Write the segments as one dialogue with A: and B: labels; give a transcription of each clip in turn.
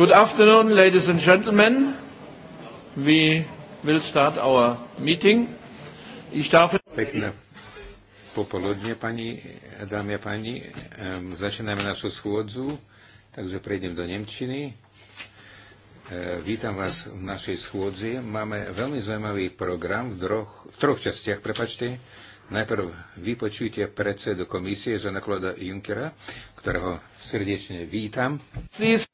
A: Good afternoon, ladies
B: and gentlemen. We will start our meeting. Ich darf... Pekné popoludne, pani, dámy a páni. začíname našu schôdzu, takže prejdem do Nemčiny. E, vítam vás v našej schôdzi. Máme veľmi zaujímavý program v, droch, v troch častiach, prepačte. Najprv vypočujte predsedu komisie Žana Kloda Junckera, ktorého srdečne vítam. Please.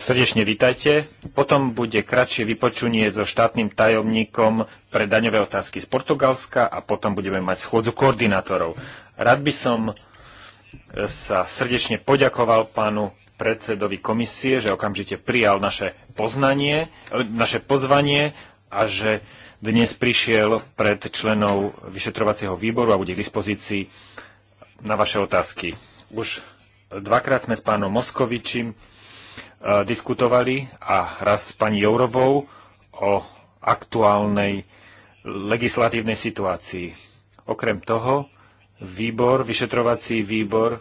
B: Srdečne vítajte.
C: Potom bude kratšie vypočunie so štátnym tajomníkom pre daňové otázky z Portugalska a potom budeme mať schôdzu koordinátorov. Rád by som e, sa srdečne poďakoval pánu predsedovi komisie, že okamžite prijal naše poznanie, e, naše pozvanie a že dnes prišiel pred členov vyšetrovacieho výboru a bude k dispozícii na vaše otázky. Už dvakrát sme s pánom Moskovičím E, diskutovali a raz s pani Jourovou o aktuálnej legislatívnej situácii. Okrem toho, výbor, vyšetrovací výbor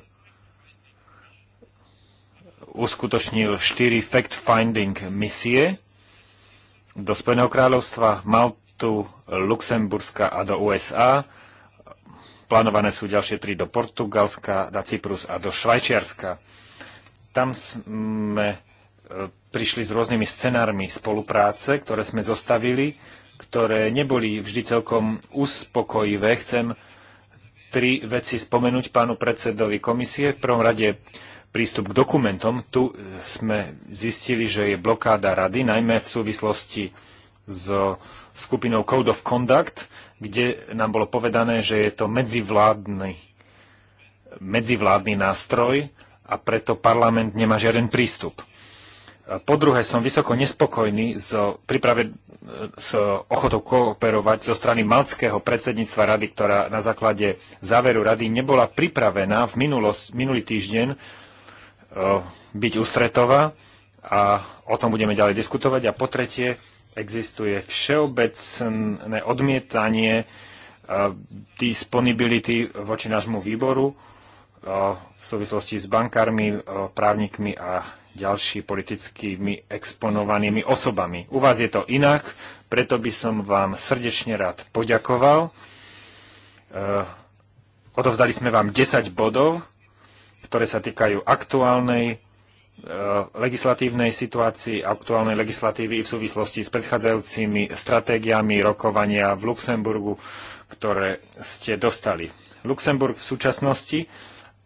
C: uskutočnil štyri fact-finding misie do Spojeného kráľovstva, Maltu, Luxemburska a do USA. Plánované sú ďalšie tri do Portugalska, na Cyprus a do Švajčiarska. Tam sme prišli s rôznymi scenármi spolupráce, ktoré sme zostavili, ktoré neboli vždy celkom uspokojivé. Chcem tri veci spomenúť pánu predsedovi komisie. V prvom rade prístup k dokumentom. Tu sme zistili, že je blokáda rady, najmä v súvislosti s skupinou Code of Conduct, kde nám bolo povedané, že je to medzivládny, medzivládny nástroj a preto parlament nemá žiaden prístup. Po druhé, som vysoko nespokojný s, priprave, e, s ochotou kooperovať zo strany malckého predsedníctva rady, ktorá na základe záveru rady nebola pripravená v minulos, minulý týždeň e, byť ústretová a o tom budeme ďalej diskutovať. A po tretie, existuje všeobecné odmietanie e, disponibility voči nášmu výboru v súvislosti s bankármi, právnikmi a ďalší politickými exponovanými osobami. U vás je to inak, preto by som vám srdečne rád poďakoval. Eh, odovzdali sme vám 10 bodov, ktoré sa týkajú aktuálnej eh, legislatívnej situácii, aktuálnej legislatívy v súvislosti s predchádzajúcimi stratégiami rokovania v Luxemburgu, ktoré ste dostali. Luxemburg v súčasnosti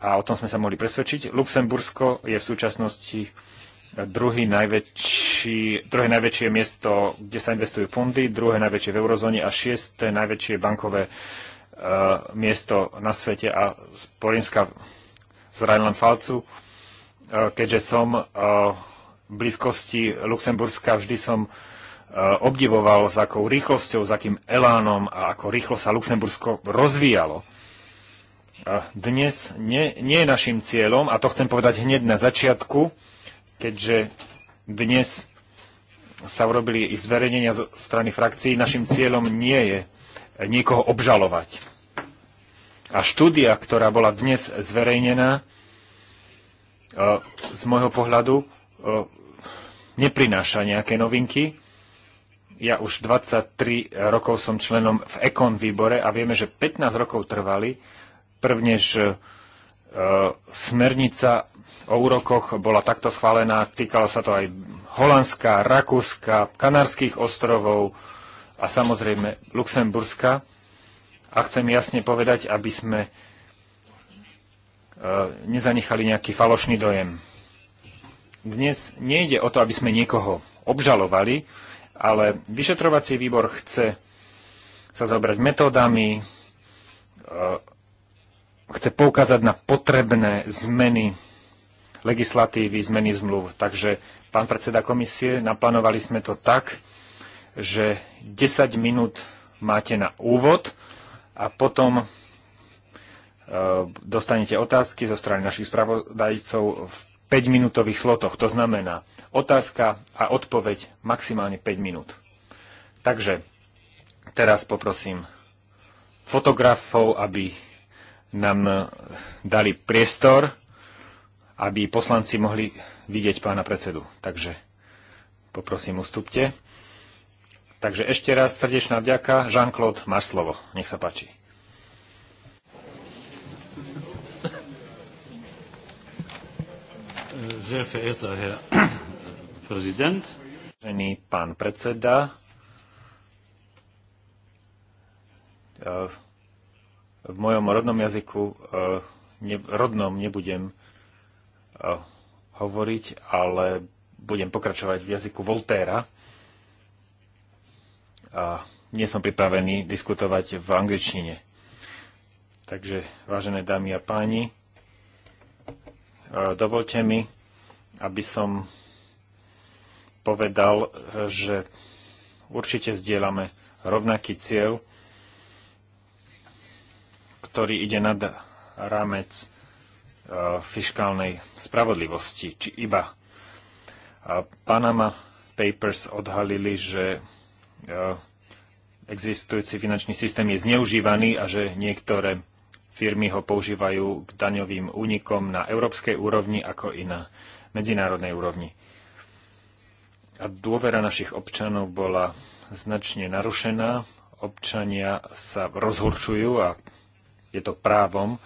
C: a o tom sme sa mohli presvedčiť. Luxembursko je v súčasnosti druhý najväčší, druhé najväčšie miesto, kde sa investujú fondy, druhé najväčšie v eurozóne a šiesté najväčšie bankové uh, miesto na svete a z Polinska z Rheinland-Pfalzu. Uh, keďže som uh, v blízkosti Luxemburska, vždy som obdivoval, s akou rýchlosťou, s akým elánom a ako rýchlo sa Luxembursko rozvíjalo dnes nie, nie je našim cieľom, a to chcem povedať hneď na začiatku, keďže dnes sa urobili i zverejnenia zo strany frakcií, našim cieľom nie je niekoho obžalovať. A štúdia, ktorá bola dnes zverejnená, e, z môjho pohľadu e, neprináša nejaké novinky. Ja už 23 rokov som členom v Ekon výbore a vieme, že 15 rokov trvali, prvnež e, smernica o úrokoch bola takto schválená. Týkalo sa to aj Holandska, Rakúska, Kanárskych ostrovov a samozrejme Luxemburska. A chcem jasne povedať, aby sme e, nezanechali nejaký falošný dojem. Dnes nejde o to, aby sme niekoho obžalovali, ale vyšetrovací výbor chce sa zobrať metódami, e, chce poukázať na potrebné zmeny legislatívy, zmeny zmluv. Takže, pán predseda komisie, naplánovali sme to tak, že 10 minút máte na úvod a potom e, dostanete otázky zo strany našich spravodajcov v 5-minútových slotoch. To znamená otázka a odpoveď maximálne 5 minút. Takže teraz poprosím fotografov, aby nám e, dali priestor, aby poslanci mohli vidieť pána predsedu. Takže poprosím, ustupte. Takže ešte raz srdečná vďaka. Jean-Claude, máš slovo. Nech sa páči. Sehr verehrter Herr Präsident. Vážený pán predseda, e, v mojom rodnom jazyku eh, ne, rodnom nebudem eh, hovoriť, ale budem pokračovať v jazyku Voltéra. A nie som pripravený diskutovať v angličtine. Takže, vážené dámy a páni, eh, dovolte mi, aby som povedal, že určite zdieľame rovnaký cieľ, ktorý ide nad rámec e, fiškálnej spravodlivosti, či iba. Panama Papers odhalili, že e, existujúci finančný systém je zneužívaný a že niektoré firmy ho používajú k daňovým únikom na európskej úrovni ako i na medzinárodnej úrovni. A dôvera našich občanov bola značne narušená. Občania sa rozhorčujú a je to právom.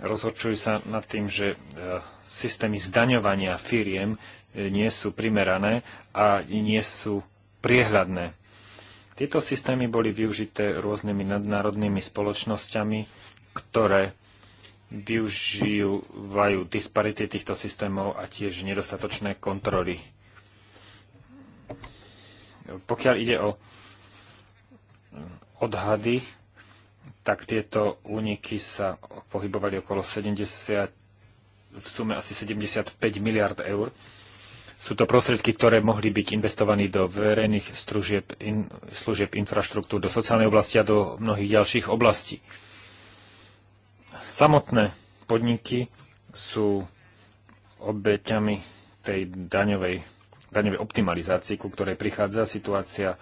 C: rozhodčujú sa nad tým, že e, systémy zdaňovania firiem e, nie sú primerané a nie sú priehľadné. Tieto systémy boli využité rôznymi nadnárodnými spoločnosťami, ktoré využívajú disparity týchto systémov a tiež nedostatočné kontroly. Pokiaľ ide o odhady tak tieto úniky sa pohybovali okolo 70, v sume asi 75 miliard eur. Sú to prostriedky, ktoré mohli byť investované do verejných služieb, in, služieb infraštruktúr, do sociálnej oblasti a do mnohých ďalších oblastí. Samotné podniky sú obeťami tej daňovej, daňovej optimalizácii, ku ktorej prichádza situácia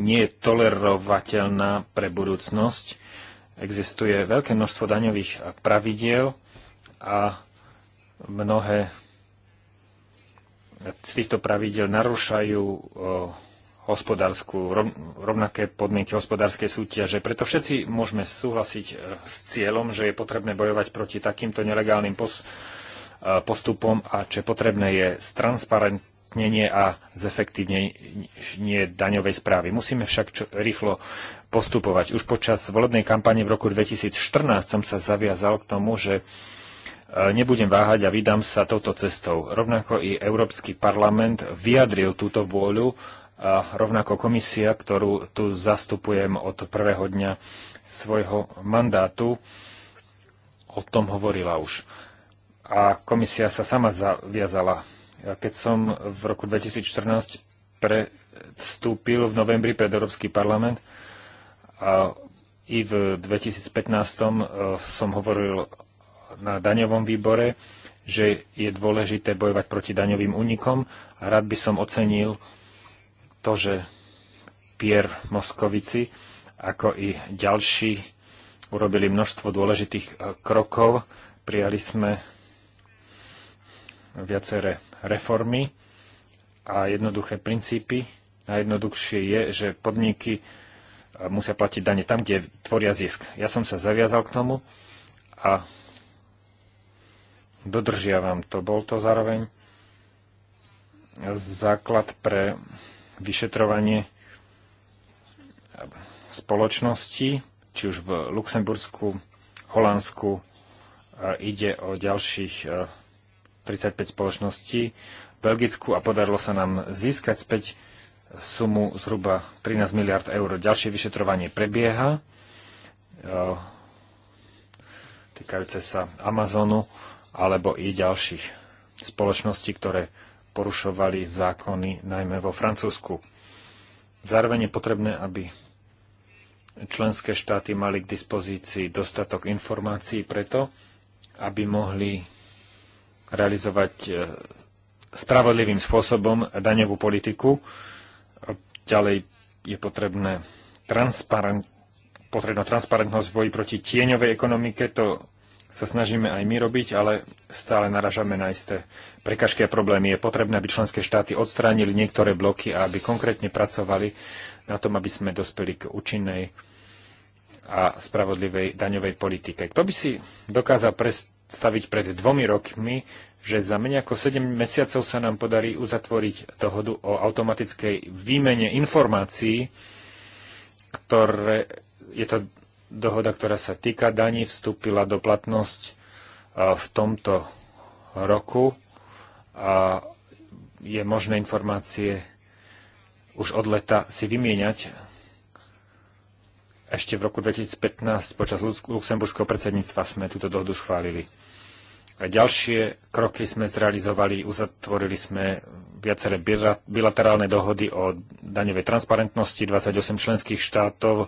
C: nie je tolerovateľná pre budúcnosť. Existuje veľké množstvo daňových pravidiel a mnohé z týchto pravidel narúšajú hospodárskú, rovnaké podmienky hospodárskej súťaže. Preto všetci môžeme súhlasiť e, s cieľom, že je potrebné bojovať proti takýmto nelegálnym pos- e, postupom a čo potrebné je stransparent zkvalitnenie a zefektívnenie daňovej správy. Musíme však čo, rýchlo postupovať. Už počas volebnej kampane v roku 2014 som sa zaviazal k tomu, že e, nebudem váhať a vydám sa touto cestou. Rovnako i Európsky parlament vyjadril túto vôľu a rovnako komisia, ktorú tu zastupujem od prvého dňa svojho mandátu, o tom hovorila už. A komisia sa sama zaviazala keď som v roku 2014 vstúpil v novembri pred Európsky parlament a i v 2015 eh, som hovoril na daňovom výbore, že je dôležité bojovať proti daňovým únikom a rád by som ocenil to, že Pier Moskovici, ako i ďalší, urobili množstvo dôležitých eh, krokov. Prijali sme viaceré reformy a jednoduché princípy. Najjednoduchšie je, že podniky e, musia platiť dane tam, kde tvoria zisk. Ja som sa zaviazal k tomu a dodržiavam to. Bol to zároveň základ pre vyšetrovanie spoločnosti, či už v Luxembursku, Holandsku, ide o ďalších e, 35 spoločností v Belgicku a podarilo sa nám získať späť sumu zhruba 13 miliard eur. Ďalšie vyšetrovanie prebieha e, týkajúce sa Amazonu alebo i ďalších spoločností, ktoré porušovali zákony najmä vo Francúzsku. Zároveň je potrebné, aby členské štáty mali k dispozícii dostatok informácií preto, aby mohli realizovať e, spravodlivým spôsobom daňovú politiku. Ďalej je potrebné transparent, potrebná transparentnosť v boji proti tieňovej ekonomike. To sa snažíme aj my robiť, ale stále naražame na isté prekažky a problémy. Je potrebné, aby členské štáty odstránili niektoré bloky a aby konkrétne pracovali na tom, aby sme dospeli k účinnej a spravodlivej daňovej politike. Kto by si dokázal pres- predstaviť pred dvomi rokmi, že za menej ako 7 mesiacov sa nám podarí uzatvoriť dohodu o automatickej výmene informácií, ktoré, je to dohoda, ktorá sa týka daní, vstúpila do platnosť e, v tomto roku a je možné informácie už od leta si vymieňať ešte v roku 2015 počas luxemburského predsedníctva sme túto dohodu schválili. A ďalšie kroky sme zrealizovali, uzatvorili sme viaceré bilaterálne dohody o daňovej transparentnosti 28 členských štátov e,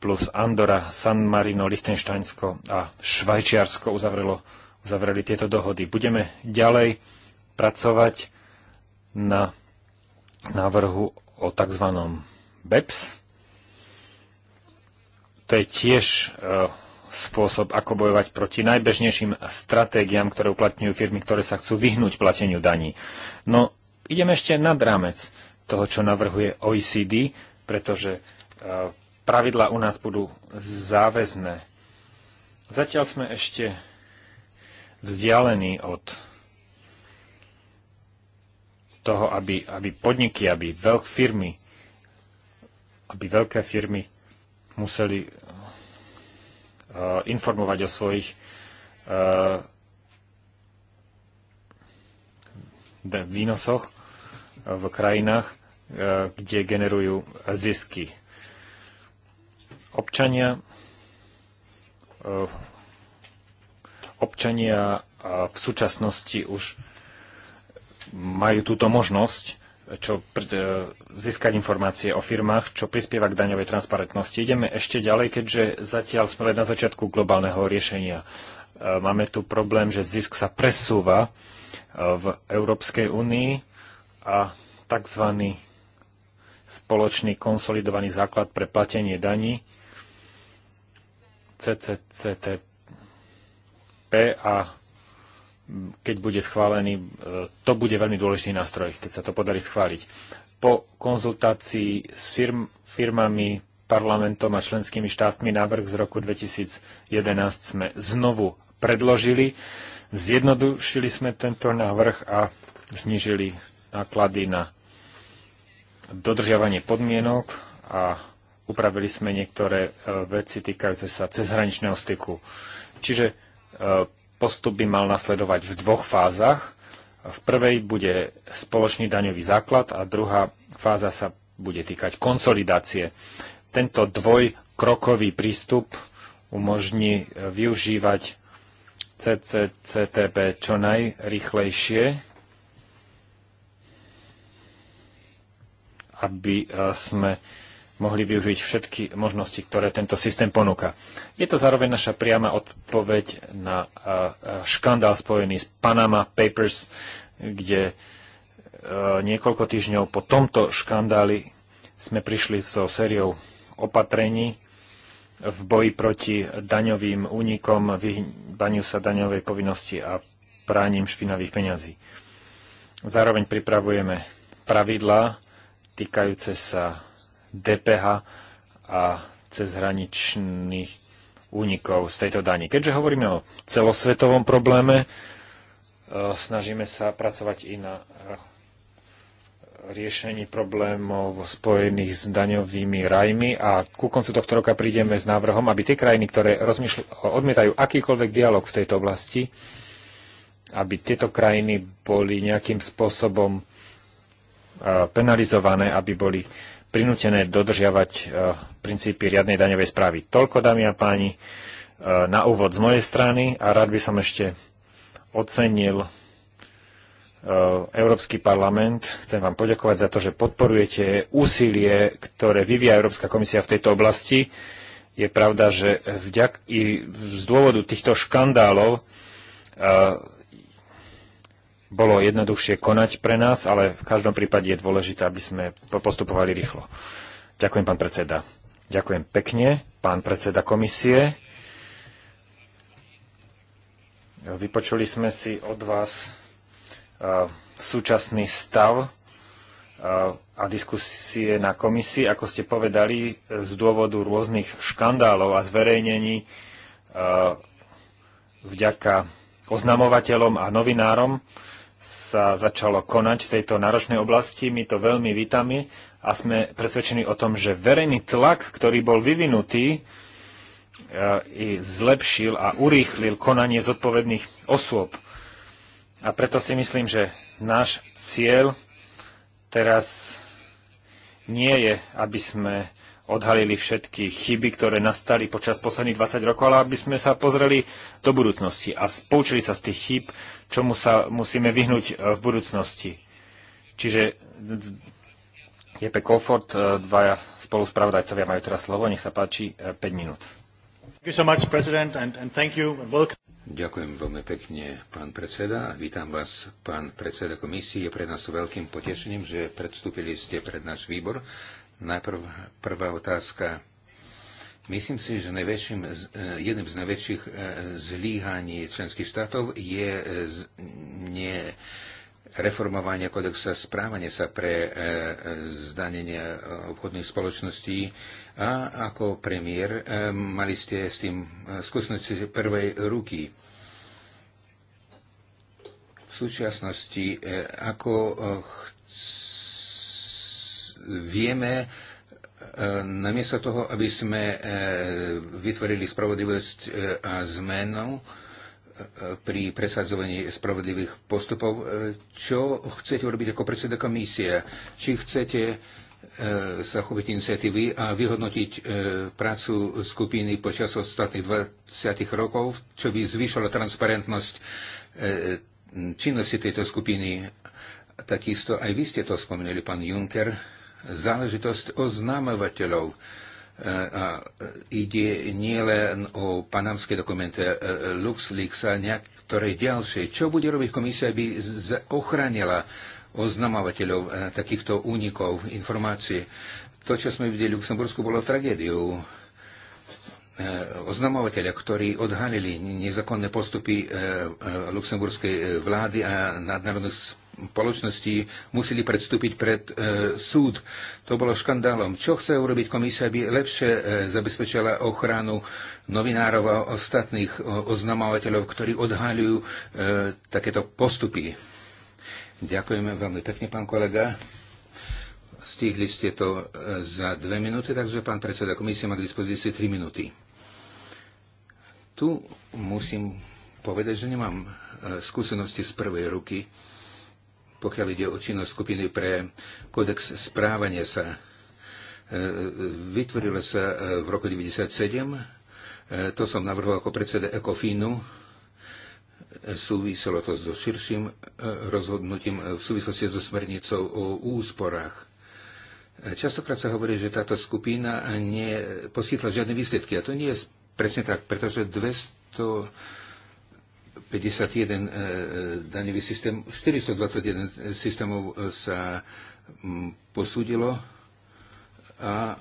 C: plus Andora, San Marino, Liechtensteinsko a Švajčiarsko uzavrelo, uzavreli tieto dohody. Budeme ďalej pracovať na návrhu o tzv. BEPS, to je tiež e, spôsob, ako bojovať proti najbežnejším stratégiám, ktoré uplatňujú firmy, ktoré sa chcú vyhnúť plateniu daní. No, idem ešte nad rámec toho, čo navrhuje OECD, pretože e, pravidla u nás budú záväzné. Zatiaľ sme ešte vzdialení od toho, aby, aby podniky, aby veľk firmy, aby veľké firmy museli eh, informovať o svojich eh, výnosoch eh, v krajinách, kde generujú zisky. Občania, občania v súčasnosti už majú túto možnosť čo e, získať informácie o firmách, čo prispieva k daňovej transparentnosti. Ideme ešte ďalej, keďže zatiaľ sme len na začiatku globálneho riešenia. E, máme tu problém, že zisk sa presúva e, v Európskej únii a tzv. spoločný konsolidovaný základ pre platenie daní CCCTP a keď bude schválený, e, to bude veľmi dôležitý nástroj, keď sa to podarí schváliť. Po konzultácii s firm, firmami, parlamentom a členskými štátmi návrh z roku 2011 sme znovu predložili. Zjednodušili sme tento návrh a znižili náklady na dodržiavanie podmienok a upravili sme niektoré e, veci týkajúce sa cezhraničného styku. Čiže e, Postup by mal nasledovať v dvoch fázach. V prvej bude spoločný daňový základ a druhá fáza sa bude týkať konsolidácie. Tento dvojkrokový prístup umožní využívať CCCTP čo najrychlejšie, aby eh, sme mohli využiť všetky možnosti, ktoré tento systém ponúka. Je to zároveň naša priama odpoveď na škandál spojený s Panama Papers, kde e, niekoľko týždňov po tomto škandáli sme prišli so sériou opatrení v boji proti daňovým únikom, vyhýbaniu sa daňovej povinnosti a práním špinavých peňazí. Zároveň pripravujeme pravidlá týkajúce sa DPH a cezhraničných únikov z tejto dani. Keďže hovoríme o celosvetovom probléme, e, snažíme sa pracovať i na riešení problémov spojených s daňovými rajmi a ku koncu tohto roka prídeme s návrhom, aby tie krajiny, ktoré odmietajú akýkoľvek dialog v tejto oblasti, aby tieto krajiny boli nejakým spôsobom e, penalizované, aby boli prinútené dodržiavať e, princípy riadnej daňovej správy. Toľko, dámy a páni, e, na úvod z mojej strany a rád by som ešte ocenil e, Európsky parlament. Chcem vám poďakovať za to, že podporujete úsilie, ktoré vyvíja Európska komisia v tejto oblasti. Je pravda, že vďak, i z dôvodu týchto škandálov bolo jednoduchšie konať pre nás, ale v každom prípade je dôležité, aby sme postupovali rýchlo. Ďakujem, pán predseda. Ďakujem pekne, pán predseda komisie. Vypočuli sme si od vás uh, súčasný stav uh, a diskusie na komisii, ako ste povedali, z dôvodu rôznych škandálov a zverejnení uh, vďaka oznamovateľom a novinárom sa začalo konať v tejto náročnej oblasti. My to veľmi vítame a sme presvedčení o tom, že verejný tlak, ktorý bol vyvinutý, e, i zlepšil a urýchlil konanie zodpovedných osôb. A preto si myslím, že náš cieľ teraz nie je, aby sme odhalili všetky chyby, ktoré nastali počas posledných 20 rokov, ale aby sme sa pozreli do budúcnosti a spoučili sa z tých chyb, čomu sa musíme vyhnúť e, v budúcnosti. Čiže Jepe Kofort, e, dvaja spoluspravodajcovia majú teraz slovo, nech sa
B: páči, 5 e, minút. Ďakujem veľmi pekne, pán predseda. Vítam vás, pán predseda komisie. Je pre nás veľkým potešením, že predstúpili ste pred náš výbor Najprv prvá otázka. Myslím si, že najväčším, e, jedným z najväčších e, zlíhaní členských štátov je e, nie reformovanie kodexa správania sa pre zdanenie obchodných spoločností. A ako premiér mali ste s tým skúsenosti prvej ruky. V súčasnosti, ako chc- vieme, e, namiesto toho, aby sme e, vytvorili spravodlivosť e, a zmenu pri presadzovaní spravodlivých postupov, čo chcete urobiť ako predseda komisie? Či chcete sa chopiť iniciatívy a vyhodnotiť prácu skupiny počas ostatných 20 rokov, čo by zvýšilo transparentnosť činnosti tejto skupiny. Takisto aj vy ste to spomenuli, pán Juncker záležitosť oznamovateľov. A ide nielen o panamské dokumente LuxLeaks a niektoré ďalšie. Čo bude robiť komisia, aby ochránila oznamovateľov e, takýchto únikov informácií? To, čo sme videli v Luxembursku, bolo tragédiou e, oznamovateľa, ktorí odhalili nezakonné postupy e, luxemburskej vlády a nadnárodných spoločnosti museli predstúpiť pred e, súd. To bolo škandálom. Čo chce urobiť komisia, aby lepšie e, zabezpečila ochranu novinárov a ostatných o, oznamovateľov, ktorí odhaľujú e, takéto postupy? Ďakujeme veľmi pekne, pán kolega. Stihli ste to e, za dve minúty, takže pán predseda komisie má k dispozícii tri minúty. Tu musím povedať, že nemám e, skúsenosti z prvej ruky pokiaľ ide o činnosť skupiny pre kódex správania sa. E, vytvorila sa e, v roku 1997, e, to som navrhol ako predseda ECOFINu, súviselo to so širším rozhodnutím v súvislosti so smernicou o úsporách. Častokrát sa hovorí, že táto skupina neposkytla žiadne výsledky a to nie je presne tak, pretože 200 51 e, e, daňový systém, 421 systémov e, sa posúdilo a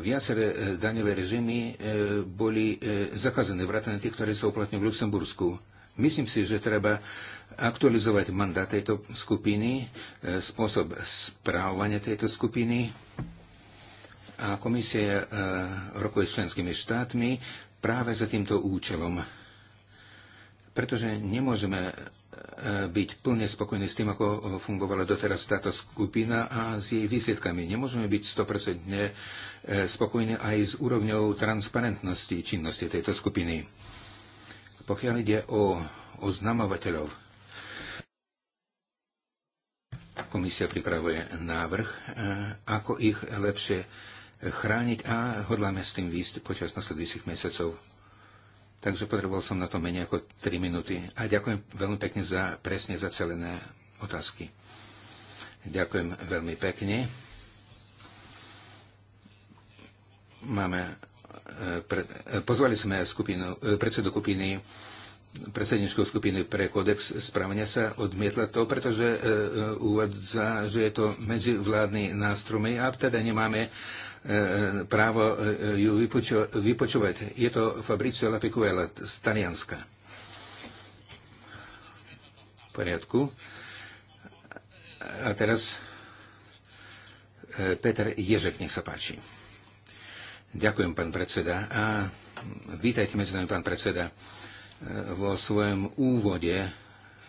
B: viaceré daňové režimy boli zakazané, vrátane tých, ktoré sa uplatňujú v Luxembursku. Myslím si, že treba aktualizovať mandát tejto skupiny, spôsob správovania tejto skupiny a e, rokuje s členskými štátmi práve za týmto účelom pretože nemôžeme e, byť plne spokojní s tým, ako fungovala doteraz táto skupina a s jej výsledkami. Nemôžeme byť 100% e, spokojní aj s úrovňou transparentnosti činnosti tejto skupiny. Pokiaľ ide o oznamovateľov, komisia pripravuje návrh, e, ako ich lepšie chrániť a hodláme s tým výsť počas nasledujúcich mesiacov. Takže potreboval som na to menej ako 3 minúty. A ďakujem veľmi pekne za presne zacelené otázky. Ďakujem veľmi pekne. Máme, e, pre, e, pozvali sme skupinu, e, predsedu skupiny predsedničkou skupiny pre kodex správania sa odmietla to, pretože e, uvádza, že je to medzivládny nástroj a teda nemáme E, e, právo e, ju vypoču, vypočúvať. Je to Fabricio Lapicuela z Talianska. V poriadku. A teraz Peter Ježek, nech sa páči. Ďakujem, pán predseda. A vítajte medzi nami, pán predseda. Vo svojom úvode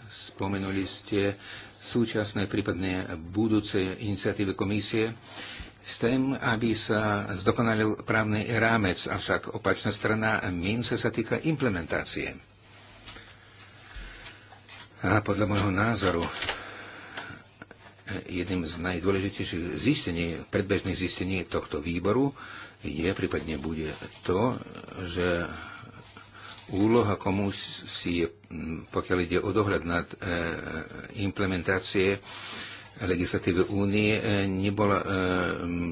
B: spomenuli ste súčasné, prípadne budúce iniciatívy komisie s tým, aby sa zdokonalil právny rámec, avšak opačná strana mince sa týka implementácie. A podľa môjho názoru jedným z najdôležitejších zistení, predbežných zistení tohto výboru je, prípadne bude to, že úloha komu si je, pokiaľ ide o dohľad nad e, implementácie legislatívy únie e, nebola e,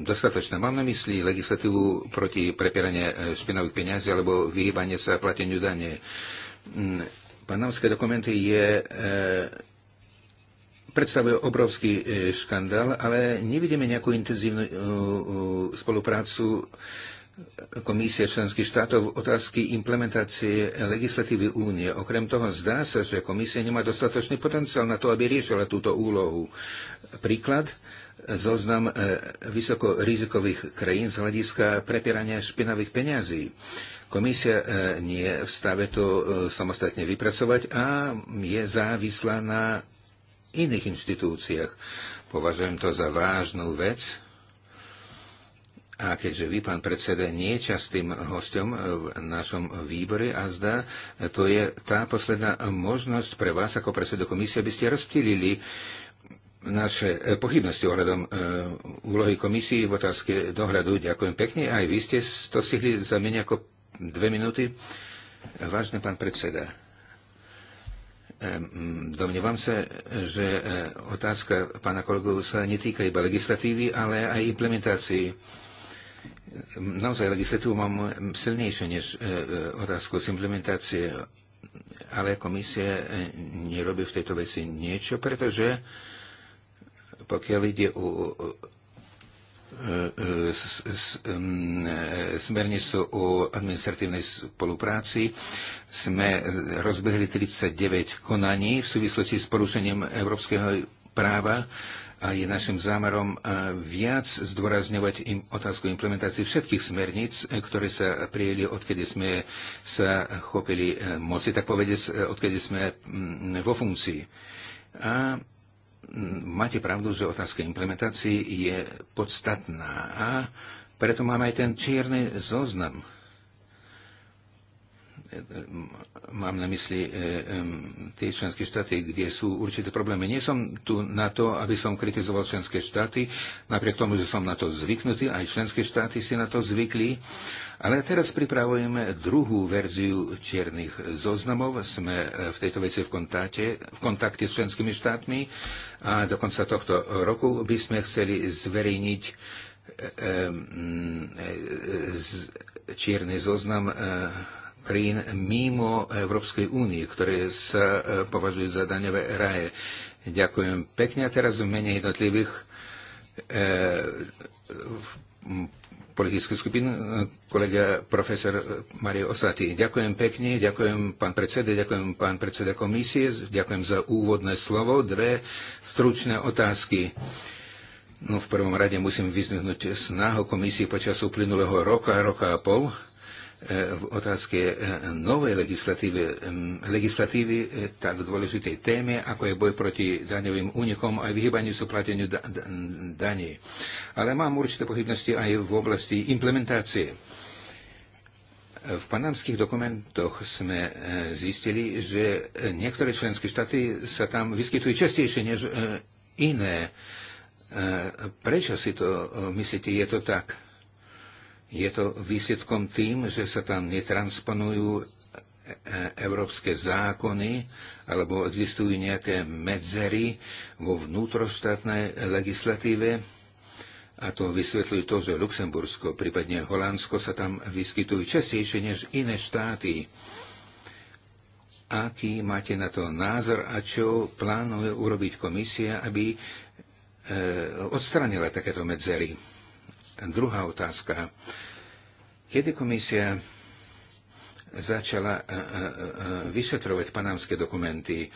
B: dostatočná. Mám na mysli legislatívu proti prepieranie e, špinavých peniazí alebo vyhýbanie sa plateniu dane. Mm, Panamské dokumenty je predstavuje obrovský škandál, ale nevidíme nejakú intenzívnu spoluprácu Komisie členských štátov otázky implementácie legislatívy únie. Okrem toho zdá sa, že komisia nemá dostatočný potenciál na to, aby riešila túto úlohu. Príklad, zoznam e, vysokorizikových krajín z hľadiska prepierania špinavých peňazí. Komisia e, nie je v stave to e, samostatne vypracovať a je závislá na iných inštitúciách. Považujem to za vážnu vec, a keďže vy, pán predseda, nie častým hostom v našom výbore a zdá, to je tá posledná možnosť pre vás ako predsedu komisie, aby ste rozptýlili naše pochybnosti ohľadom e, úlohy komisie v otázke dohľadu. Ďakujem pekne. Aj vy ste to stihli za menej ako dve minúty. Vážne pán predseda, e, domnievam sa, že e, otázka pána kolegu sa netýka iba legislatívy, ale aj implementácii Naozaj legislatívu mám silnejšie než e, e, otázku z implementácie, ale komisia e, nerobí v tejto veci niečo, pretože pokiaľ ide o smernicu o administratívnej spolupráci sme rozbehli 39 konaní v súvislosti s porušením európskeho práva a je našim zámerom eh, viac zdôrazňovať im otázku implementácie všetkých smerníc, eh, ktoré sa prijeli, odkedy sme sa chopili eh, moci, tak povedať, odkedy sme mm, vo funkcii. A mm, máte pravdu, že otázka implementácie je podstatná a preto máme aj ten čierny zoznam Ehm, mám na mysli ehm, tie členské štáty, kde sú určité problémy. Nie som tu na to, aby som kritizoval členské štáty, napriek tomu, že som na to zvyknutý, aj členské štáty si na to zvykli. Ale teraz pripravujeme druhú verziu čiernych zoznamov. Sme eh, v tejto veci v kontakte, v kontakte s členskými štátmi a do konca tohto roku by sme chceli zverejniť eh, ehm, eh, čierny zoznam krajín mimo Európskej únie, ktoré sa e, považujú za daňové raje. Ďakujem pekne. A teraz v mene jednotlivých e, politických skupín, e, kolega profesor Mario Osaty. Ďakujem pekne, ďakujem pán predseda, ďakujem pán predseda komisie, ďakujem za úvodné slovo. Dve stručné otázky. No, v prvom rade musím vyznihnúť snahu komisie počas uplynulého roka, roka a pol v otázke eh, novej legislatívy, legislatívy eh, tak dôležitej téme, ako je boj proti daňovým únikom a vyhybaniu sa plateniu daní. Ale mám určité pochybnosti aj v oblasti implementácie. V panamských dokumentoch sme eh, zistili, že niektoré členské štáty sa tam vyskytujú častejšie než iné. Prečo si to myslíte, je to tak? Je to výsledkom tým, že sa tam netransponujú e, e, európske zákony alebo existujú nejaké medzery vo vnútroštátnej legislatíve. A to vysvetľuje to, že Luxembursko, prípadne Holandsko sa tam vyskytujú častejšie než iné štáty. Aký máte na to názor a čo plánuje urobiť komisia, aby e, odstranila takéto medzery? Druhá otázka. Kedy komisia začala e, e, e, vyšetrovať panamské dokumenty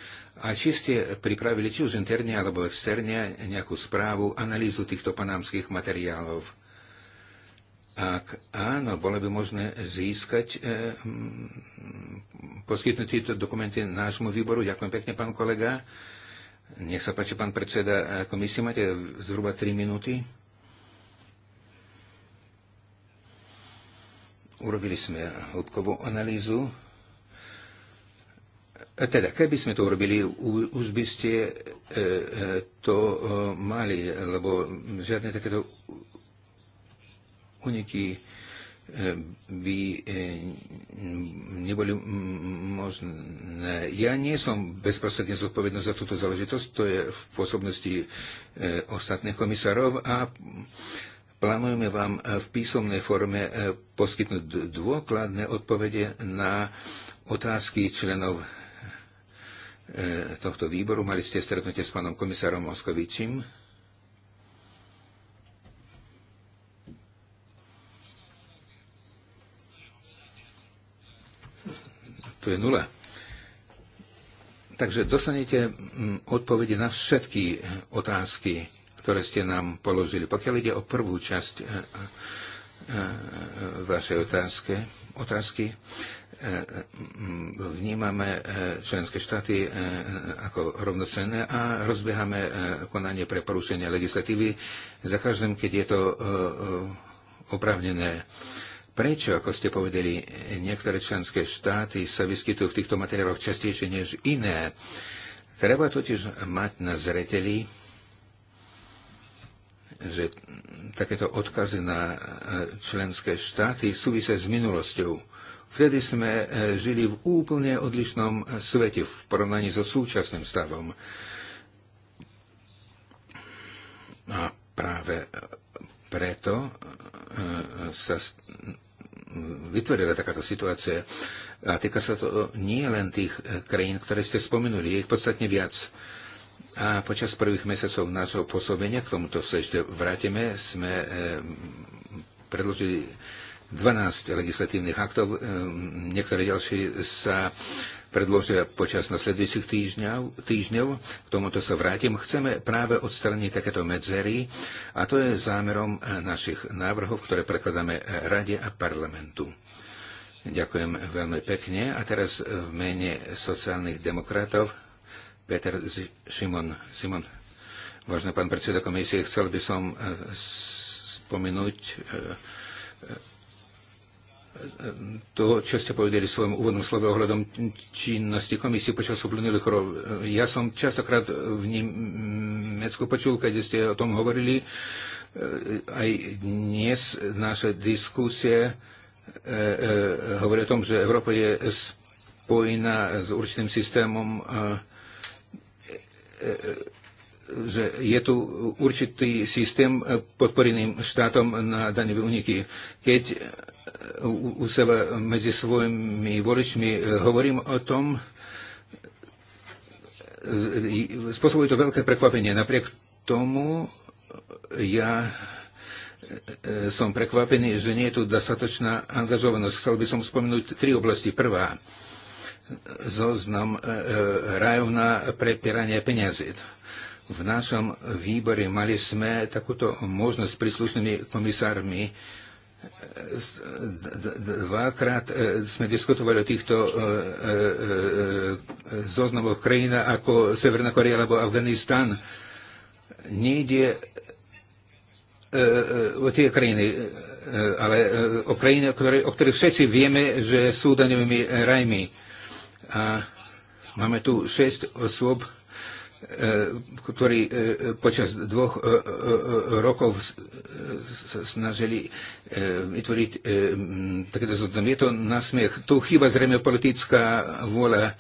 B: a či ste pripravili či už interne alebo externe nejakú správu, analýzu týchto panamských materiálov? Ak áno, bolo by možné získať, e, poskytnúť tieto dokumenty nášmu výboru. Ďakujem pekne, pán kolega. Nech sa páči, pán predseda komisie, máte zhruba 3 minúty. Urobili sme hĺbkovú analýzu. E, teda, keby sme to urobili, už by ste e, e, to mali, lebo žiadne takéto uniky by neboli možné. Ja nie som bezprostredne zodpovedný za túto záležitosť, to je v pôsobnosti ostatných komisárov a Plánujeme vám eh, v písomnej forme eh, poskytnúť dôkladné odpovede na otázky členov eh, tohto výboru. Mali ste stretnutie s pánom komisárom Moskovičím. To je nula. Takže dostanete mm, odpovede na všetky otázky ktoré ste nám položili. Pokiaľ ide o prvú časť e, e, e, vašej otázky, otázky vnímame členské štáty ako rovnocenné a rozbiehame konanie pre porušenie legislatívy za každým, keď je to oprávnené. Prečo, ako ste povedali, niektoré členské štáty sa vyskytujú v týchto materiáloch častejšie než iné? Treba totiž mať na zreteli, že takéto odkazy na e, členské štáty súvisia s minulosťou. Vtedy sme e, žili v úplne odlišnom e, svete v porovnaní so súčasným stavom. A práve preto sa vytvorila takáto situácia. A týka sa to nie len tých krajín, ktoré ste spomenuli, je ich podstatne viac. A počas prvých mesiacov nášho pôsobenia, k tomuto sa ešte vrátime, sme eh, predložili 12 legislatívnych aktov, eh, niektoré ďalšie sa predložia počas nasledujúcich týždňov, týždňov. K tomuto sa vrátim. Chceme práve odstraniť takéto medzery a to je zámerom eh, našich návrhov, ktoré prekladáme Rade a parlamentu. Ďakujem veľmi pekne a teraz v mene sociálnych demokratov Peter Šimon. Šimon. Vážne pán predseda komisie, chcel by som e, spomenúť e, e, to, čo ste povedali v svojom úvodnom slove ohľadom činnosti komisie počas uplynulých rokov. Ja som častokrát v Nemecku počul, keď ste o tom hovorili, aj dnes naše diskusie hovorí o tom, že Európa je spojená s určitým systémom e, že je tu určitý systém podporeným štátom na daňové úniky. Keď u seba medzi svojimi voličmi eh, hovorím o tom, eh, spôsobuje to veľké prekvapenie. Napriek tomu eh, ja som prekvapený, že nie je tu dostatočná angažovanosť. Chcel by som spomenúť tri oblasti. Prvá, zoznam e, e, rajov na prepieranie peniazy. V našom výbore mali sme takúto možnosť s príslušnými komisármi. E, dvakrát sme diskutovali o týchto zoznamoch krajina ako Severná Korea alebo Afganistan. Nejde o tie krajiny, ale o krajiny, o ktorých všetci vieme, že sú daňovými rajmi a máme tu 6 osôb, e, ktorí e, počas dvoch e, rokov snažili vytvoriť takéto zhodnom. Je to nasmiech. Tu chyba zrejme politická vôľa.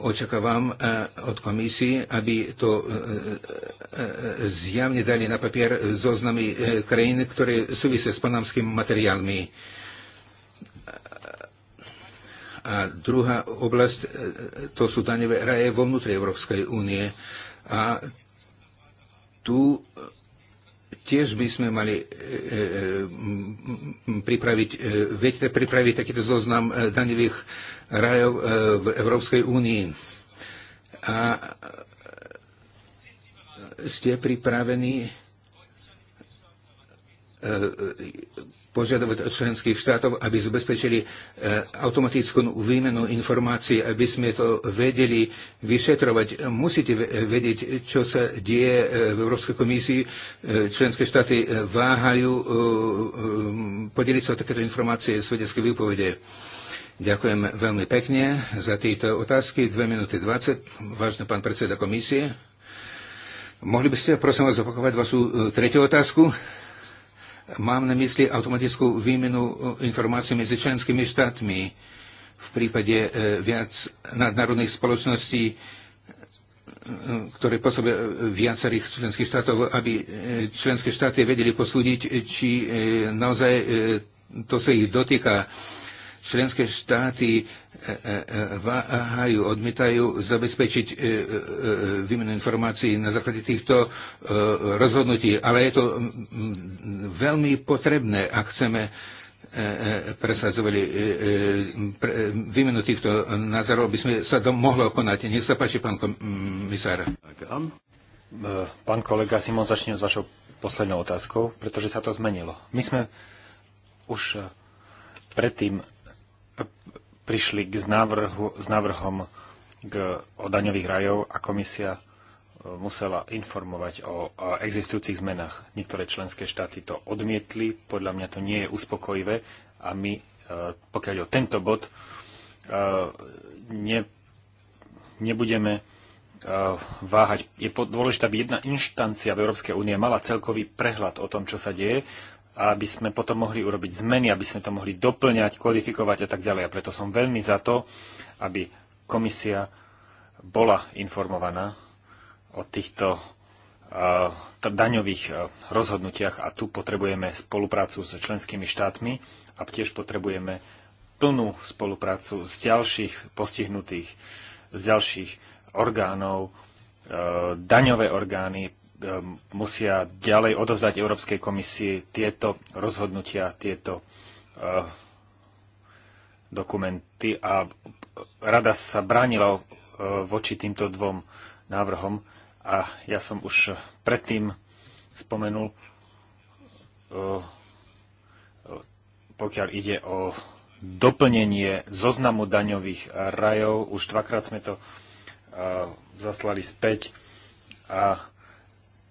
B: Očakávam od komisii, aby to zjavne dali na papier zoznamy krajín, ktoré súvisia s panamskými materiálmi a druhá oblasť, e, e, to sú daňové raje vo vnútri Európskej únie. A tu e, tiež by sme mali e, pripraviť, e, viete, pripraviť takýto zoznam daňových rajov e, v Európskej únii. A ste pripravení požiadavať od členských štátov, aby zabezpečili e, automatickú výmenu informácií, aby sme to vedeli vyšetrovať. Musíte vedieť, čo sa deje e, v Európskej komisii. E, členské štáty váhajú podeliť sa o takéto informácie v svedeckej výpovede. Ďakujem veľmi pekne za tieto otázky. 2 minúty 20. Vážne pán predseda komisie. Mohli by ste, prosím vás, zapakovať vašu tretiu otázku? Mám na mysli automatickú výmenu e, informácií medzi členskými štátmi v prípade e, viac nadnárodných spoločností, e, ktoré pôsobia viacerých členských štátov, aby členské štáty vedeli posúdiť, či naozaj to sa ich dotýka členské štáty e, e, e, váhajú, odmietajú zabezpečiť výmenu informácií na základe týchto rozhodnutí. Ale je to veľmi potrebné, ak chceme presadzovali výmenu týchto názorov, aby sme sa to mohlo konať. Nech sa páči, pán komisár. Pán kolega Simon, začnem s vašou poslednou otázkou, pretože sa to zmenilo.
C: My sme už predtým prišli k z návrhu, s návrhom k, o daňových rajov a komisia e, musela informovať o, o existujúcich zmenách. Niektoré členské štáty to odmietli, podľa mňa to nie je uspokojivé a my, e, pokiaľ o tento bod, e, ne, nebudeme váhať. Je dôležité, aby jedna inštancia v Európskej únie mala celkový prehľad o tom, čo sa deje aby sme potom mohli urobiť zmeny, aby sme to mohli doplňať, kodifikovať a tak ďalej. A preto som veľmi za to, aby komisia bola informovaná o týchto daňových rozhodnutiach a tu potrebujeme spoluprácu s členskými štátmi a tiež potrebujeme plnú spoluprácu z ďalších postihnutých, z ďalších orgánov, daňové orgány, Ehm, musia ďalej odovzdať Európskej komisii tieto rozhodnutia, tieto eh, dokumenty a rada sa bránila eh, voči týmto dvom návrhom a ja som už predtým spomenul, eh, pokiaľ ide o doplnenie zoznamu daňových rajov, už dvakrát sme to zaslali späť a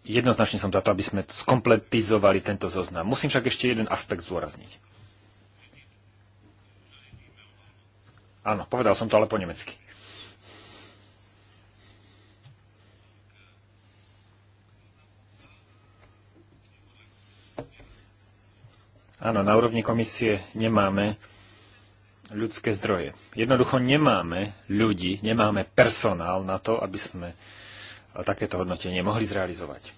C: jednoznačne som za to, aby sme skompletizovali tento zoznam. Musím však ešte jeden aspekt zdôrazniť. Áno, povedal som to ale po nemecky. Áno, na úrovni komisie nemáme ľudské zdroje. Jednoducho nemáme ľudí, nemáme personál na to, aby sme takéto hodnotenie mohli zrealizovať.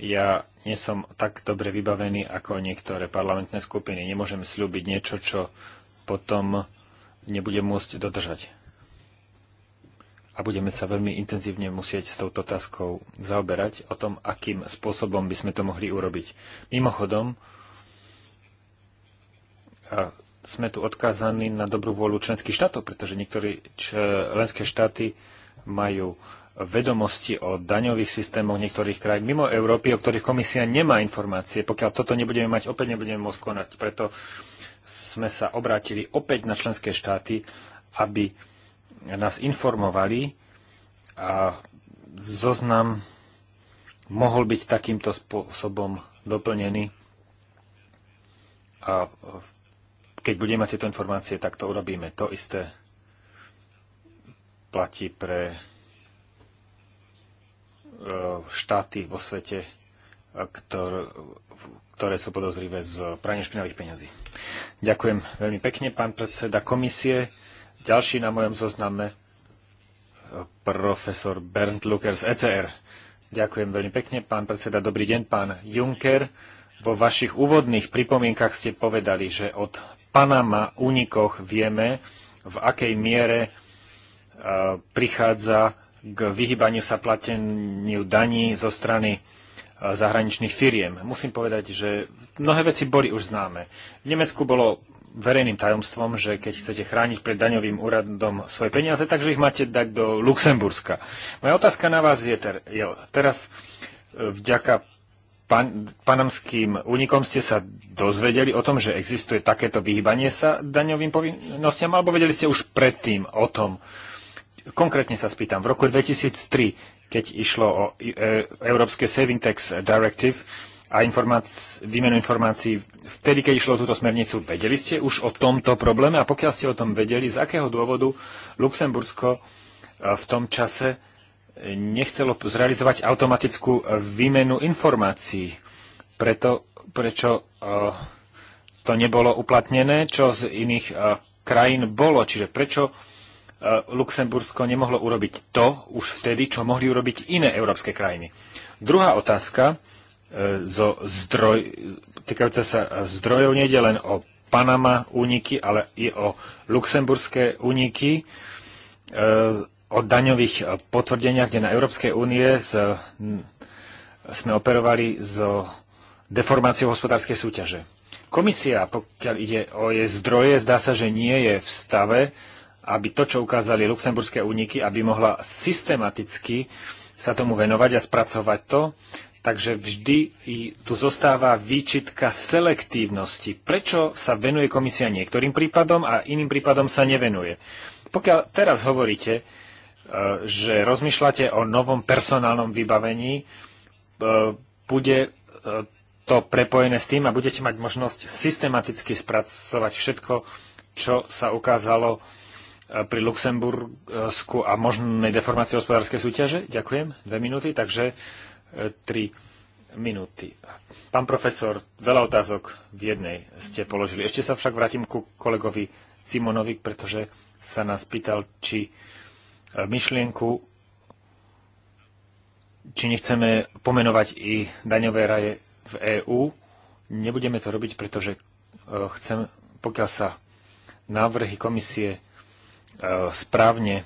C: Ja nie som tak dobre vybavený ako niektoré parlamentné skupiny. Nemôžem slúbiť niečo, čo potom nebudem môcť dodržať. A budeme sa veľmi intenzívne musieť s touto otázkou zaoberať o tom, akým spôsobom by sme to mohli urobiť. Mimochodom, sme tu odkázaní na dobrú vôľu členských štátov, pretože niektoré členské štáty majú vedomosti o daňových systémoch niektorých krajín mimo Európy, o ktorých komisia nemá informácie. Pokiaľ toto nebudeme mať, opäť nebudeme môcť konať. Preto sme sa obrátili opäť na členské štáty, aby nás informovali a zoznam mohol byť takýmto spôsobom doplnený. A v keď budeme mať tieto informácie, tak to urobíme. To isté platí pre e, štáty vo svete, ktoré sú podozrivé z prania špinavých peniazí. Ďakujem veľmi pekne, pán predseda komisie. Ďalší na mojom zozname e, profesor Bernd Luker z ECR. Ďakujem veľmi pekne, pán predseda. Dobrý deň, pán Juncker. Vo vašich úvodných pripomienkach ste povedali, že od Panama únikoch vieme, v akej miere e, prichádza k vyhybaniu sa plateniu daní zo strany e, zahraničných firiem. Musím povedať, že mnohé veci boli už známe. V Nemecku bolo verejným tajomstvom, že keď chcete chrániť pred daňovým úradom svoje peniaze, takže ich máte dať do Luxemburska. Moja otázka na vás je, ter, je teraz e, vďaka pan, panamským únikom ste sa dozvedeli o tom, že existuje takéto vyhýbanie sa daňovým povinnostiam, alebo vedeli ste už predtým o tom? Konkrétne sa spýtam, v roku 2003, keď išlo o e, Európske Saving Tax Directive a informáci- výmenu informácií, vtedy, keď išlo o túto smernicu, vedeli ste už o tomto probléme? A pokiaľ ste o tom vedeli, z akého dôvodu Luxembursko e, v tom čase nechcelo zrealizovať automatickú výmenu informácií. Preto, prečo e, to nebolo uplatnené, čo z iných e, krajín bolo. Čiže prečo e, Luxembursko nemohlo urobiť to už vtedy, čo mohli urobiť iné európske krajiny. Druhá otázka zo zdroj, týkajúca sa zdrojov, nejde len o Panama úniky, ale i o luxemburské úniky o daňových e, potvrdeniach, kde na Európskej únie z, e, sme operovali s deformáciou hospodárskej súťaže. Komisia, pokiaľ ide o jej zdroje, zdá sa, že nie je v stave, aby to, čo ukázali luxemburské úniky, aby mohla systematicky sa tomu venovať a spracovať to. Takže vždy tu zostáva výčitka selektívnosti. Prečo sa venuje komisia niektorým prípadom a iným prípadom sa nevenuje? Pokiaľ teraz hovoríte, že rozmýšľate o novom personálnom vybavení, e, bude e, to prepojené s tým a budete mať možnosť systematicky spracovať všetko, čo sa ukázalo e, pri Luxembursku a možnej deformácii hospodárskej súťaže. Ďakujem. Dve minúty, takže tri minúty. Pán profesor, veľa otázok v jednej ste položili. Ešte sa však vrátim ku kolegovi Simonovi, pretože sa nás pýtal, či uh, myšlienku, či nechceme pomenovať i daňové raje v EÚ. Nebudeme to robiť, pretože e, chcem, pokiaľ sa návrhy komisie e, správne e,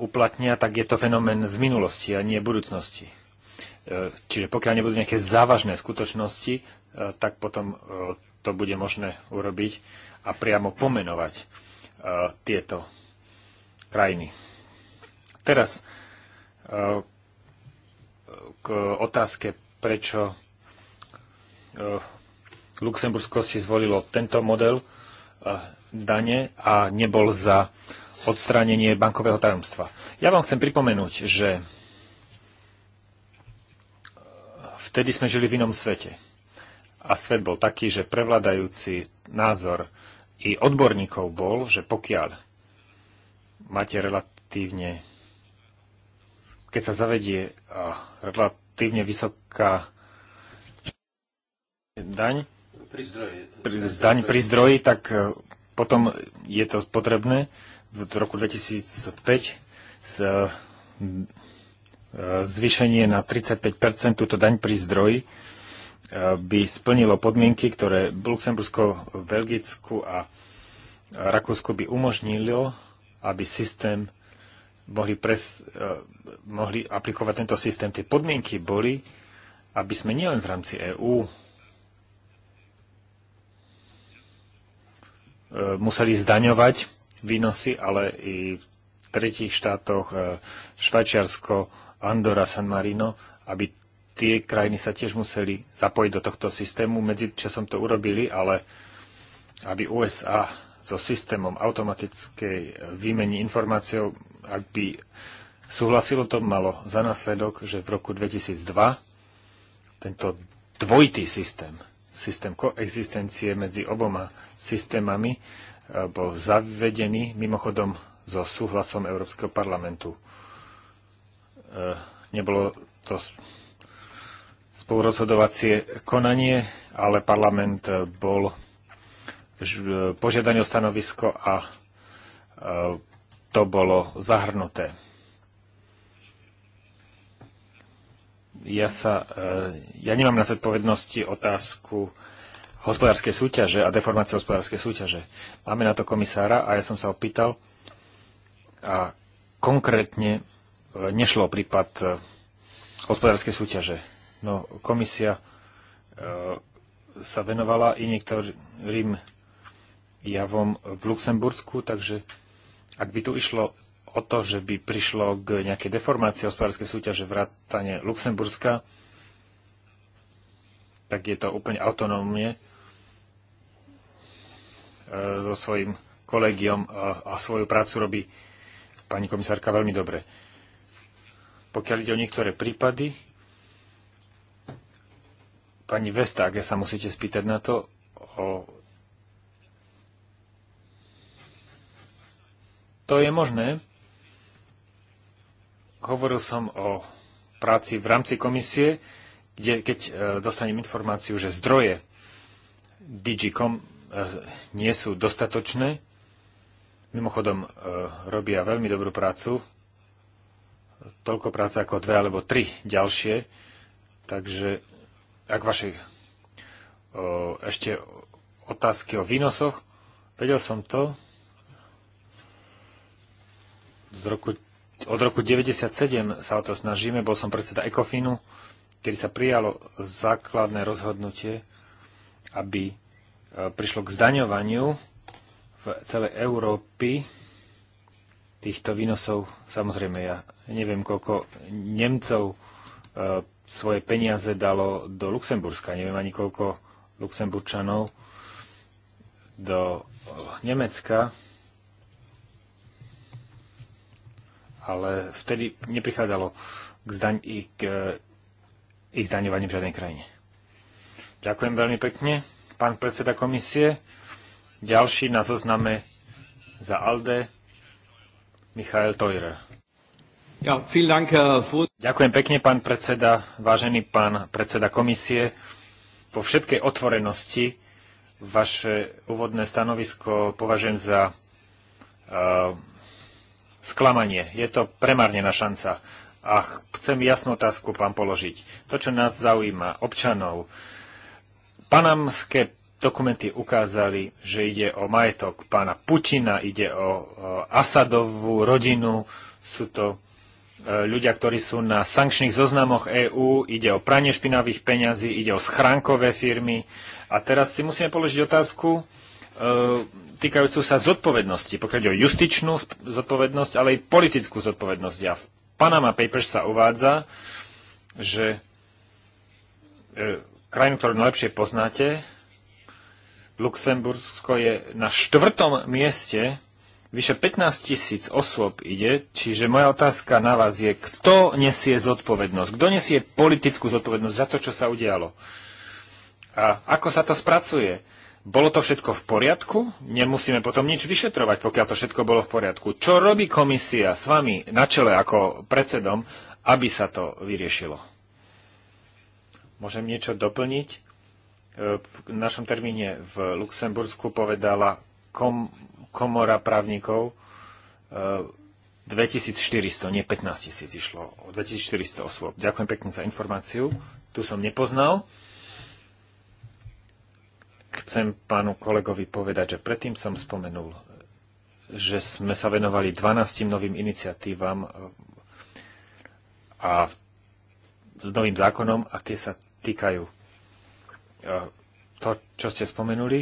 C: uplatnia, tak je to fenomén z minulosti a nie budúcnosti. Čiže pokiaľ nebudú nejaké závažné skutočnosti, tak potom to bude možné urobiť a priamo pomenovať tieto krajiny. Teraz e, k otázke, prečo e, Luxembursko si zvolilo tento model e, dane a nebol za odstránenie bankového tajomstva. Ja vám chcem pripomenúť, že vtedy sme žili v inom svete. A svet bol taký, že prevládajúci názor i odborníkov bol, že pokiaľ máte relatívne, keď sa zavedie relatívne vysoká daň pri zdroji, pri, daň pri zdroji, tak e, potom je to potrebné. V roku 2005 z, e, e, zvýšenie na 35 túto daň pri zdroji by splnilo podmienky, ktoré Luxembursko, Belgicku a Rakúsku by umožnilo aby systém mohli, pres, e, mohli aplikovať tento systém. Tie podmienky boli, aby sme nielen v rámci EÚ e, museli zdaňovať výnosy, ale i v tretich štátoch e, Švajčiarsko, Andorra, San Marino, aby tie krajiny sa tiež museli zapojiť do tohto systému. Medzi časom to urobili, ale aby USA so systémom automatickej výmeny informáciou, ak by súhlasilo to, malo za následok, že v roku 2002 tento dvojitý systém, systém koexistencie medzi oboma systémami, e, bol zavedený mimochodom so súhlasom Európskeho parlamentu. E, nebolo to spolurozhodovacie konanie, ale parlament bol E, požiadanie o stanovisko a e, to bolo zahrnuté. Ja, sa, e, ja nemám na zodpovednosti otázku hospodárskej súťaže a deformácie hospodárskej súťaže. Máme na to komisára a ja som sa opýtal a konkrétne nešlo o prípad hospodárskej súťaže. No, komisia sa venovala i niektorým javom v Luxembursku, takže ak by tu išlo o to, že by prišlo k nejakej deformácii hospodárskej súťaže vrátane Luxemburska, tak je to úplne autonómne e, so svojím kolegiom e, a svoju prácu robí pani komisárka veľmi dobre. Pokiaľ ide o niektoré prípady, pani Vesta, ja sa musíte spýtať na to, o To je možné. Hovoril som o práci v rámci komisie, kde, keď e, dostanem informáciu, že zdroje Digicom e, nie sú dostatočné, mimochodom e, robia veľmi dobrú prácu, toľko práce ako dve alebo tri ďalšie, takže ak vaše ešte otázky o výnosoch, vedel som to, z roku, od roku 1997 sa o to snažíme, bol som predseda ECOFINu, kedy sa prijalo základné rozhodnutie, aby e, prišlo k zdaňovaniu v celej Európy týchto výnosov. Samozrejme, ja neviem, koľko Nemcov e, svoje peniaze dalo do Luxemburska. Neviem ani koľko Luxemburčanov do Nemecka. ale vtedy neprichádzalo k, zdaň, i k ich eh, zdaňovaniu v žiadnej krajine. Ďakujem veľmi pekne, pán predseda komisie. Ďalší na zozname za ALDE, Michael Teurer. Ja, Dank, uh, Ďakujem pekne, pán predseda, vážený pán predseda komisie. Po všetkej otvorenosti vaše úvodné stanovisko považujem za uh, sklamanie. Je to premárnená šanca. A chcem jasnú otázku vám položiť. To, čo nás zaujíma, občanov. Panamské dokumenty ukázali, že ide o majetok pána Putina, ide o, Asadovú rodinu, sú to e, ľudia, ktorí sú na sankčných zoznamoch EÚ, ide o pranie špinavých peňazí, ide o schránkové firmy. A teraz si musíme položiť otázku, e, týkajúcu sa zodpovednosti, pokiaľ o justičnú zodpovednosť, ale aj politickú zodpovednosť. A v Panama Papers sa uvádza, že e, krajinu, ktorú najlepšie poznáte, Luxembursko je na štvrtom mieste, vyše 15 tisíc osôb ide, čiže moja otázka na vás je, kto nesie zodpovednosť, kto nesie politickú zodpovednosť za to, čo sa udialo a ako sa to spracuje bolo to všetko v poriadku? Nemusíme potom nič vyšetrovať, pokiaľ to všetko bolo v poriadku. Čo robí komisia s vami na čele ako predsedom, aby sa to vyriešilo? Môžem niečo doplniť? E, v našom termíne v Luxembursku povedala kom, komora právnikov 2400, e, nie 15 tisíc išlo, 2400 osôb. Ďakujem pekne za informáciu, tu som nepoznal chcem pánu kolegovi povedať, že predtým som spomenul, že sme sa venovali 12 novým iniciatívam e, a s novým zákonom a tie sa týkajú e, to, čo ste spomenuli,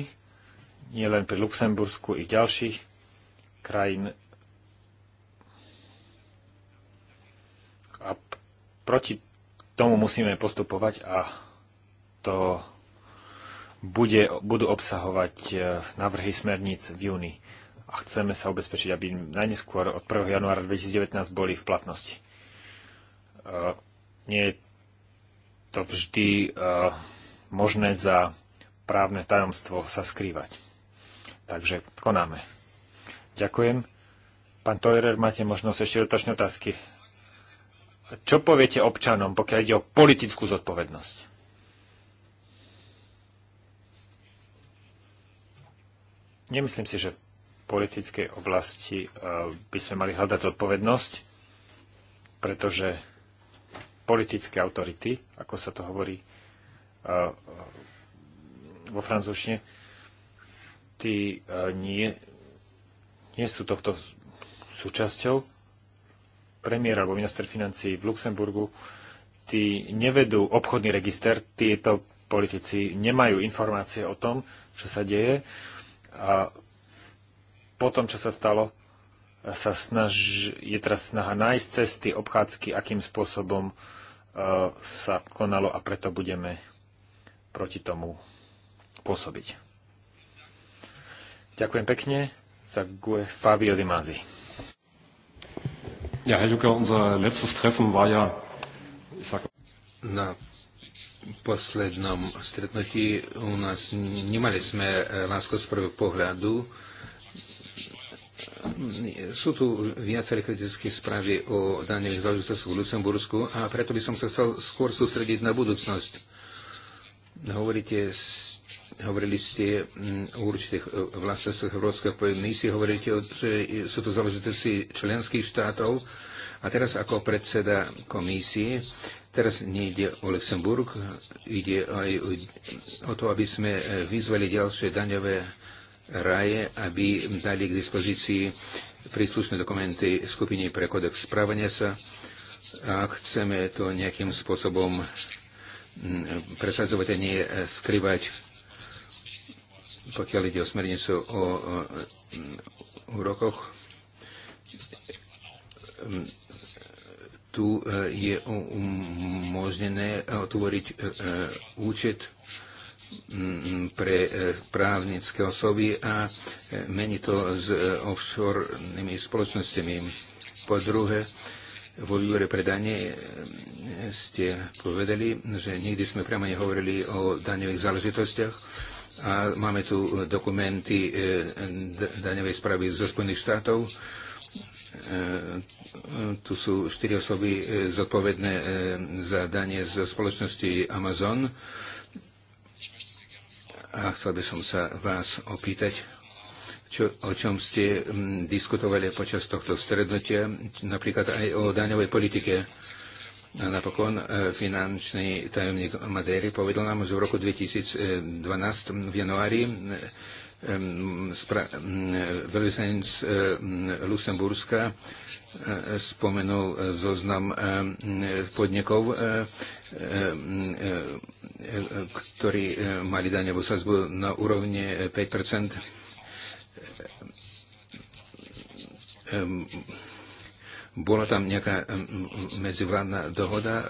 C: nie len pri Luxembursku i ďalších krajín a proti tomu musíme postupovať a to bude, budú obsahovať e, návrhy smerníc v júni a chceme sa ubezpečiť, aby najneskôr od 1. januára 2019 boli v platnosti. E, nie je to vždy e, možné za právne tajomstvo sa skrývať. Takže konáme. Ďakujem. Pán Tojerer, máte možnosť ešte dotačné otázky. Čo poviete občanom, pokiaľ ide o politickú zodpovednosť? Nemyslím si, že v politickej oblasti e, by sme mali hľadať zodpovednosť, pretože politické autority, ako sa to hovorí e, e, vo francúzštine, tí nie, nie sú tohto súčasťou. Premiér alebo minister financí v Luxemburgu, tí nevedú obchodný register, tieto politici nemajú informácie o tom, čo sa deje. Uh, a po tom, čo sa stalo, sa snaž, je teraz snaha nájsť cesty, obchádzky, akým spôsobom e, sa konalo a preto budeme proti tomu pôsobiť. Ďakujem pekne za GUE Fabio Di Masi.
B: Ja, Herr Juncker, unser
C: letztes Treffen war ja, ich sag...
B: Na poslednom stretnutí u nás nemali sme lásku z prvého pohľadu. Sú tu viaceré kritické správy o daných záležitostiach v Lucembursku a preto by som sa chcel skôr sústrediť na budúcnosť. Hovoríte, hovorili ste mm, o určitých e, vlastnostiach Európskej komisie, hovoríte, že sú to záležitosti členských štátov. A teraz ako predseda komisie Teraz nejde o Luxemburg, ide aj o to, aby sme e, vyzvali ďalšie daňové raje, aby dali k dispozícii príslušné dokumenty skupiny pre kodex správania sa a chceme to nejakým spôsobom presadzovať a nie e, skrývať, pokiaľ ide o smernicu o úrokoch tu e, je umožnené e, otvoriť e, účet pre právnické osoby a meni to s offshore spoločnosťami. Po druhé, vo výbore pre dane ste povedali, že nikdy sme priamo nehovorili o daňových záležitostiach a máme tu dokumenty daňovej správy zo Spojených štátov tu sú štyri osoby e, zodpovedné e, za danie zo spoločnosti Amazon. A chcel by som sa vás opýtať, čo, o čom ste diskutovali počas tohto strednutia, napríklad aj o daňovej politike. A napokon e, finančný tajomník Madery povedal nám, že v roku 2012 v januári veľvyslanec Luxemburska spomenul zoznam podnikov, ktorí mali daňovú sazbu na úrovni 5 eh, bola tam nejaká medzivládna dohoda, eh,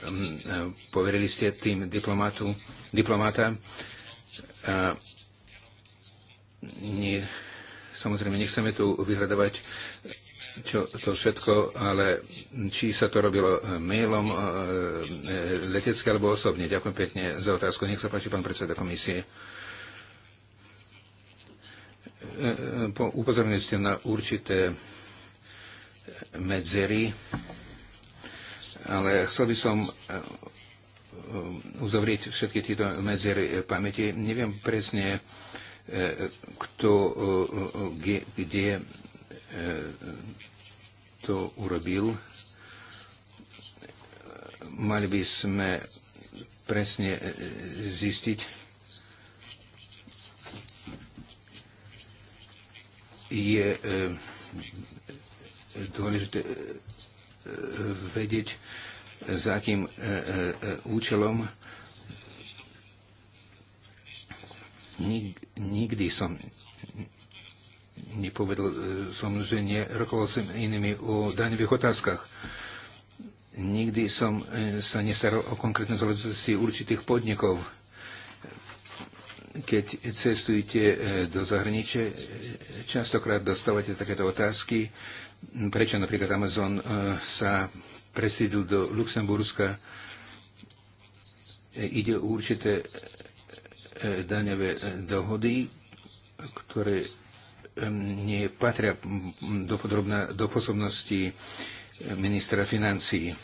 B: poverili ste tým diplomátu, diplomáta, nie, samozrejme nechceme tu vyhľadávať čo, to všetko, ale či sa to robilo eh, mailom, eh, eh, letecké alebo osobne. Ďakujem pekne za otázku. Nech sa páči, pán predseda komisie. Upozornili ste na určité medzery, ale chcel by som uzavrieť všetky tieto medzery pamäti. Neviem presne, kto, e, e, e, kde to urobil. Mali by sme presne zistiť, je dôležité vedieť, za akým účelom Nik, nikdy som nepovedal e, som, že nerokoval som inými o daňových otázkach. Nikdy som e, sa nestaral o konkrétne záležitosti určitých podnikov. Keď cestujete e, do zahraničia, častokrát dostávate takéto otázky, prečo napríklad Amazon sa presídil do Luxemburska. Ide o určité daňové dohody, ktoré nie patria do, podrobná do posobnosti ministra financií.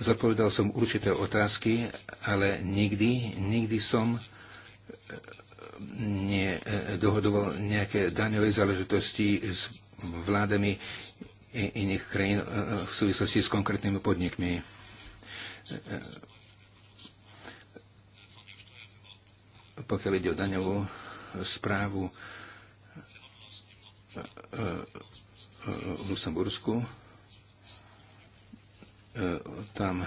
B: Zapovedal som určité otázky, ale nikdy, nikdy som nedohodoval nejaké daňové záležitosti s vládami iných krajín v súvislosti s konkrétnymi podnikmi. pokiaľ ide o daňovú správu e, e, v Luxembursku, e, tam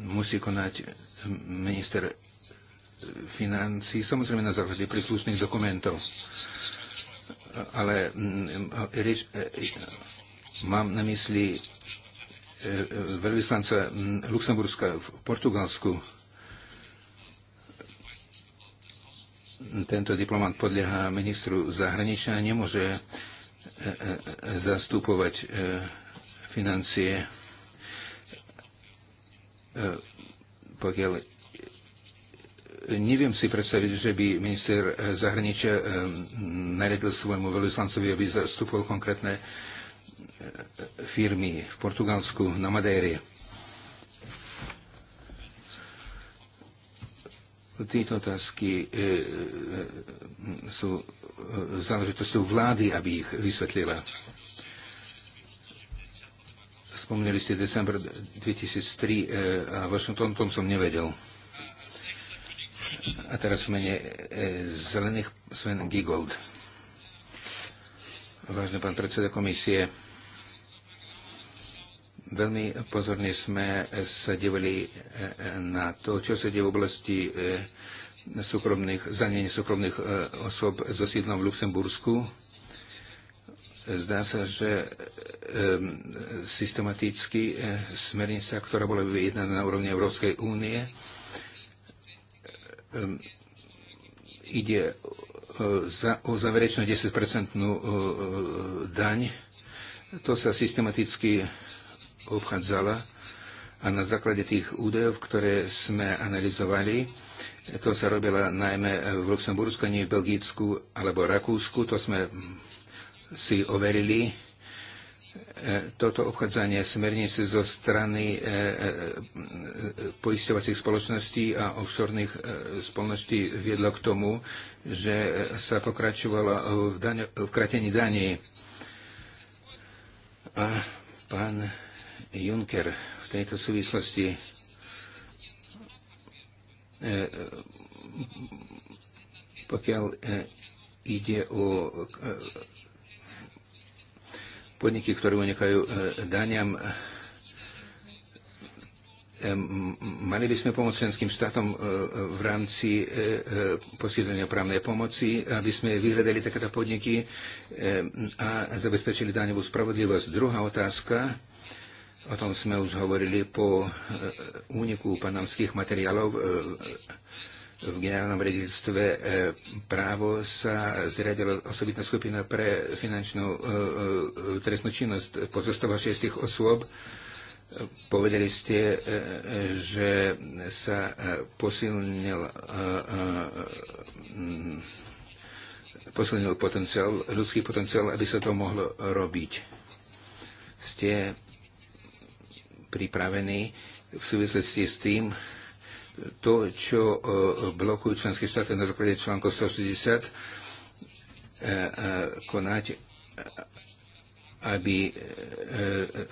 B: musí konať minister financí, samozrejme na základe príslušných dokumentov. Ale mm, mám na mysli veľvyslanca mm, Luxemburska v Portugalsku, tento diplomat podlieha ministru zahraničia a nemôže e, e, zastupovať e, financie, pokiaľ neviem si predstaviť, že by minister zahraničia naredil svojmu veľvyslancovi, aby zastupoval konkrétne firmy v Portugalsku na Madére Tieto otázky e, e, sú e, záležitosťou vlády, aby ich vysvetlila. Spomínali ste december 2003 a Washington, tom som nevedel. A teraz v mene zelených Sven Gigold. Vážne pán predseda komisie, Veľmi pozorne sme eh, sa divali eh, eh, na to, čo sa deje v oblasti súkromných, zanenie súkromných osob so sídlom v Luxembursku. Zdá sa, že systematicky smernica, ktorá bola vyjednaná na úrovni Európskej únie, ide o záverečnú 10-percentnú daň. To sa systematicky obchádzala a na základe tých údajov, ktoré sme analyzovali, to sa robila najmä v Luxembursku, nie v Belgicku alebo Rakúsku, to sme si overili. E, toto obchádzanie smernice zo strany e, e, poisťovacích spoločností a offshorných spoločností viedlo k tomu, že sa pokračovalo v, daň- v kratení daní. A pán Juncker v tejto súvislosti e, e, pokiaľ e, ide o podniky, ktoré unikajú daniam, mali by sme pomôcť členským štátom v rámci poskytovania právnej pomoci, aby sme vyhľadali takéto podniky a zabezpečili daňovú spravodlivosť. Druhá otázka O tom sme už hovorili po e, úniku panamských materiálov e, e, v generálnom rediteľstve právo sa zriadila osobitná skupina pre finančnú trestnú činnosť pozostáva šiestich osôb. Povedali ste, že sa posilnil, posilnil potenciál, ľudský potenciál, aby sa to mohlo robiť. Ste pripravení v súvislosti s tým, to, čo e, blokujú členské štáty na základe článku 160, e, e, konať, aby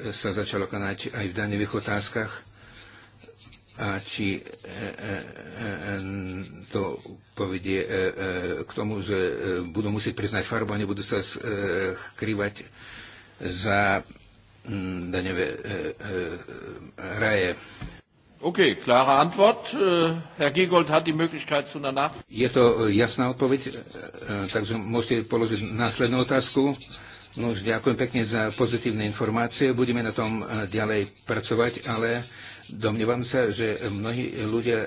B: sa začalo konať aj v daňových otázkach a či to povedie k tomu, že budú musieť priznať farbu a nebudú sa skrývať za Hm, daňové e, e, raje. OK, klára Antwort. Eh, Herr Giegold hat die Möglichkeit zu einer Nachfrage. Je to jasná odpoveď, takže môžete položiť následnú otázku. No, už ďakujem pekne za pozitívne informácie. Budeme na tom ďalej pracovať, ale domnievam sa, že mnohí ľudia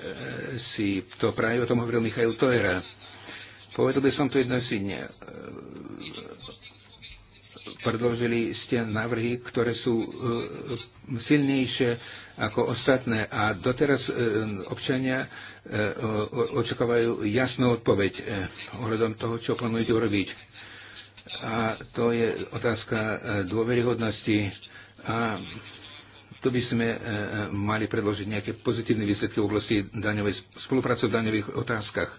B: si to práve o tom hovoril Michail Tojera. Povedal by som to jedno si predložili ste návrhy, ktoré sú e, e, silnejšie ako ostatné a doteraz e, občania očakávajú jasnú odpoveď ohľadom toho, čo plánujete urobiť. A to je otázka dôveryhodnosti a tu by sme mali predložiť nejaké pozitívne výsledky v oblasti spolupráce v daňových otázkach.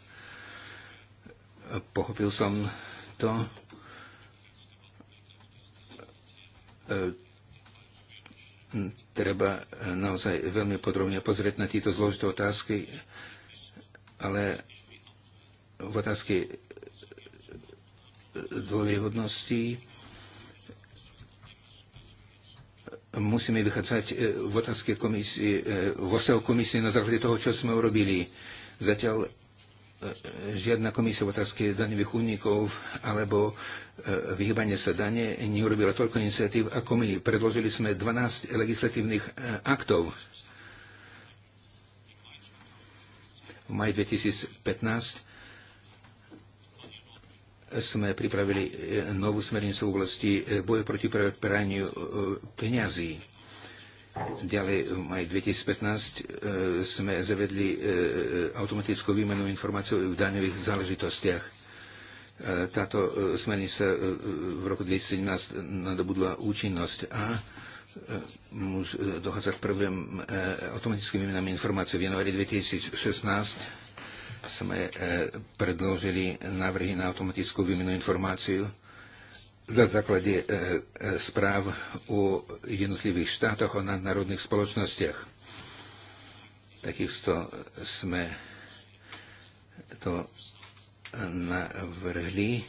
B: Pochopil som to. E, treba naozaj veľmi podrobne pozrieť na tieto zložité otázky, ale v otázke dôviehodnosti musíme vychádzať e, v otázke komisie, e, vo komisie na základe toho, čo sme urobili. Zatiaľ E, žiadna komisia v otázke daňových únikov alebo e, vyhýbania sa dane neurobila toľko iniciatív ako my. Predložili sme 12 legislatívnych e, aktov. V maj 2015 sme pripravili novú smernicu v oblasti boja proti praniu peňazí Ďalej, v maj 2015 e, sme zavedli e, e, automatickú výmenu informácií v daňových záležitostiach. Táto smernica v roku 2017 nadobudla účinnosť a už dochádza k prvým automatickým výmenám informácií. V januári 2016 sme predložili návrhy na automatickú výmenu informácií na základe e, e, správ o jednotlivých štátoch a nadnárodných spoločnostiach. Takisto sme to navrhli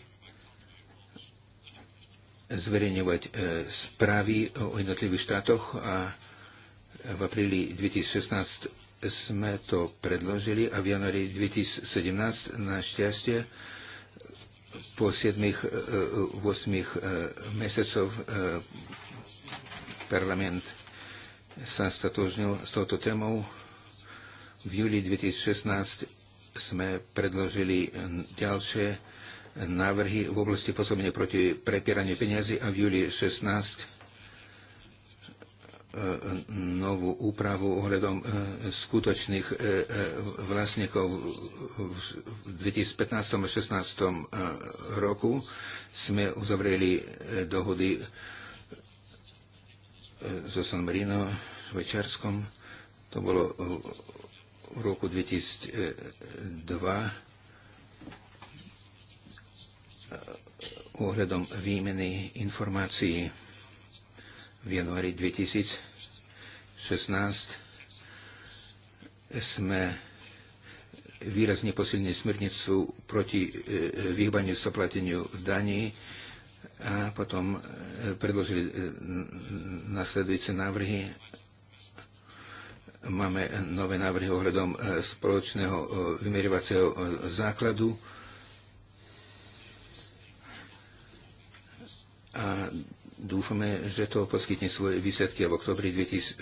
B: zverejňovať e, správy o jednotlivých štátoch a v apríli 2016 sme to predložili a v januári 2017 našťastie šťastie po 7-8 e, e, e, mesiacov parlament sa statožnil s touto témou. V júli 2016 sme predložili ďalšie návrhy v oblasti pôsobenia proti prepieraniu peniazy a v júli 16 novú úpravu ohľadom e, skutočných e, e, vlastníkov v 2015 a 2016 roku. Sme uzavreli dohody so San Marino, Švajčiarskom. To bolo v roku 2002 ohľadom výmeny informácií v januári 2016 sme výrazne posilnili smernicu proti e, vyhbaniu sa plateniu daní a potom e, predložili e, nasledujúce návrhy. Máme nové návrhy ohľadom spoločného vymerovacieho základu a Dúfame, že to poskytne svoje výsledky a v oktobri 2016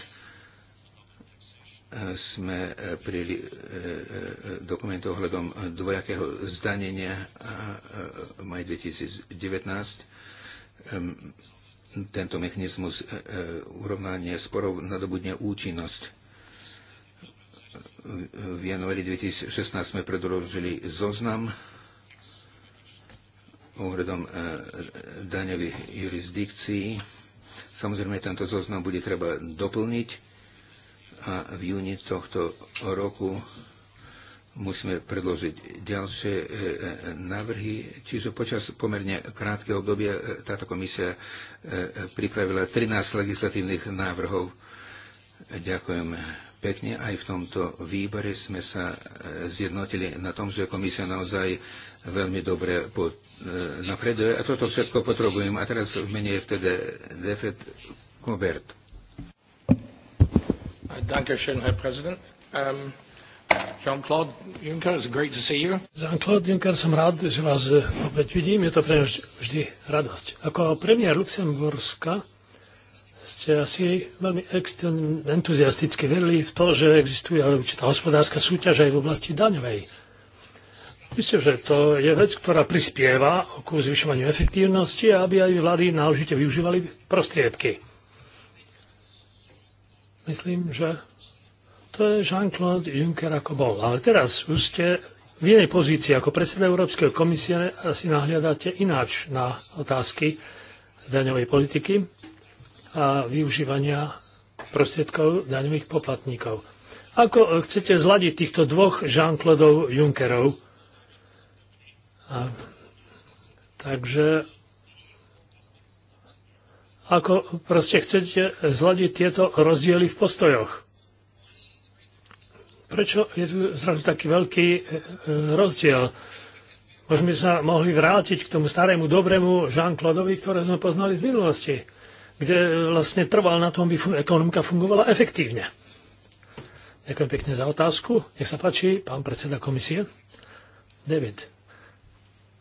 B: eh, sme eh, prijeli eh, dokument ohľadom dvojakého zdanenia a maj 2019 tento mechanizmus urovnania sporov nadobudne účinnosť. V januári 2016 sme predložili zoznam úhradom e, daňových jurisdikcií. Samozrejme, tento zoznam bude treba doplniť a v júni tohto roku musíme predložiť ďalšie e, e, návrhy. Čiže počas pomerne krátkeho obdobia táto komisia pripravila 13 legislatívnych návrhov. Ďakujem pekne. Aj v tomto výbore sme sa zjednotili na tom, že komisia naozaj veľmi dobre pod, e, napreduje a toto všetko potrebujem. A teraz v mene je vtedy Defet Kubert. Uh, Dankeschön, Herr Präsident. Um, Jean-Claude Juncker, it's great to see you.
A: Jean-Claude Juncker, som rád, že vás e, opäť vidím. Je to pre mňa vždy radosť. Ako premiér Luxemburska ste asi veľmi entuziasticky verili v to, že existuje určitá hospodárska súťaž aj v oblasti daňovej Myslím, že to je vec, ktorá prispieva ku zvyšovaniu efektívnosti, a aby aj vlády náležite využívali prostriedky. Myslím, že to je Jean-Claude Juncker ako bol. Ale teraz už ste v inej pozícii ako predseda Európskej komisie asi nahliadate ináč na otázky daňovej politiky a využívania prostriedkov daňových poplatníkov. Ako chcete zladiť týchto dvoch jean claude Junckerov? A, takže ako proste chcete zladiť tieto rozdiely v postojoch. Prečo je tu zrazu taký veľký e, e, rozdiel? Možno by sa mohli vrátiť k tomu starému, dobrému Jean-Claudeovi, ktoré sme poznali z minulosti, kde vlastne trval na tom, aby ekonomika fungovala efektívne. Ďakujem pekne za otázku. Nech sa páči, pán predseda komisie. David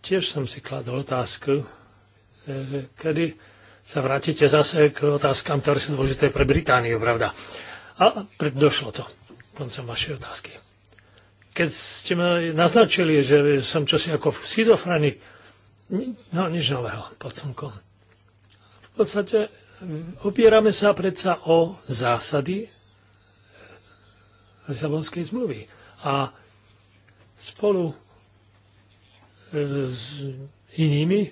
A: tiež som si kladol otázku, e, že kedy sa vrátite zase k otázkam, ktoré sú dôležité pre Britániu, pravda. A došlo to koncom vašej otázky. Keď ste ma naznačili, že som čosi ako schizofrenik, no nič nového pod slnkom. V podstate mm, opierame sa predsa o zásady e, Lisabonskej zmluvy. A spolu s inými. E,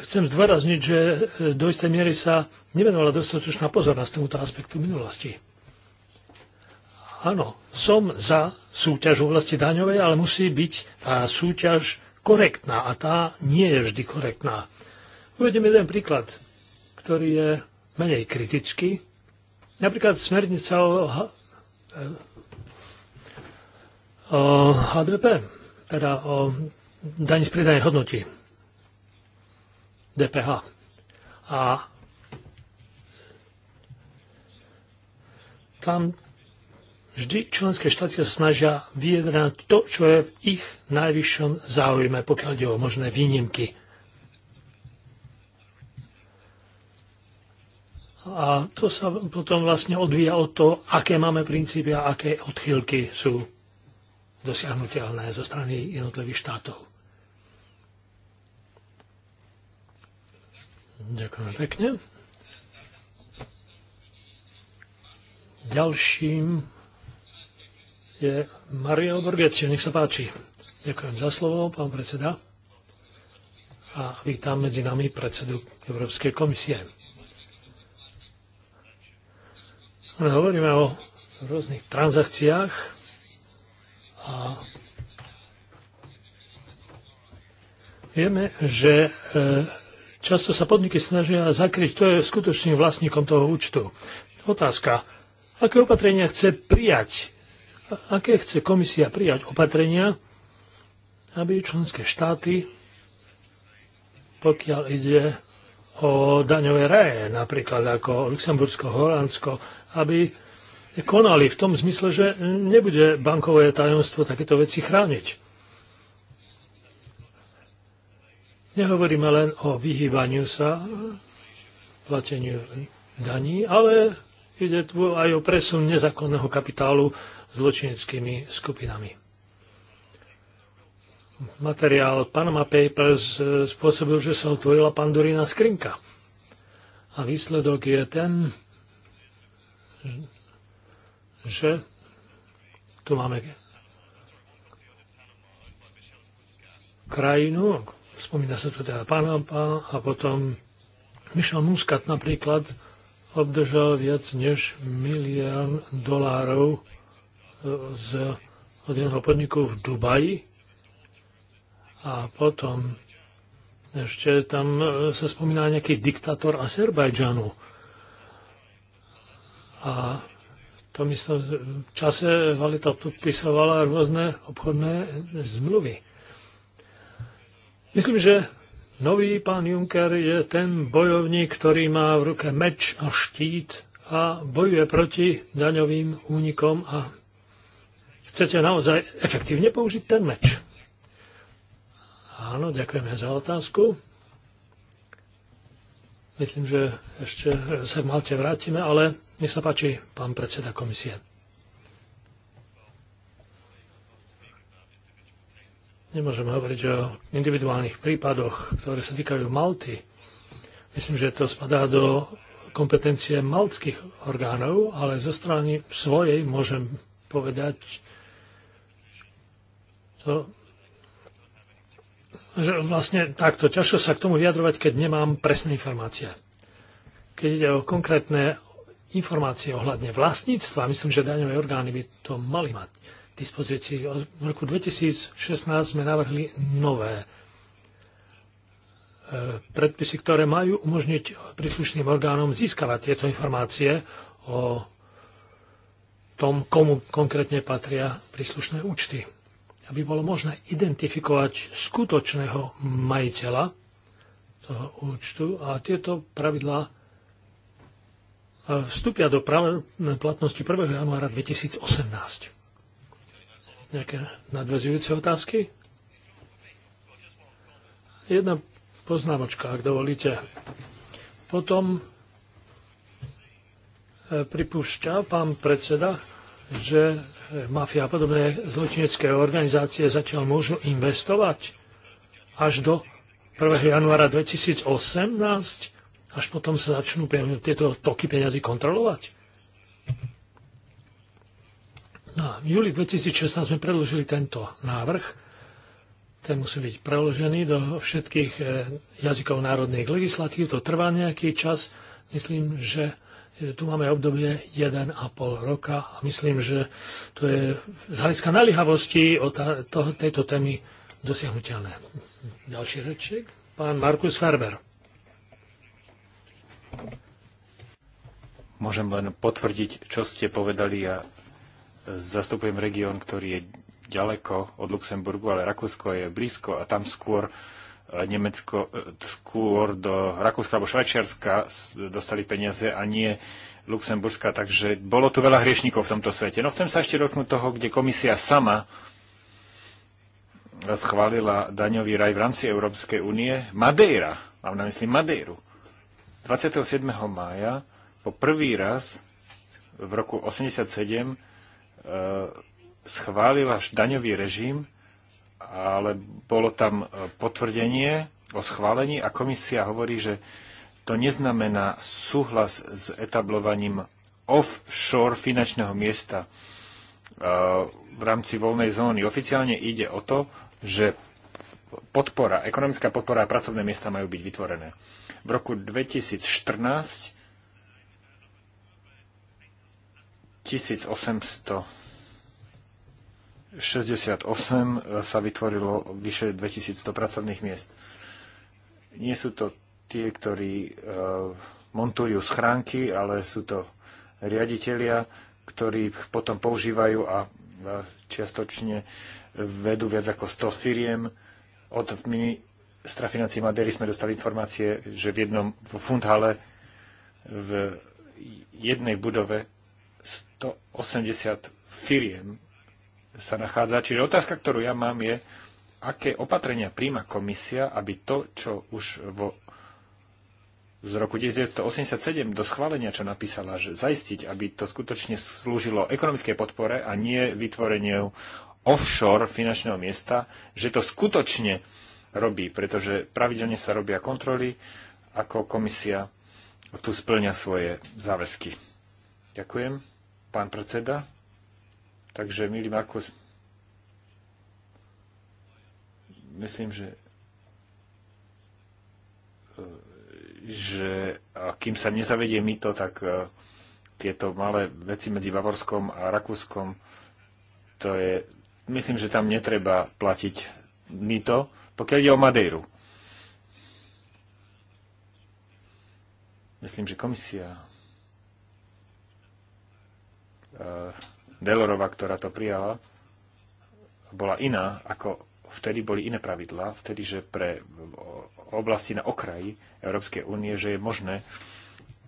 A: chcem zdôrazniť, že do istej miery sa nevenovala dostatočná pozornosť tomuto aspektu minulosti. Áno, som za súťaž v oblasti daňovej, ale musí byť tá súťaž korektná a tá nie je vždy korektná. Uvediem jeden príklad, ktorý je menej kritický. Napríklad smernica o, e, o HDP teda o daň z pridanej hodnoty DPH. A tam vždy členské štáty sa snažia vyjednať to, čo je v ich najvyššom záujme, pokiaľ ide o možné výnimky. A to sa potom vlastne odvíja od toho, aké máme princípy a aké odchýlky sú dosiahnuteľné zo strany jednotlivých štátov. Ďakujem pekne. Ďalším je Mario Borgecio. Nech sa páči. Ďakujem za slovo, pán predseda. A vítam medzi nami predsedu Európskej komisie. Hovoríme o rôznych transakciách a vieme, že e, často sa podniky snažia zakryť, kto je skutočným vlastníkom toho účtu. Otázka, aké opatrenia chce prijať, aké chce komisia prijať opatrenia, aby členské štáty, pokiaľ ide o daňové raje, napríklad ako Luxembursko, Holandsko, aby konali v tom zmysle, že nebude bankové tajomstvo takéto veci chrániť. Nehovoríme len o vyhýbaniu sa plateniu daní, ale ide tu aj o presun nezákonného kapitálu zločineckými skupinami. Materiál Panama Papers spôsobil, že sa otvorila pandurína skrinka. A výsledok je ten, že tu máme krajinu, spomína sa tu teda Panampa a potom Michel Muscat napríklad obdržal viac než milión dolárov e, z, od jedného podniku v Dubaji a potom ešte tam e, sa spomína nejaký diktátor Azerbajdžanu. A to tom v čase valita podpisovala rôzne obchodné zmluvy. Myslím, že nový pán Juncker je ten bojovník, ktorý má v ruke meč a štít a bojuje proti daňovým únikom a chcete naozaj efektívne použiť ten meč. Áno, ďakujeme za otázku. Myslím, že ešte sa v Malte vrátime, ale nech sa páči, pán predseda komisie. Nemôžem hovoriť o individuálnych prípadoch, ktoré sa týkajú Malty. Myslím, že to spadá do kompetencie maltských orgánov, ale zo strany svojej môžem povedať to, že vlastne takto ťažko sa k tomu vyjadrovať, keď nemám presné informácie. Keď ide o konkrétne informácie ohľadne vlastníctva, myslím, že daňové orgány by to mali mať k dispozícii. V roku 2016 sme navrhli nové e, predpisy, ktoré majú umožniť príslušným orgánom získavať tieto informácie o tom, komu konkrétne patria príslušné účty aby bolo možné identifikovať skutočného majiteľa toho účtu a tieto pravidlá e, vstúpia do platnosti 1. januára 2018. Nejaké nadvezujúce otázky? Jedna poznámočka, ak dovolíte. Potom e, pripúšťa pán predseda, že e, mafia a podobné zločinecké organizácie zatiaľ môžu investovať až do 1. januára 2018, až potom sa začnú tieto toky peňazí kontrolovať. No, v júli 2016 sme predložili tento návrh. Ten musí byť preložený do všetkých e, jazykov národných legislatív. To trvá nejaký čas. Myslím, že že tu máme obdobie 1,5 roka a myslím, že to je z hľadiska naliehavosti o ta, to, tejto témy dosiahnutelné. Ďalší reček, pán Markus Ferber.
C: Môžem len potvrdiť, čo ste povedali. Ja zastupujem región, ktorý je ďaleko od Luxemburgu, ale Rakúsko je blízko a tam skôr Nemecko e, skôr do Rakúska alebo Švajčiarska dostali peniaze a nie Luxemburska, takže bolo tu veľa hriešníkov v tomto svete. No chcem sa ešte dotknúť toho, kde komisia sama schválila daňový raj v rámci Európskej únie. Madeira, mám na mysli Madeiru. 27. mája po prvý raz v roku 1987 e, schválila daňový režim, ale bolo tam e, potvrdenie o schválení a komisia hovorí, že to neznamená súhlas s etablovaním offshore finančného miesta e, v rámci voľnej zóny. Oficiálne ide o to, že podpora, ekonomická podpora a pracovné miesta majú byť vytvorené. V roku 2014 1800 68 e, sa vytvorilo vyše 2100 pracovných miest. Nie sú to tie, ktorí e, montujú schránky, ale sú to riaditeľia, ktorí potom používajú a e, čiastočne vedú viac ako 100 firiem. Od ministra financí Madery sme dostali informácie, že v jednom v Fundhale v jednej budove 180 firiem sa nachádza. Čiže otázka, ktorú ja mám, je, aké opatrenia príjma komisia, aby to, čo už vo, z roku 1987 do schválenia, čo napísala, že zaistiť, aby to skutočne slúžilo ekonomickej podpore a nie vytvoreniu offshore finančného miesta, že to skutočne robí, pretože pravidelne sa robia kontroly, ako komisia tu splňa svoje záväzky. Ďakujem. Pán predseda. Takže, milý Markus, myslím, že že kým sa nezavedie mýto, tak e, tieto malé veci medzi Bavorskom a Rakúskom, to je, myslím, že tam netreba platiť mýto, pokiaľ ide o Madejru. Myslím, že komisia e, Delorova, ktorá to prijala, bola iná, ako vtedy boli iné pravidlá, vtedy, že pre oblasti na okraji Európskej únie, že je možné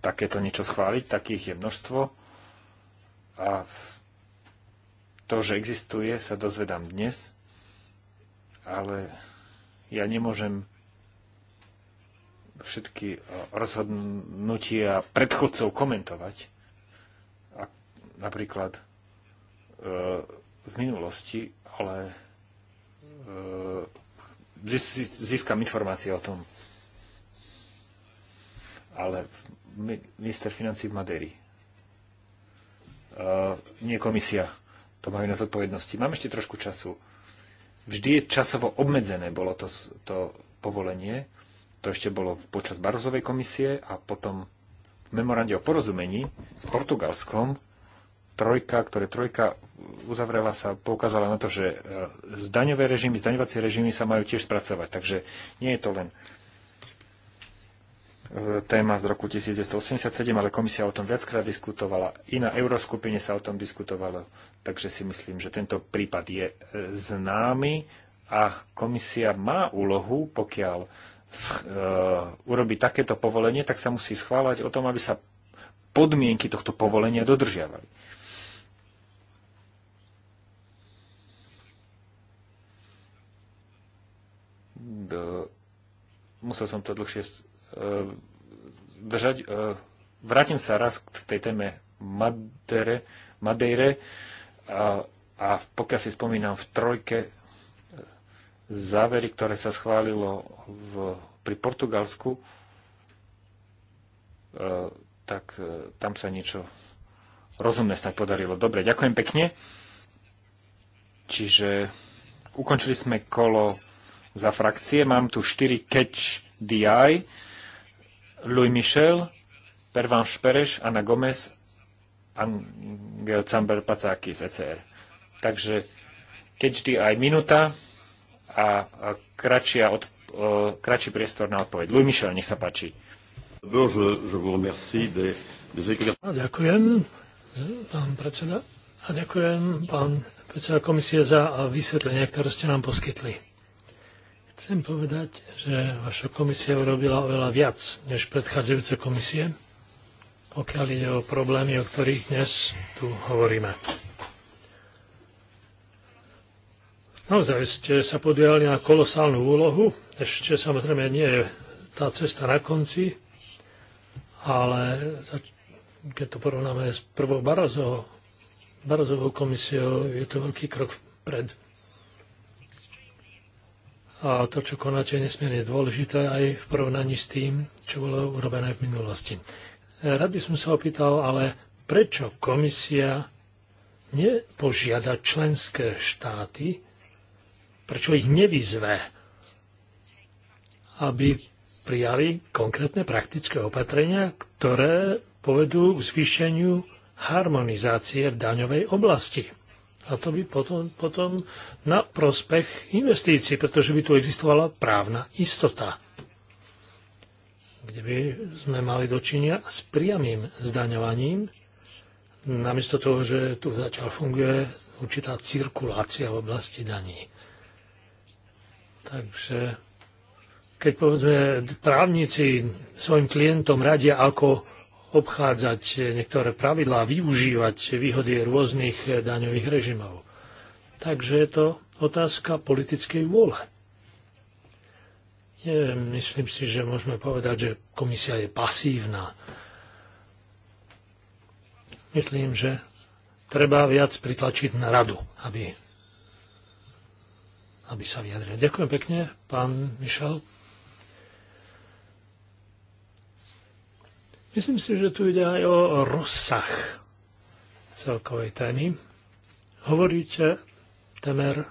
C: takéto niečo schváliť, takých je množstvo a to, že existuje, sa dozvedám dnes, ale ja nemôžem všetky rozhodnutia predchodcov komentovať. A napríklad E, v minulosti, ale e, získam informácie o tom. Ale minister financí v Madeiri. E, nie komisia. To majú na zodpovednosti. Mám ešte trošku času. Vždy je časovo obmedzené bolo to, to povolenie. To ešte bolo počas Barozovej komisie a potom v memorande o porozumení s Portugalskom trojka, ktoré trojka uzavrela sa, poukázala na to, že e, zdaňové režimy, zdaňovacie režimy sa majú tiež spracovať. Takže nie je to len e, téma z roku 1987, ale komisia o tom viackrát diskutovala. I na euroskupine sa o tom diskutovalo. Takže si myslím, že tento prípad je e, známy a komisia má úlohu, pokiaľ urobí takéto povolenie, tak sa musí schváľať o tom, aby sa podmienky tohto povolenia dodržiavali. uh, Musel som to dlhšie e, držať. E, vrátim sa raz k tej téme Madere, Madeire a, a pokiaľ si spomínam v trojke závery, ktoré sa schválilo v, pri Portugalsku, tak tam sa niečo rozumné snáď podarilo. Dobre, ďakujem pekne. Čiže ukončili sme kolo za frakcie. Mám tu 4 catch DI, Louis Michel, Pervan Špereš, Ana Gomez, Angel Camber Pacáky z ECR. Takže catch DI minúta a kratšia od, kratší priestor na odpoveď. Louis Michel, nech sa páči.
A: ďakujem, pán predseda. A ďakujem, pán predseda komisie, za vysvetlenie, ktoré ste nám poskytli. Chcem povedať, že vaša komisia urobila oveľa viac než predchádzajúce komisie, pokiaľ ide o problémy, o ktorých dnes tu hovoríme. Naozaj ste sa podujali na kolosálnu úlohu. Ešte samozrejme nie je tá cesta na konci, ale keď to porovnáme s prvou Barozovou, komisiou, je to veľký krok vpred a to, čo konáte, je nesmierne dôležité aj v porovnaní s tým, čo bolo urobené v minulosti. Rád by som sa opýtal, ale prečo komisia nepožiada členské štáty, prečo ich nevyzve, aby prijali konkrétne praktické opatrenia, ktoré povedú k zvýšeniu harmonizácie v daňovej oblasti. A to by potom, potom na prospech investícií, pretože by tu existovala právna istota, kde by sme mali dočinia s priamým zdaňovaním, namiesto toho, že tu zatiaľ funguje určitá cirkulácia v oblasti daní. Takže keď povedzme právnici svojim klientom radia, ako obchádzať niektoré pravidlá, využívať výhody rôznych daňových režimov. Takže je to otázka politickej vôle. Je, myslím si, že môžeme povedať, že komisia je pasívna. Myslím, že treba viac pritlačiť na radu, aby, aby sa vyjadril. Ďakujem pekne, pán Mišal. Myslím si, že tu ide aj o rozsah celkovej témy. Hovoríte temer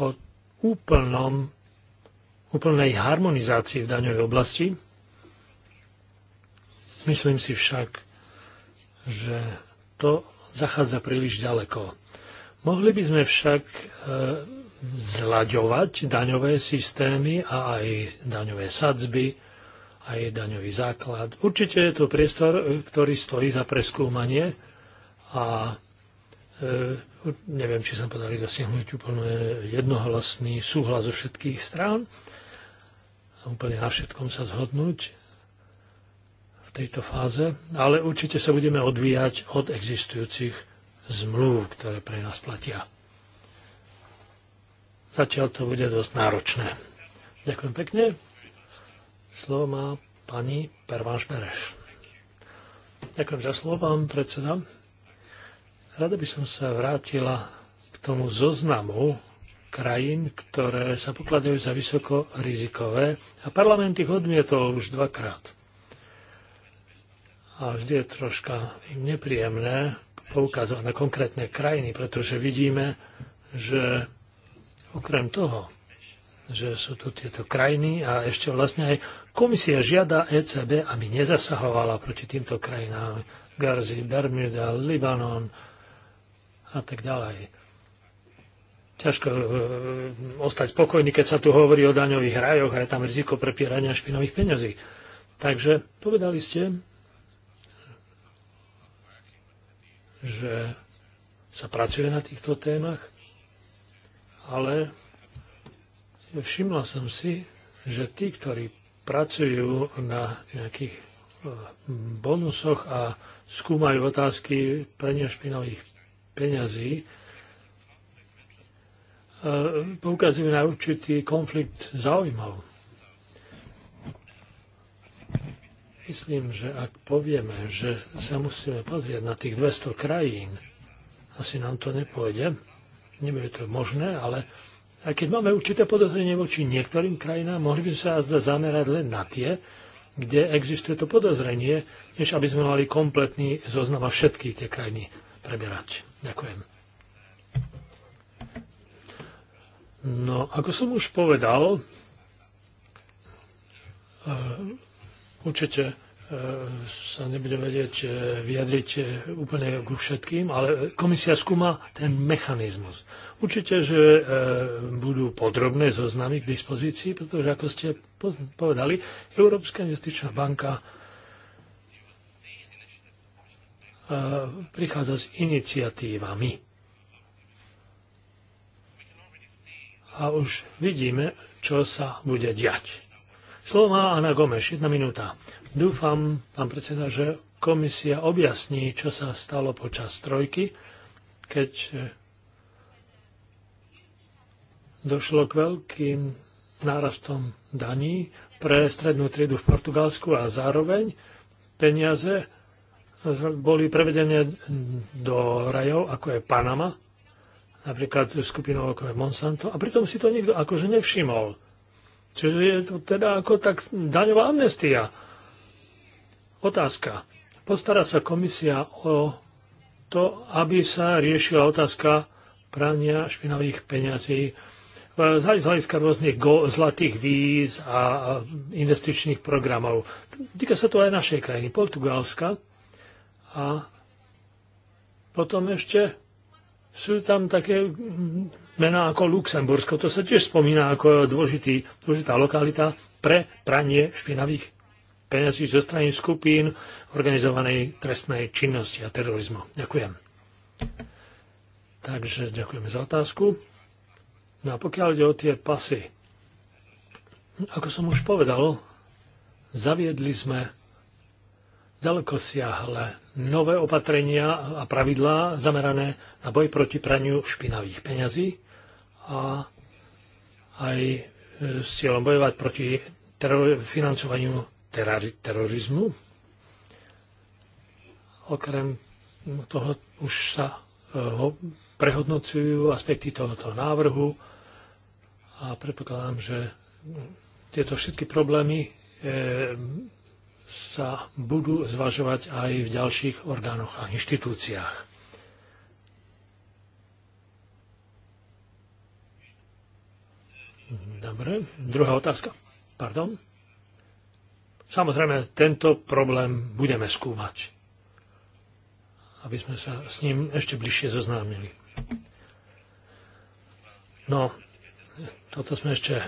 A: o úplnom, úplnej harmonizácii v daňovej oblasti. Myslím si však, že to zachádza príliš ďaleko. Mohli by sme však e, zlaďovať daňové systémy a aj daňové sadzby, aj daňový základ. Určite je to priestor, e, ktorý stojí za preskúmanie a e, neviem, či sa podarí dosiahnuť úplne jednohlasný súhlas zo všetkých strán a úplne na všetkom sa zhodnúť v tejto fáze, ale určite sa budeme odvíjať od existujúcich zmluv, ktoré pre nás platia. Zatiaľ to bude dosť náročné. Ďakujem pekne. Slovo má pani Perváš Bereš. Ďakujem za slovo, pán predseda. Rada by som sa vrátila k tomu zoznamu krajín, ktoré sa pokladajú za vysoko rizikové a parlament ich odmietol už dvakrát. A vždy je troška nepríjemné poukazovať na konkrétne krajiny, pretože vidíme, že okrem toho, že sú tu tieto krajiny a ešte vlastne aj Komisia žiada ECB, aby nezasahovala proti týmto krajinám Garzi, Bermuda, Libanon a tak ďalej. Ťažko e, ostať pokojný, keď sa tu hovorí o daňových rajoch a je tam riziko prepierania špinových peňazí. Takže povedali ste, že sa pracuje na týchto témach, ale všimla som si, že tí, ktorí pracujú na nejakých eh, bonusoch a skúmajú otázky pre nešpinových peňazí, eh, poukazujú na určitý konflikt záujmov. Myslím, že ak povieme, že sa musíme pozrieť na tých 200 krajín, asi nám to nepôjde, nebude to možné, ale a keď máme určité podozrenie voči niektorým krajinám, mohli by sme sa zda zamerať len na tie, kde existuje to podozrenie, než aby sme mali kompletný zoznam a všetky tie krajiny preberať. Ďakujem. No, ako som už povedal, e, určite E, sa nebude vedieť e, vyjadriť e, úplne ku všetkým, ale komisia skúma ten mechanizmus. Určite, že budú podrobné zoznamy k dispozícii, pretože, ako ste povedali, Európska investičná banka prichádza s iniciatívami. A už vidíme, čo sa bude diať. Slovo má Anna Gomeš, jedna minúta. Dúfam, pán predseda, že komisia objasní, čo sa stalo počas trojky, keď e, došlo k veľkým nárastom daní pre strednú triedu v Portugalsku a zároveň peniaze boli prevedené do rajov, ako je Panama, napríklad skupinou ako je Monsanto, a pritom si to nikto akože nevšimol. Čiže je to teda ako tak daňová amnestia. Otázka. Postará sa komisia o to, aby sa riešila otázka prania špinavých peňazí z hľadiska rôznych go, zlatých víz a investičných programov. Týka sa to aj našej krajiny, Portugalska. A potom ešte sú tam také mená ako Luxembursko. To sa tiež spomína ako dôležitý, dôležitá lokalita pre pranie špinavých peňazí zo strany skupín organizovanej trestnej činnosti a terorizmu. Ďakujem. Takže ďakujeme za otázku. No a pokiaľ ide o tie pasy, ako som už povedal, zaviedli sme ďaleko siahle nové opatrenia a pravidlá zamerané na boj proti praniu špinavých peňazí a aj s cieľom bojovať proti financovaniu terorizmu. Okrem toho už sa e, prehodnocujú aspekty tohoto návrhu a predpokladám, že tieto všetky problémy e, sa budú zvažovať aj v ďalších orgánoch a inštitúciách. Dobre, druhá otázka. Pardon? Samozrejme, tento problém budeme skúmať, aby sme sa s ním ešte bližšie zoznámili. No, toto sme ešte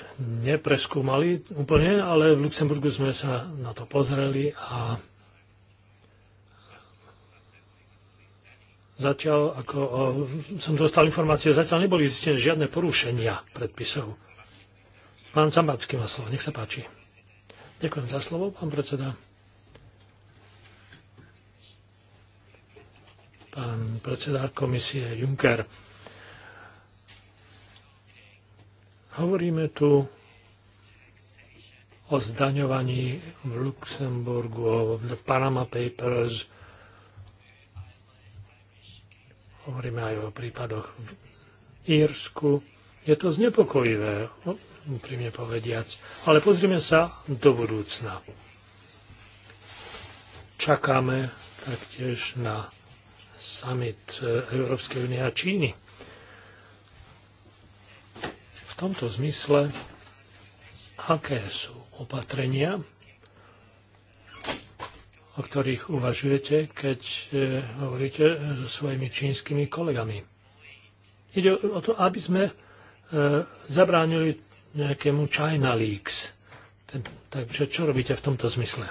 A: nepreskúmali úplne, ale v Luxemburgu sme sa na to pozreli a zatiaľ, ako o, som dostal informácie, zatiaľ neboli zistené žiadne porušenia predpisov. Pán Zambacký má slovo, nech sa páči. Ďakujem za slovo, pán predseda. Pán predseda komisie Juncker. Hovoríme tu o zdaňovaní v Luxemburgu, o Panama Papers. Hovoríme aj o prípadoch v Írsku je to znepokojivé, no, úprimne povediac. Ale pozrime sa do budúcna. Čakáme taktiež na summit e, Európskej únie a Číny. V tomto zmysle, aké sú opatrenia, o ktorých uvažujete, keď e, hovoríte so svojimi čínskymi kolegami? Ide o to, aby sme E, zabránili nejakému China Leaks. Takže čo robíte v tomto zmysle?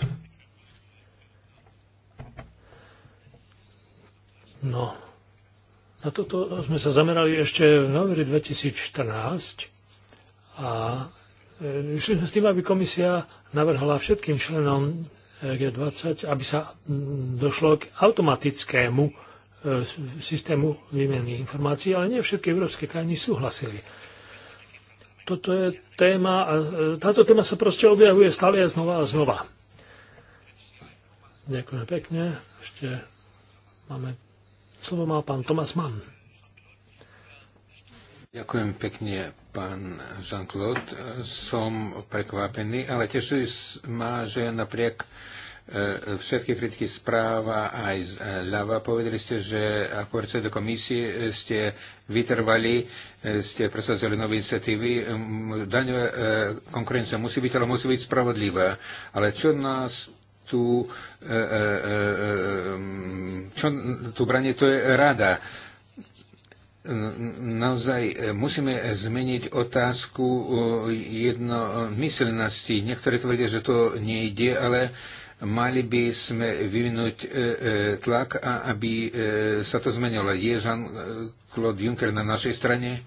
A: No, na toto sme sa zamerali ešte v novembri 2014 a e, išli sme s tým, aby komisia navrhla všetkým členom e, G20, aby sa došlo k automatickému systému výmeny informácií, ale nie všetky európske krajiny súhlasili toto je téma e, táto téma sa proste objavuje stále a znova a znova. Ďakujem pekne. Ešte máme... Slovo má pán Tomas Mann.
B: Ďakujem pekne, pán Jean-Claude. Som prekvapený, ale teší ma, že napriek E, všetky kritiky správa aj z e, ľava. Povedali ste, že ako do komisie e, ste vytrvali, ste presadzali nové iniciatívy. Daňová konkurencia musí byť, ale musí byť spravodlivá. Ale čo nás tu, čo tu branie, to je rada naozaj musíme zmeniť otázku jednomyselnosti. Niektorí tvrdia, že to nejde, ale Mali by sme vyvinúť e, e, tlak, a aby e, sa to zmenilo. Je Jean-Claude Juncker na našej strane?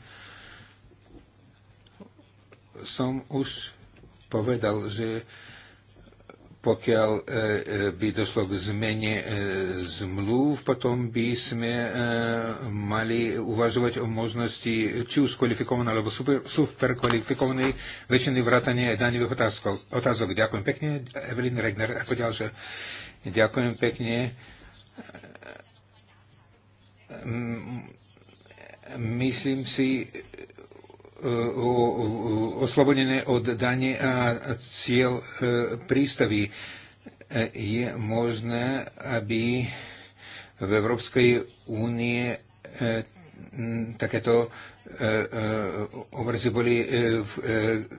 B: Som už povedal, že pokiaľ e, e, by došlo k zmene e, zmluv, potom by sme mali uvažovať o možnosti či už kvalifikovanej alebo super, super väčšiny vrátania daňových otázkov. otázok. Ďakujem pekne. Evelyn Regner ako ďalšia. Ďakujem pekne myslím si, oslobodené od dane a cieľ e, prístavy. E, je možné, aby v Európskej únie e, takéto obrazy boli v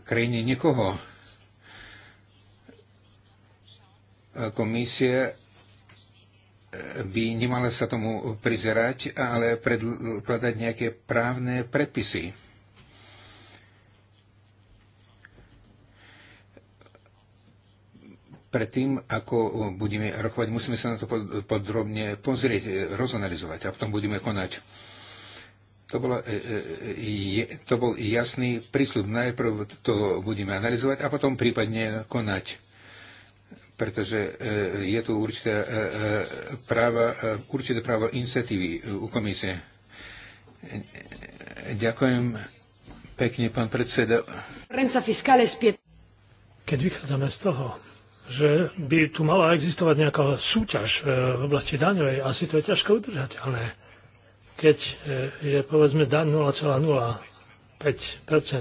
B: krajine nikoho. Komisia by nemala sa tomu prizerať, ale predkladať nejaké právne predpisy. predtým, ako eh, budeme rokovať, musíme sa na to podrobne pozrieť, eh, rozanalizovať a potom budeme konať. To, bolo, eh, to bol jasný prísľub. Najprv to budeme analyzovať a potom prípadne konať. Pretože je tu určité práva, určité právo iniciatívy u komisie. Ďakujem pekne, pán predseda.
A: Keď vychádzame z toho, že by tu mala existovať nejaká súťaž e, v oblasti daňovej. Asi to je ťažko udržateľné. Keď e, je povedzme daň 0,05%.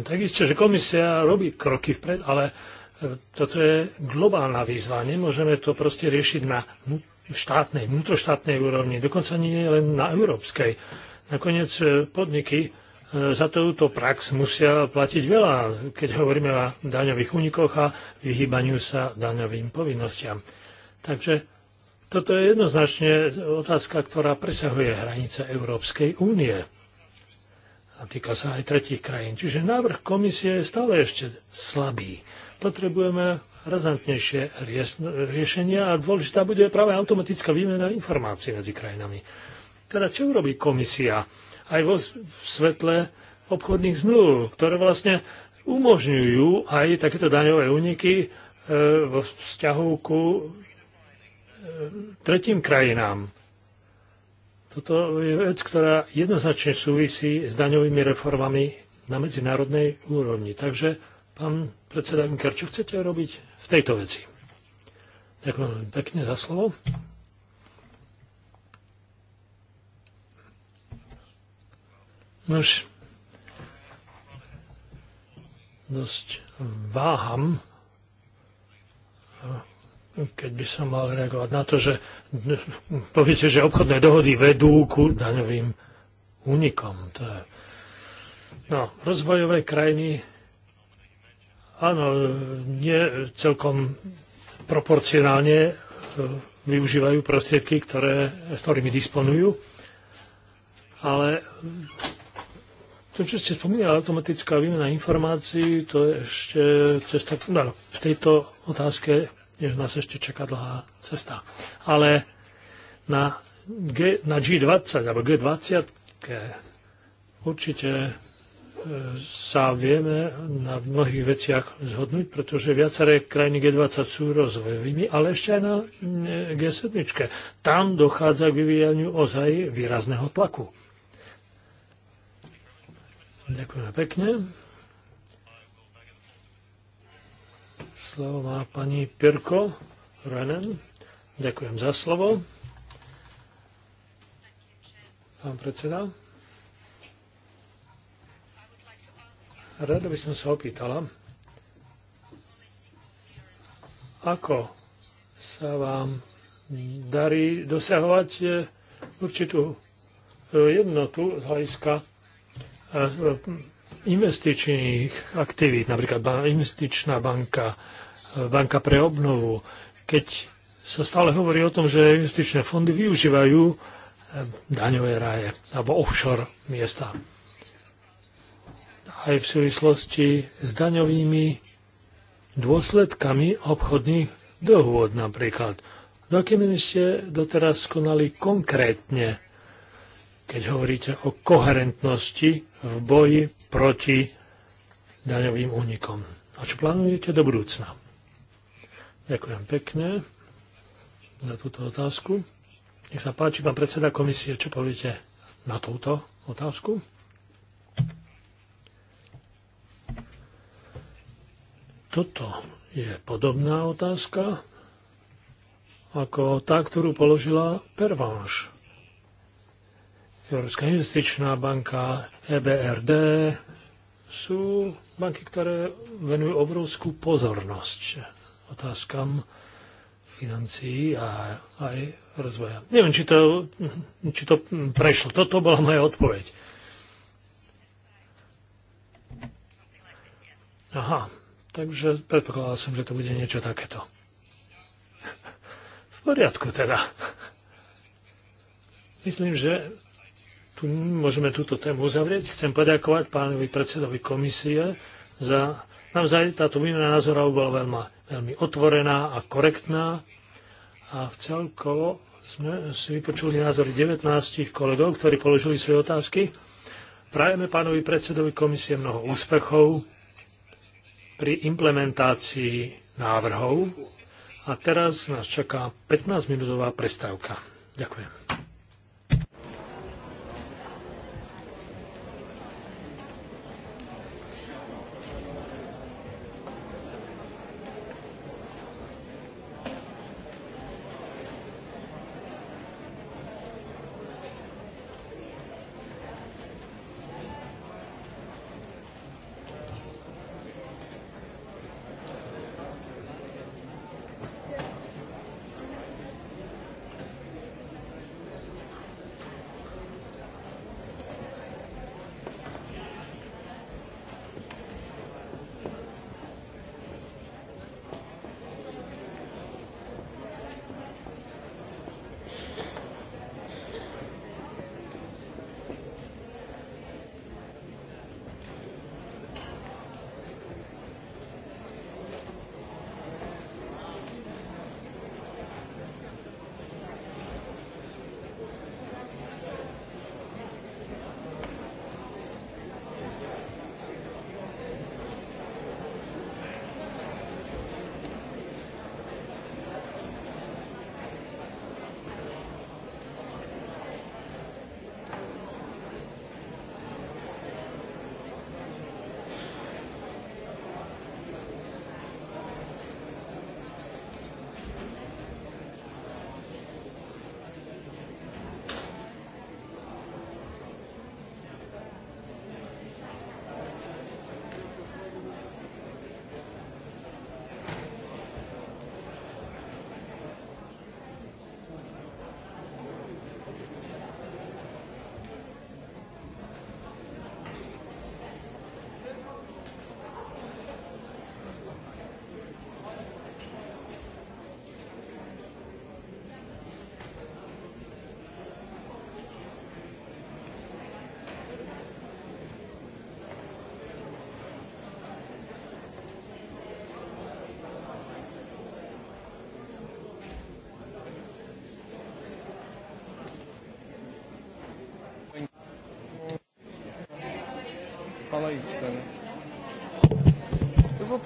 A: Tak isté, že komisia robí kroky vpred, ale e, toto je globálna výzva. Nemôžeme to proste riešiť na štátnej, vnútroštátnej úrovni, dokonca nie len na európskej. Nakoniec podniky E, za túto prax musia platiť veľa, keď hovoríme o daňových únikoch a vyhýbaniu sa daňovým povinnostiam. Takže toto je jednoznačne otázka, ktorá presahuje hranice Európskej únie a týka sa aj tretich krajín. Čiže návrh komisie je stále ešte slabý. Potrebujeme razantnejšie riešenia a dôležitá bude práve automatická výmena informácií medzi krajinami. Teda čo urobí komisia? aj vo svetle obchodných zmluv, ktoré vlastne umožňujú aj takéto daňové úniky e, vo vzťahu ku e, tretím krajinám. Toto je vec, ktorá jednoznačne súvisí s daňovými reformami na medzinárodnej úrovni. Takže, pán predseda Juncker, čo chcete robiť v tejto veci? Ďakujem pekne za slovo. Nož, dosť váham, keď by som mal reagovať na to, že poviete, že obchodné dohody vedú ku daňovým únikom. To je... No, rozvojové krajiny, áno, nie celkom proporcionálne e, využívajú prostriedky, ktoré, ktorými disponujú, ale to, čo ste spomínali, automatická výmena informácií, to je ešte cesta, no, v tejto otázke je nás ešte čaká dlhá cesta. Ale na, G, na G20 alebo G20 určite e, sa vieme na mnohých veciach zhodnúť, pretože viaceré krajiny G20 sú rozvojovými, ale ešte aj na e, G7. Tam dochádza k vyvíjaniu ozaj výrazného tlaku. Ďakujem pekne. Slovo má pani Pirko Renen. Ďakujem za slovo. Pán predseda. Rada by som sa opýtala, ako sa vám darí dosahovať eh, určitú eh, jednotu z hľadiska Eh, investičných aktivít, napríklad investičná banka, eh, banka pre obnovu, keď sa stále hovorí o tom, že investičné fondy využívajú eh, daňové raje alebo offshore miesta. Aj v súvislosti s daňovými dôsledkami obchodných dohôd napríklad. Do aké ste doteraz skonali konkrétne keď hovoríte o koherentnosti v boji proti daňovým únikom. A čo plánujete do budúcna? Ďakujem pekne za túto otázku. Nech sa páči, pán predseda komisie, čo poviete na túto otázku? Toto je podobná otázka ako tá, ktorú položila pervanš. Európska investičná banka, EBRD, sú banky, ktoré venujú obrovskú pozornosť otázkam financií a aj rozvoja. Neviem, či to, či to prešlo. Toto bola moja odpoveď. Aha, takže predpokladal som, že to bude niečo takéto. V poriadku teda. Myslím, že tu, môžeme túto tému uzavrieť. Chcem poďakovať pánovi predsedovi komisie za... Naozaj táto výmena názorov bola veľmi, veľmi otvorená a korektná a v celkovo sme si vypočuli názory 19 kolegov, ktorí položili svoje otázky. Prajeme pánovi predsedovi komisie mnoho úspechov pri implementácii návrhov. A teraz nás čaká 15-minútová prestávka. Ďakujem.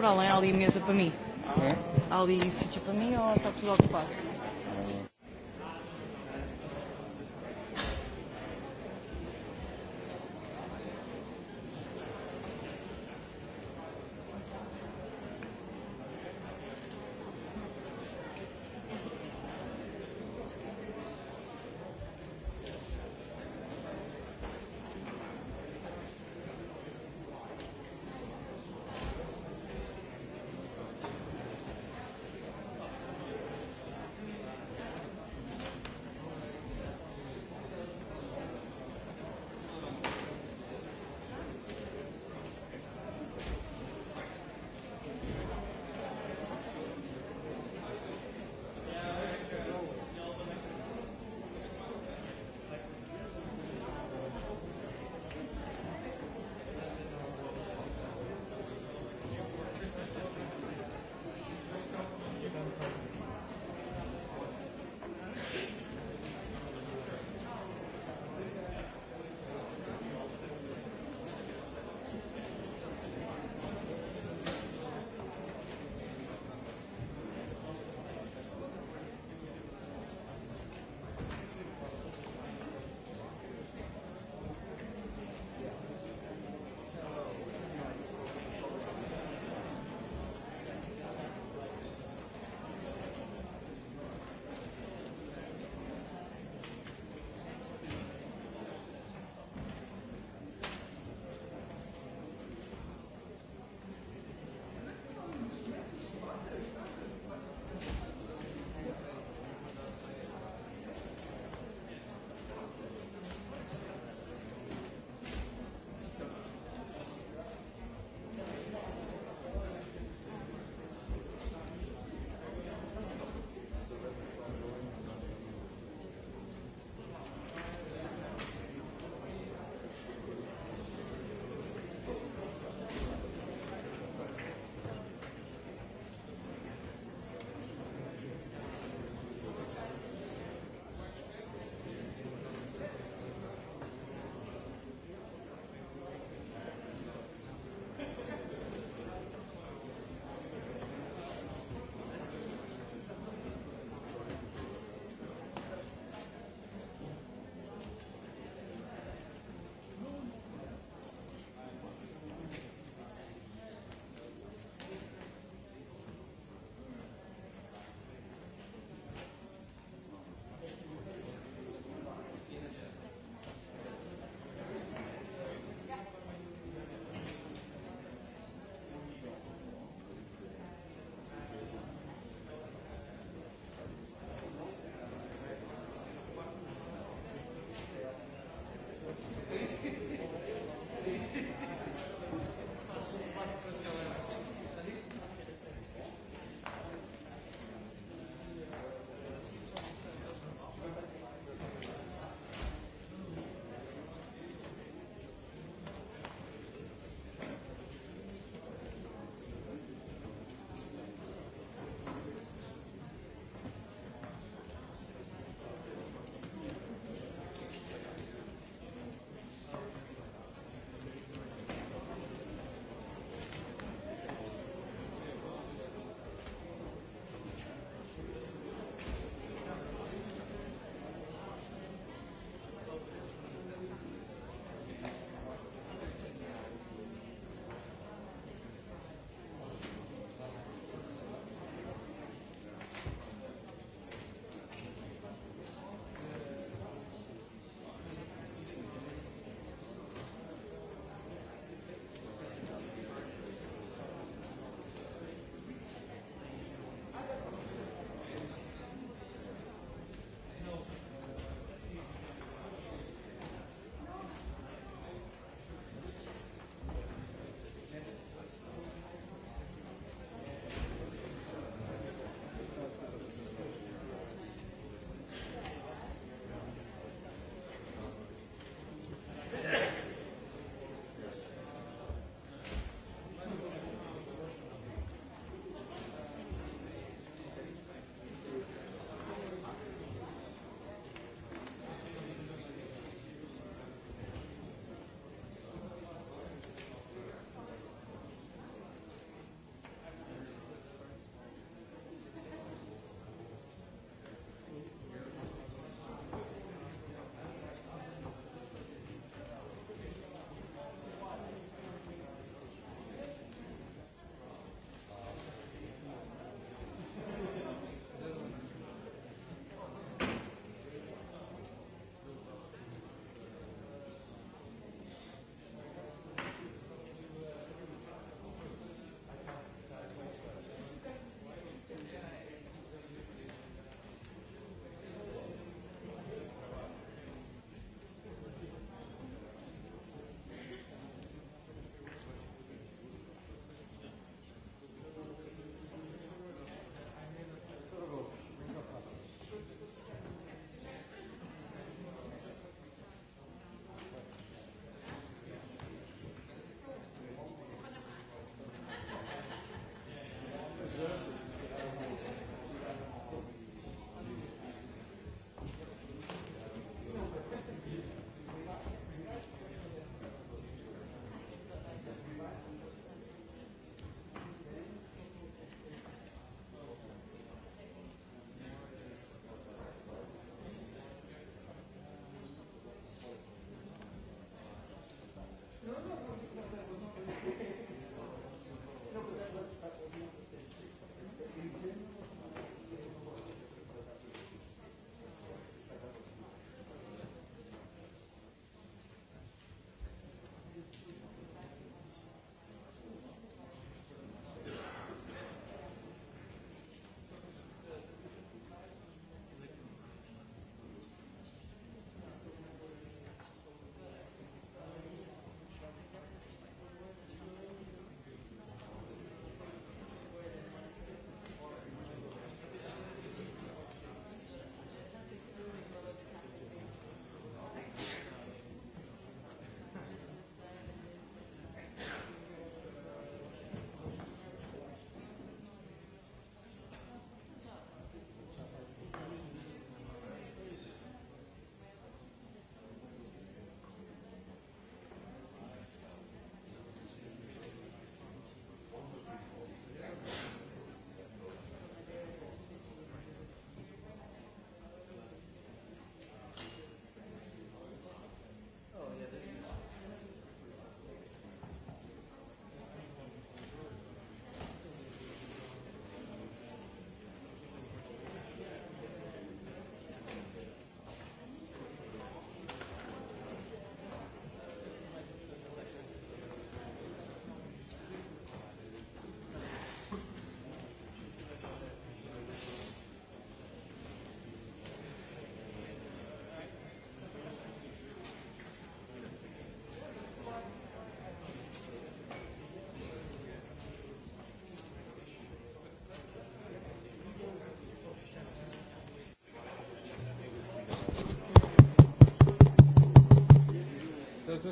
C: para além, há ali mesa para mim. É? Há ali sítio para mim ou está tudo ocupado?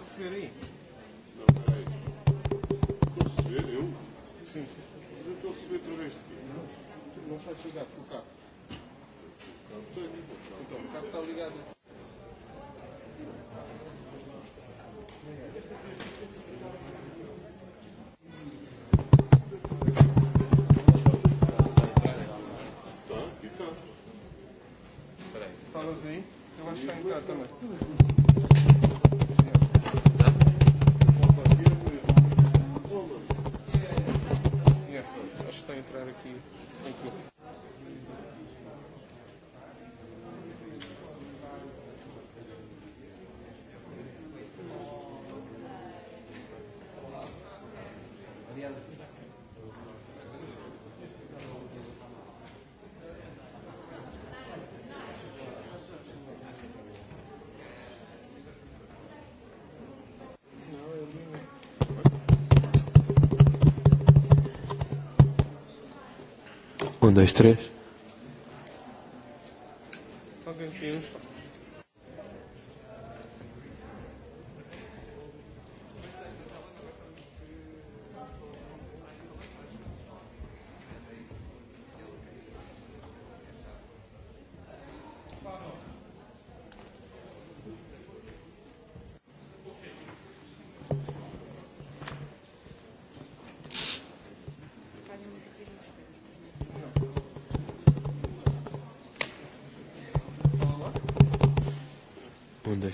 B: Joseph Fieri. Toți Fieri, eu? Sim, sim. De toți Fieri trăiești. Nu? Nu faci legat cu cap. Cu cap? Da, cu Então, o cap está ligado.
A: dos, tres.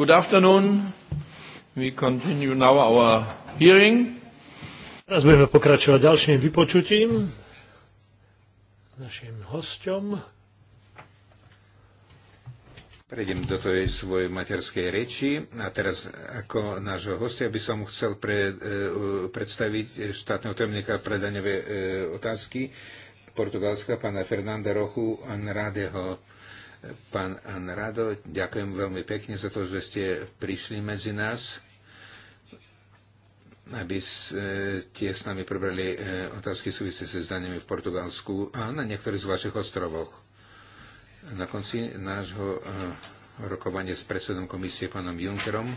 B: Good afternoon. We continue now our hearing.
A: Teraz budeme pokračovať ďalším vypočutím našim hostom.
B: Prejdem do tej svojej materskej reči a teraz ako nášho hostia by som chcel pre, e, predstaviť štátneho tajomníka pre daňové e, otázky Portugalska, pána Fernanda Rochu Anradeho. Pán Anrado, ďakujem veľmi pekne za to, že ste prišli medzi nás, aby ste s nami prebrali e, otázky súvisí s daniami v Portugalsku a na niektorých z vašich ostrovoch. Na konci nášho e, rokovania s predsedom komisie pánom Junckerom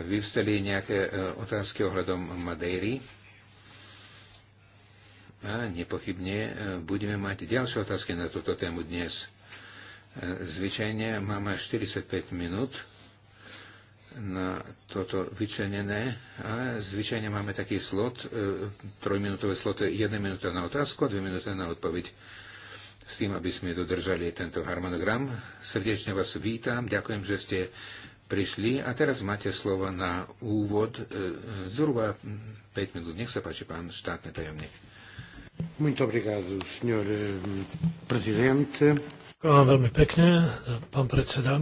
B: vyvstali nejaké e, otázky ohľadom Madejry. A nepochybne budeme mať ďalšie otázky na túto tému dnes. Zvyčajne máme 45 minút na toto vyčlenené a zvyčajne máme taký slot, e, trojminútové sloty, jedna minúta na otázku a dve minúty na odpoveď s tým, aby sme dodržali tento harmonogram. Srdečne vás vítam, ďakujem, že ste prišli a teraz máte slovo na úvod e, zhruba 5 minút. Nech sa páči, pán štátny tajomník. Muito obrigado, senhor eh, presidente.
A: Ďakujem vám veľmi pekne, pán predseda.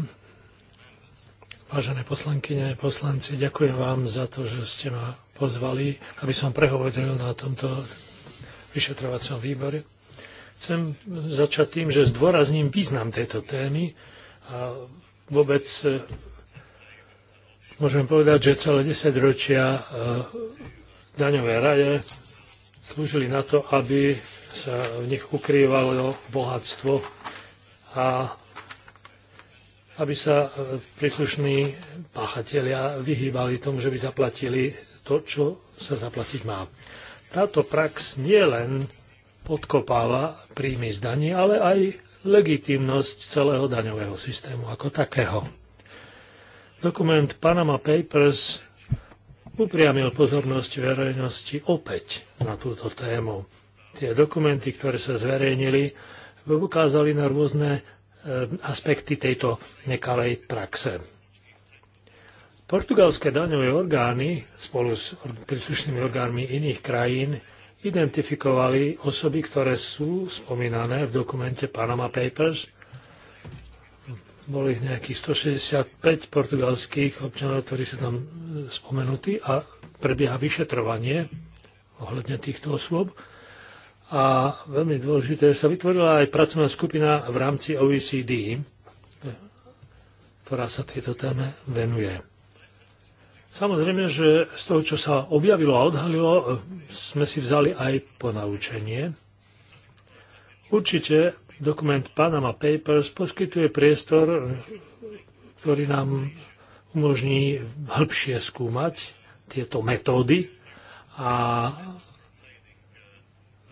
A: Vážené poslankyne, poslanci, ďakujem vám za to, že ste ma pozvali, aby som prehovoril na tomto vyšetrovacom výbore. Chcem začať tým, že zdôrazním význam tejto témy a vôbec eh, môžem povedať, že celé 10 ročia eh, daňové raje slúžili na to, aby sa v nich ukrývalo bohatstvo a aby sa e, príslušní páchatelia vyhýbali tomu, že by zaplatili to, čo sa zaplatiť má. Táto prax nielen podkopáva príjmy z daní, ale aj legitimnosť celého daňového systému ako takého. Dokument Panama Papers upriamil pozornosť verejnosti opäť na túto tému. Tie dokumenty, ktoré sa zverejnili, ukázali na rôzne e, aspekty tejto nekalej praxe. Portugalské daňové orgány spolu s príslušnými orgánmi iných krajín identifikovali osoby, ktoré sú spomínané v dokumente Panama Papers. Boli ich nejakých 165 portugalských občanov, ktorí sú tam e, spomenutí a prebieha vyšetrovanie ohľadne týchto osôb a veľmi dôležité, sa vytvorila aj pracovná skupina v rámci OECD, ktorá sa tejto téme venuje. Samozrejme, že z toho, čo sa objavilo a odhalilo, sme si vzali aj ponaučenie. Určite dokument Panama Papers poskytuje priestor, ktorý nám umožní hĺbšie skúmať tieto metódy a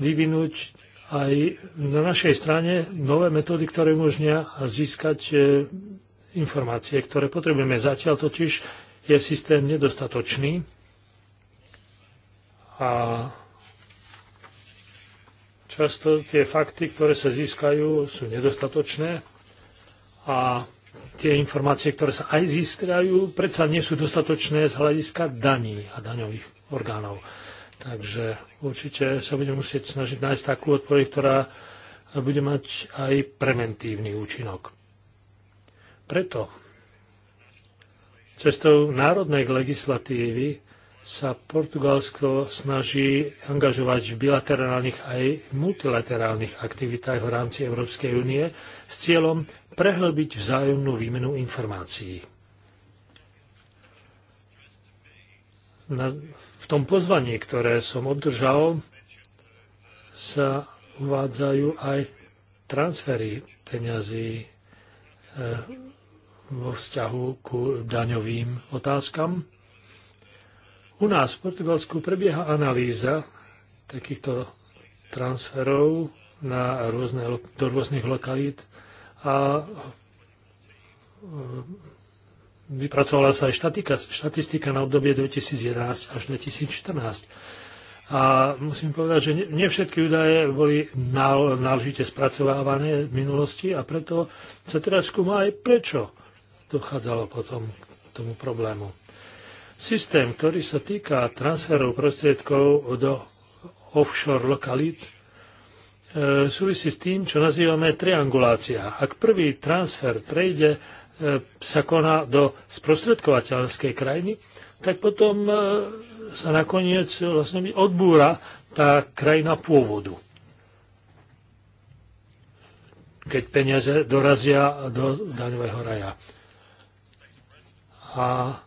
A: vyvinúť aj na našej strane nové metódy, ktoré umožnia získať e, informácie, ktoré potrebujeme. Zatiaľ totiž je systém nedostatočný a často tie fakty, ktoré sa získajú, sú nedostatočné a tie informácie, ktoré sa aj získajú, predsa nie sú dostatočné z hľadiska daní a daňových orgánov. Takže určite sa budeme musieť snažiť nájsť takú odpoveď, ktorá bude mať aj preventívny účinok. Preto cestou národnej legislatívy sa Portugalsko snaží angažovať v bilaterálnych aj multilaterálnych aktivitách v rámci Európskej únie s cieľom prehlbiť vzájomnú výmenu informácií. Na, v tom pozvaní, ktoré som oddržal, sa uvádzajú aj transfery peňazí eh, vo vzťahu ku daňovým otázkam. U nás v Portugalsku prebieha analýza takýchto transferov na rôzne, do rôznych lokalít a eh, vypracovala sa aj štatika, štatistika na obdobie 2011 až 2014. A musím povedať, že ne všetky údaje boli náležite spracovávané v minulosti a preto sa teraz skúma aj prečo dochádzalo potom k tomu problému. Systém, ktorý sa týka transferov prostriedkov do offshore lokalít, e, súvisí s tým, čo nazývame triangulácia. Ak prvý transfer prejde E, sa koná do sprostredkovateľskej krajiny, tak potom e, sa nakoniec vlastne odbúra tá krajina pôvodu. Keď peniaze dorazia do daňového raja. A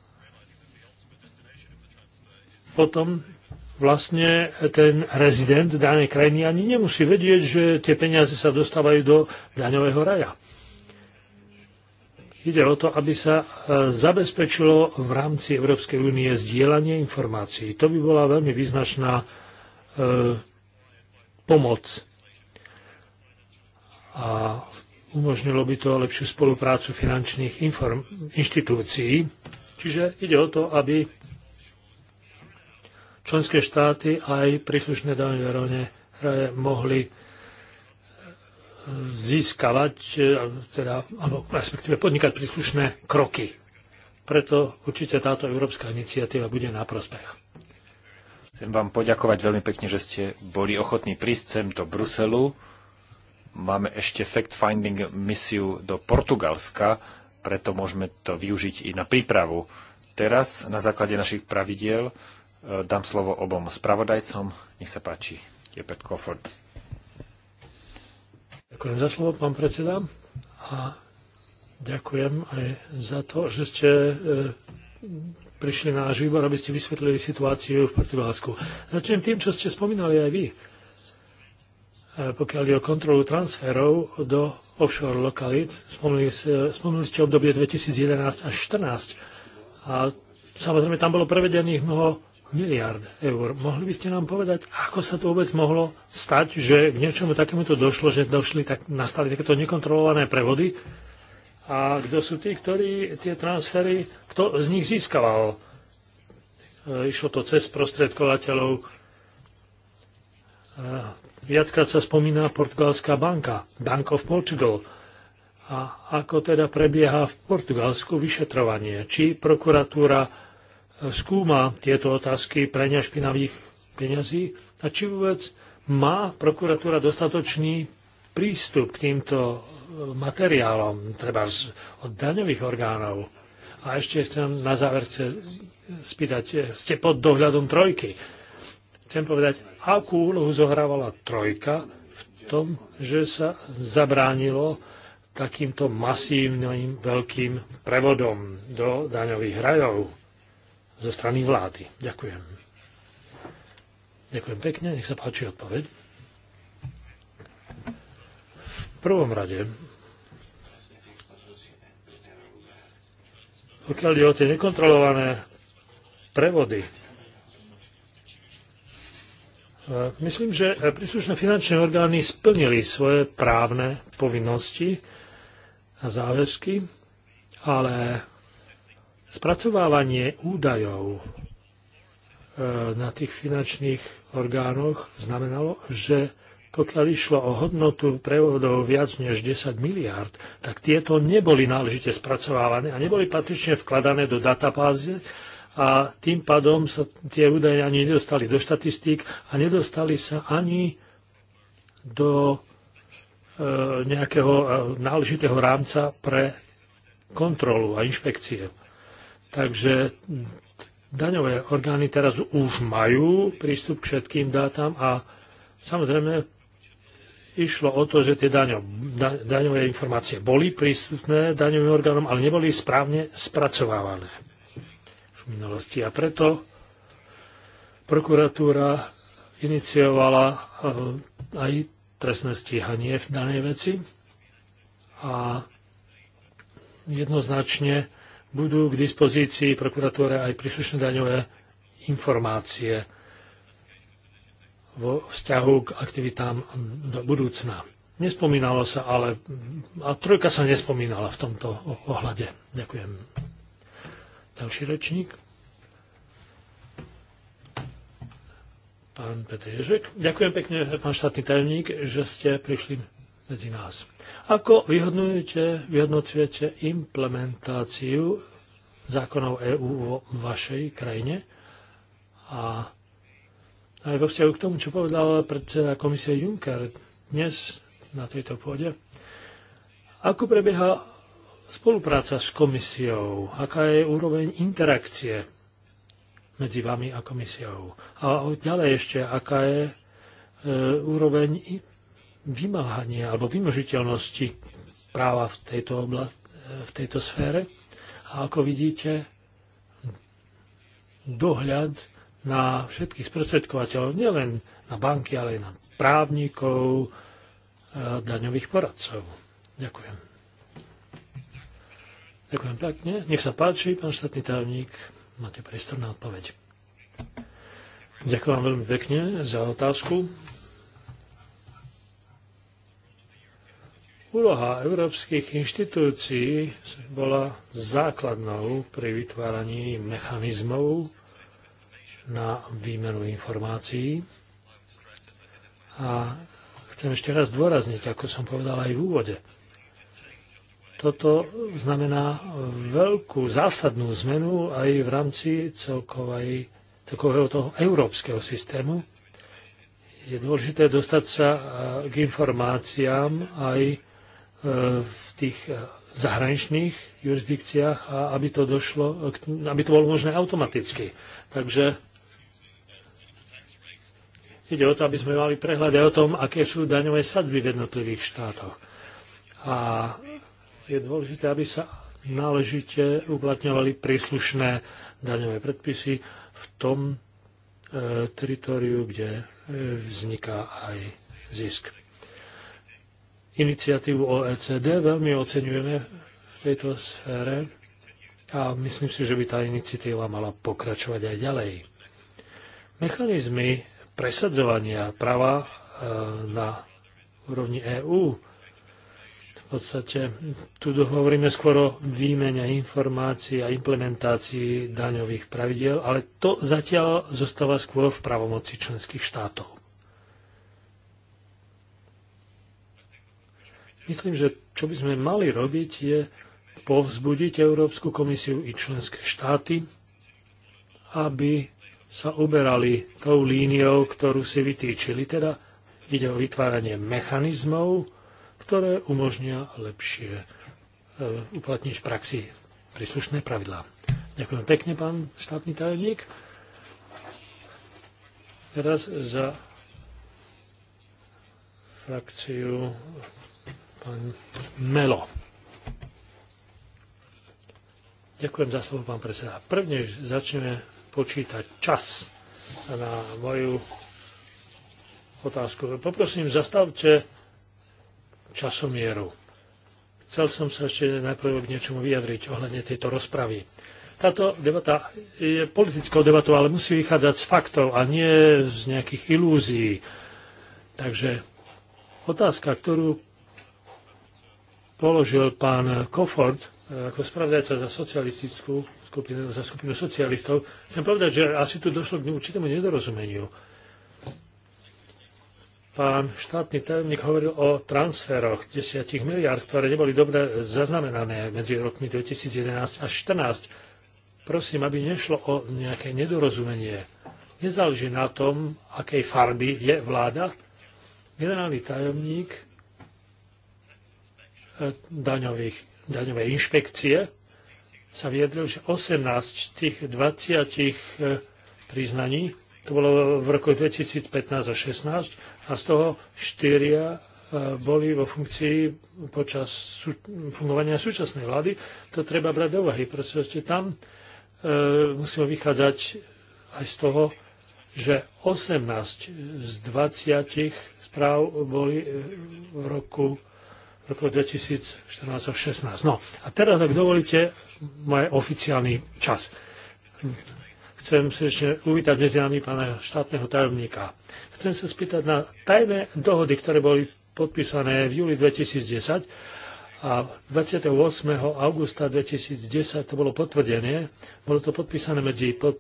A: potom vlastne ten rezident danej krajiny ani nemusí vedieť, že tie peniaze sa dostávajú do daňového raja. Ide o to, aby sa e, zabezpečilo v rámci Európskej únie zdieľanie informácií. To by bola veľmi význačná e, pomoc a umožnilo by to lepšiu spoluprácu finančných inform- inštitúcií. Čiže ide o to, aby členské štáty aj príslušné daňové e, mohli získavať, e, teda, alebo respektíve podnikať príslušné kroky. Preto určite táto európska iniciatíva bude na prospech.
C: Chcem vám poďakovať veľmi pekne, že ste boli ochotní prísť sem do Bruselu. Máme ešte fact-finding misiu do Portugalska, preto môžeme to využiť i na prípravu. Teraz na základe našich pravidiel e, dám slovo obom spravodajcom. Nech sa páči, je Pet Kofford.
A: Ďakujem za slovo, pán predseda. A ďakujem aj za to, že ste e, prišli na náš výbor, aby ste vysvetlili situáciu v Portugalsku. Začnem tým, čo ste spomínali aj vy. E, pokiaľ je o kontrolu transferov do offshore lokalit, spomínali, spomínali ste obdobie 2011 až 2014. A samozrejme tam bolo prevedených mnoho miliard eur. Mohli by ste nám povedať, ako sa to vôbec mohlo stať, že k niečomu to došlo, že došli, tak, nastali takéto nekontrolované prevody? A kto sú tí, ktorí tie transfery, kto z nich získaval? E, išlo to cez prostredkovateľov. E, viackrát sa spomína portugalská banka, Bank of Portugal. A ako teda prebieha v Portugalsku vyšetrovanie? Či prokuratúra skúma tieto otázky prenia peňazí a či vôbec má prokuratúra dostatočný prístup k týmto e, materiálom, treba od daňových orgánov. A ešte chcem na záver chce spýtať, e, ste pod dohľadom trojky. Chcem povedať, akú úlohu zohrávala trojka v tom, že sa zabránilo takýmto masívnym veľkým prevodom do daňových rajov zo strany vlády. Ďakujem. Ďakujem pekne, nech sa páči odpoveď. V prvom rade, pokiaľ je o tie nekontrolované prevody, myslím, že príslušné finančné orgány splnili svoje právne povinnosti a záväzky, ale Spracovávanie údajov e, na tých finančných orgánoch znamenalo, že pokiaľ išlo o hodnotu prevodov viac než 10 miliárd, tak tieto neboli náležite spracovávané a neboli patrične vkladané do databázy a tým pádom sa tie údaje ani nedostali do štatistík a nedostali sa ani do e, nejakého e, náležitého rámca pre kontrolu a inšpekcie. Takže daňové orgány teraz už majú prístup k všetkým dátam a samozrejme išlo o to, že tie daňo, da, daňové informácie boli prístupné daňovým orgánom, ale neboli správne spracovávané v minulosti. A preto prokuratúra iniciovala eh, aj trestné stíhanie v danej veci a jednoznačne budú k dispozícii prokuratúre aj príslušné daňové informácie vo vzťahu k aktivitám do budúcna. Nespomínalo sa ale, a trojka sa nespomínala v tomto ohľade. Ďakujem. Ďalší rečník. Pán Petr Ježek. Ďakujem pekne, pán štátny tajomník, že ste prišli medzi nás. Ako vyhodnujete, vyhodnocujete implementáciu zákonov EÚ vo vašej krajine a aj vo vzťahu k tomu, čo povedal predseda komisie Juncker dnes na tejto pôde. Ako prebieha spolupráca s komisiou? Aká je úroveň interakcie medzi vami a komisiou? A ďalej ešte, aká je e, úroveň vymáhania alebo vymožiteľnosti práva v tejto, oblast, v tejto sfére. A ako vidíte, dohľad na všetkých sprostredkovateľov, nielen na banky, ale aj na právnikov, e, daňových poradcov. Ďakujem. Ďakujem pekne. Nech sa páči, pán štátny tajomník, máte priestor na odpoveď. Ďakujem veľmi pekne za otázku. Úloha európskych inštitúcií bola základnou pri vytváraní mechanizmov na výmenu informácií. A chcem ešte raz dôrazniť, ako som povedal aj v úvode. Toto znamená veľkú zásadnú zmenu aj v rámci celkovej, celkového toho európskeho systému. Je dôležité dostať sa k informáciám aj v tých eh, zahraničných jurisdikciách a aby to, došlo, aby to bolo možné automaticky. Takže ide o to, aby sme mali prehľad aj o tom, aké sú daňové sadzby v jednotlivých štátoch. A je dôležité, aby sa náležite uplatňovali príslušné daňové predpisy v tom e, teritoriu, kde e, vzniká aj zisk iniciatívu OECD veľmi oceňujeme v tejto sfére a myslím si, že by tá iniciatíva mala pokračovať aj ďalej. Mechanizmy presadzovania práva e, na úrovni EÚ v podstate tu hovoríme skôr o výmene informácií a implementácii daňových pravidiel, ale to zatiaľ zostáva skôr v pravomoci členských štátov. Myslím, že čo by sme mali robiť je povzbudiť Európsku komisiu i členské štáty, aby sa uberali tou líniou, ktorú si vytýčili. Teda ide o vytváranie mechanizmov, ktoré umožnia lepšie e, uplatniť v praxi príslušné pravidlá. Ďakujem pekne, pán štátny tajomník. Teraz za frakciu Pán Melo. Ďakujem za slovo, pán predseda. Prvne začneme počítať čas na moju otázku. Poprosím, zastavte časomieru. Chcel som sa ešte najprv k niečomu vyjadriť ohľadne tejto rozpravy. Táto debata je politickou debatou, ale musí vychádzať z faktov a nie z nejakých ilúzií. Takže otázka, ktorú položil pán Kofort eh, ako spravodajca za socialistickú skupinu, za skupinu socialistov, chcem povedať, že asi tu došlo k určitému nedorozumeniu. Pán štátny tajomník hovoril o transferoch 10 miliard, ktoré neboli dobre zaznamenané medzi rokmi 2011 až 2014. Prosím, aby nešlo o nejaké nedorozumenie. Nezáleží na tom, akej farby je vláda. Generálny tajomník daňových, daňovej inšpekcie sa vyjadril, že 18 z tých 20 e, priznaní, to bolo v roku 2015 a 16, a z toho 4 e, boli vo funkcii počas fungovania súčasnej vlády. To treba brať do úvahy, pretože tam e, musíme vychádzať aj z toho, že 18 z 20 správ boli e, v roku roku 2014 16. No a teraz, ak dovolíte, môj oficiálny čas. Chcem srdečne uvítať medzi nami pána štátneho tajomníka. Chcem sa spýtať na tajné dohody, ktoré boli podpísané v júli 2010 a 28. augusta 2010 to bolo potvrdenie. Bolo to podpísané medzi pod,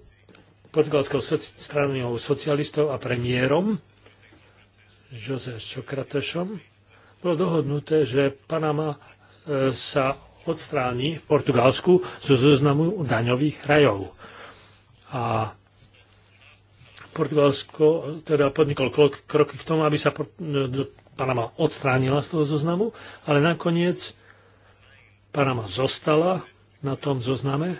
A: portugalskou soci, stranou socialistov a premiérom Josef Sokratešom bolo dohodnuté, že Panama e, sa odstráni v Portugalsku zo zoznamu daňových rajov. A Portugalsko teda podnikol kroky k tomu, aby sa Panama odstránila z toho zoznamu, ale nakoniec Panama zostala na tom zozname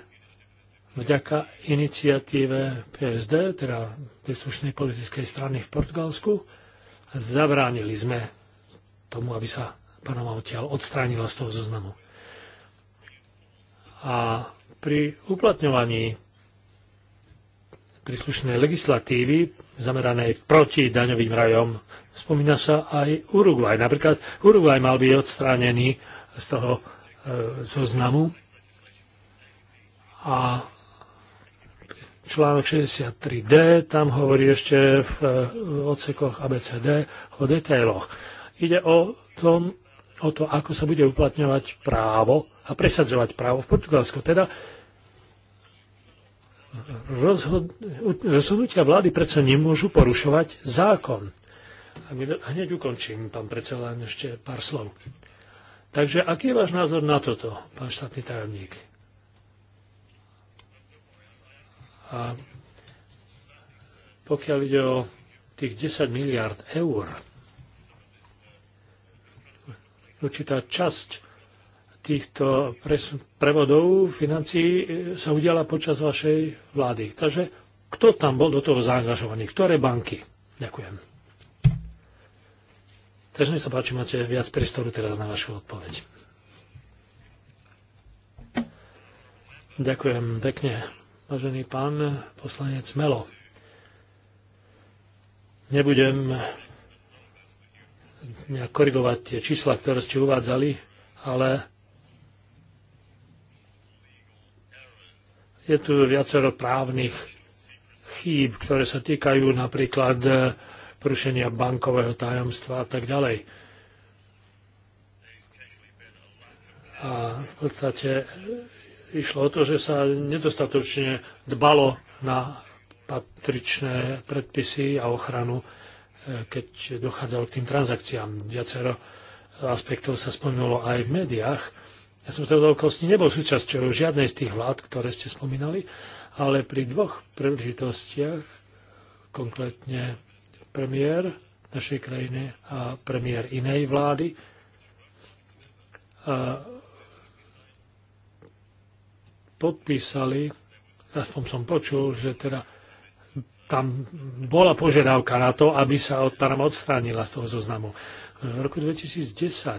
A: vďaka iniciatíve PSD, teda príslušnej politickej strany v Portugalsku. Zabránili sme tomu, aby sa Panama odtiaľ odstránila z toho zoznamu. A pri uplatňovaní príslušnej legislatívy zameranej proti daňovým rajom spomína sa aj Uruguay. Napríklad Uruguay mal byť odstránený z toho e, zoznamu a článok 63D tam hovorí ešte v v e, odsekoch ABCD o detailoch. Ide o, tom, o to, ako sa bude uplatňovať právo a presadzovať právo v Portugalsku. Teda rozhod- rozhodnutia vlády predsa nemôžu porušovať zákon. Hneď ukončím, pán predsa, len ešte pár slov. Takže aký je váš názor na toto, pán štátny tajomník? A pokiaľ ide o tých 10 miliard eur, určitá časť týchto prevodov financií e, sa udiala počas vašej vlády. Takže kto tam bol do toho zaangažovaný? Ktoré banky? Ďakujem. Takže mi sa páči, máte viac priestoru teraz na vašu odpoveď. Ďakujem pekne, vážený pán poslanec Melo. Nebudem nejak korigovať tie čísla, ktoré ste uvádzali, ale je tu viacero právnych chýb, ktoré sa týkajú napríklad e, prušenia bankového tajomstva a tak ďalej. A v podstate išlo o to, že sa nedostatočne dbalo na patričné predpisy a ochranu keď dochádzalo k tým transakciám. Viacero aspektov sa spomenulo aj v médiách. Ja som teda okolnosti nebol súčasťou žiadnej z tých vlád, ktoré ste spomínali, ale pri dvoch príležitostiach, konkrétne premiér našej krajiny a premiér inej vlády, a podpísali, aspoň som počul, že teda tam bola požiadavka na to, aby sa od Panama odstránila z toho zoznamu. V roku 2010 e,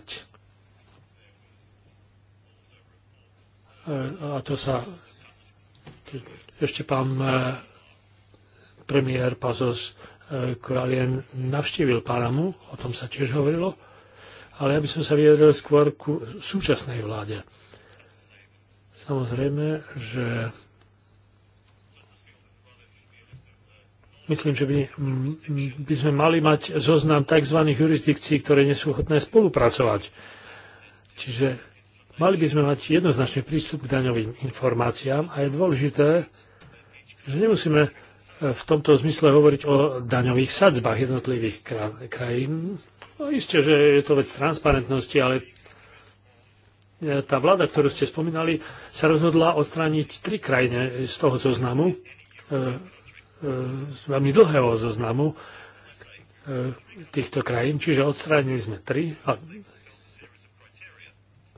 A: a to sa ešte pán e, premiér Pazos e, Koralien navštívil Panamu, o tom sa tiež hovorilo, ale ja by som sa vyjadril skôr ku súčasnej vláde. Samozrejme, že Myslím, že by, mm, by sme mali mať zoznam tzv. jurisdikcií, ktoré nie sú ochotné spolupracovať. Čiže mali by sme mať jednoznačný prístup k daňovým informáciám a je dôležité, že nemusíme e, v tomto zmysle hovoriť o daňových sadzbách jednotlivých krajín. No, isté, že je to vec transparentnosti, ale e, tá vláda, ktorú ste spomínali, sa rozhodla odstrániť tri krajine z toho zoznamu. E, z veľmi dlhého zoznamu e, týchto krajín, čiže odstránili sme tri, a,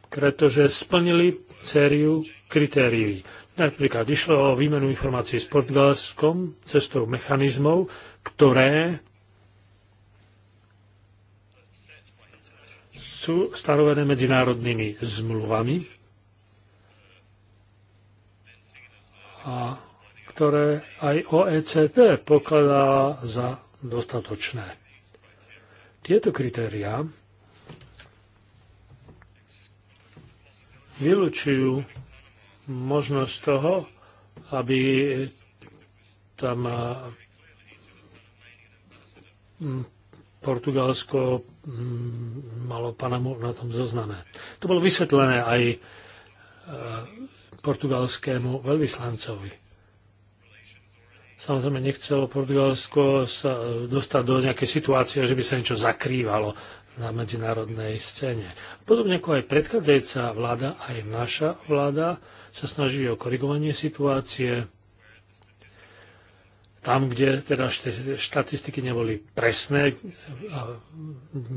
A: pretože splnili sériu kritérií. Napríklad išlo o výmenu informácií s Portugalskom cestou mechanizmov, ktoré sú stanovené medzinárodnými zmluvami a ktoré aj OECD pokladá za dostatočné. Tieto kritériá vylučujú možnosť toho, aby tam Portugalsko malo Panamu na tom zozname. To bolo vysvetlené aj e, portugalskému veľvyslancovi. Samozrejme nechcelo Portugalsko sa e, dostať do nejakej situácie, že by sa niečo zakrývalo na medzinárodnej scéne. Podobne ako aj predchádzajúca vláda, aj naša vláda sa snaží o korigovanie situácie tam, kde teda štatistiky neboli presné,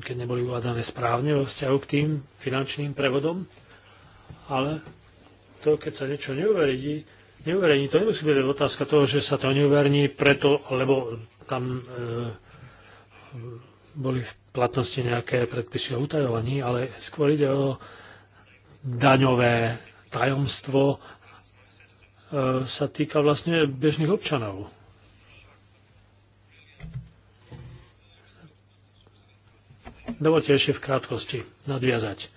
A: keď neboli uvádzané správne vo vzťahu k tým finančným prevodom, ale to, keď sa niečo neuverí, neuverejní, to nemusí byť otázka toho, že sa to neuverní preto, lebo tam e, boli v platnosti nejaké predpisy o utajovaní, ale skôr ide o daňové tajomstvo, e, sa týka vlastne bežných občanov. Dovolte ešte v krátkosti nadviazať.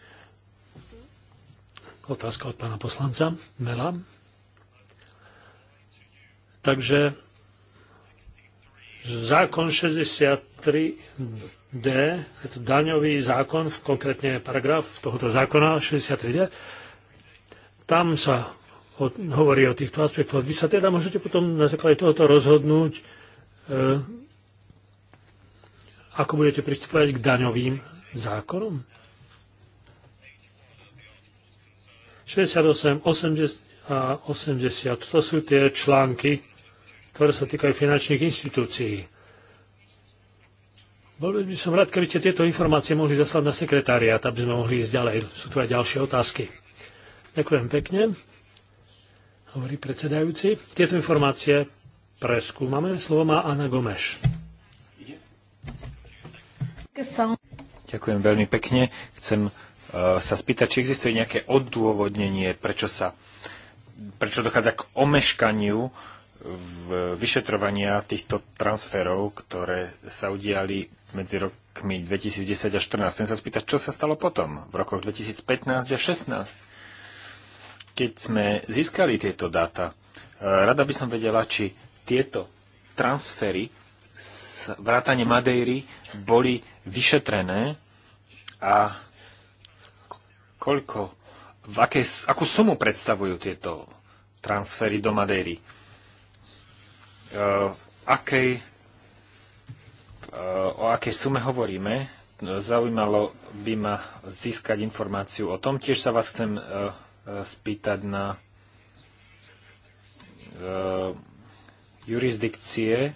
A: Otázka od pána poslanca Mela. Takže zákon 63D, je to daňový zákon, konkrétne paragraf tohoto zákona 63D, tam sa hovorí o týchto aspektoch. Vy sa teda môžete potom na základe tohoto rozhodnúť, e, ako budete pristupovať k daňovým zákonom. 68, 80, a 80. To sú tie články, ktoré sa týkajú finančných inštitúcií. Bol by som rád, keby ste tieto informácie mohli zaslať na sekretariat, aby sme mohli ísť ďalej. Sú tu aj ďalšie otázky. Ďakujem pekne, hovorí predsedajúci. Tieto informácie preskúmame. Slovo má Anna Gomeš.
C: Ďakujem veľmi pekne. Chcem eh, sa spýtať, či existuje nejaké odôvodnenie, prečo sa prečo dochádza k omeškaniu v vyšetrovania týchto transferov, ktoré sa udiali medzi rokmi 2010 a 2014. Chcem sa spýtať, čo sa stalo potom, v rokoch 2015 a 2016, keď sme získali tieto dáta. E, rada by som vedela, či tieto transfery z vrátane Madejry boli vyšetrené a koľko v akej, akú sumu predstavujú tieto transfery do Madeiry? E, akej, e, o akej sume hovoríme? No, zaujímalo by ma získať informáciu o tom. Tiež sa vás chcem e, e spýtať na e, jurisdikcie,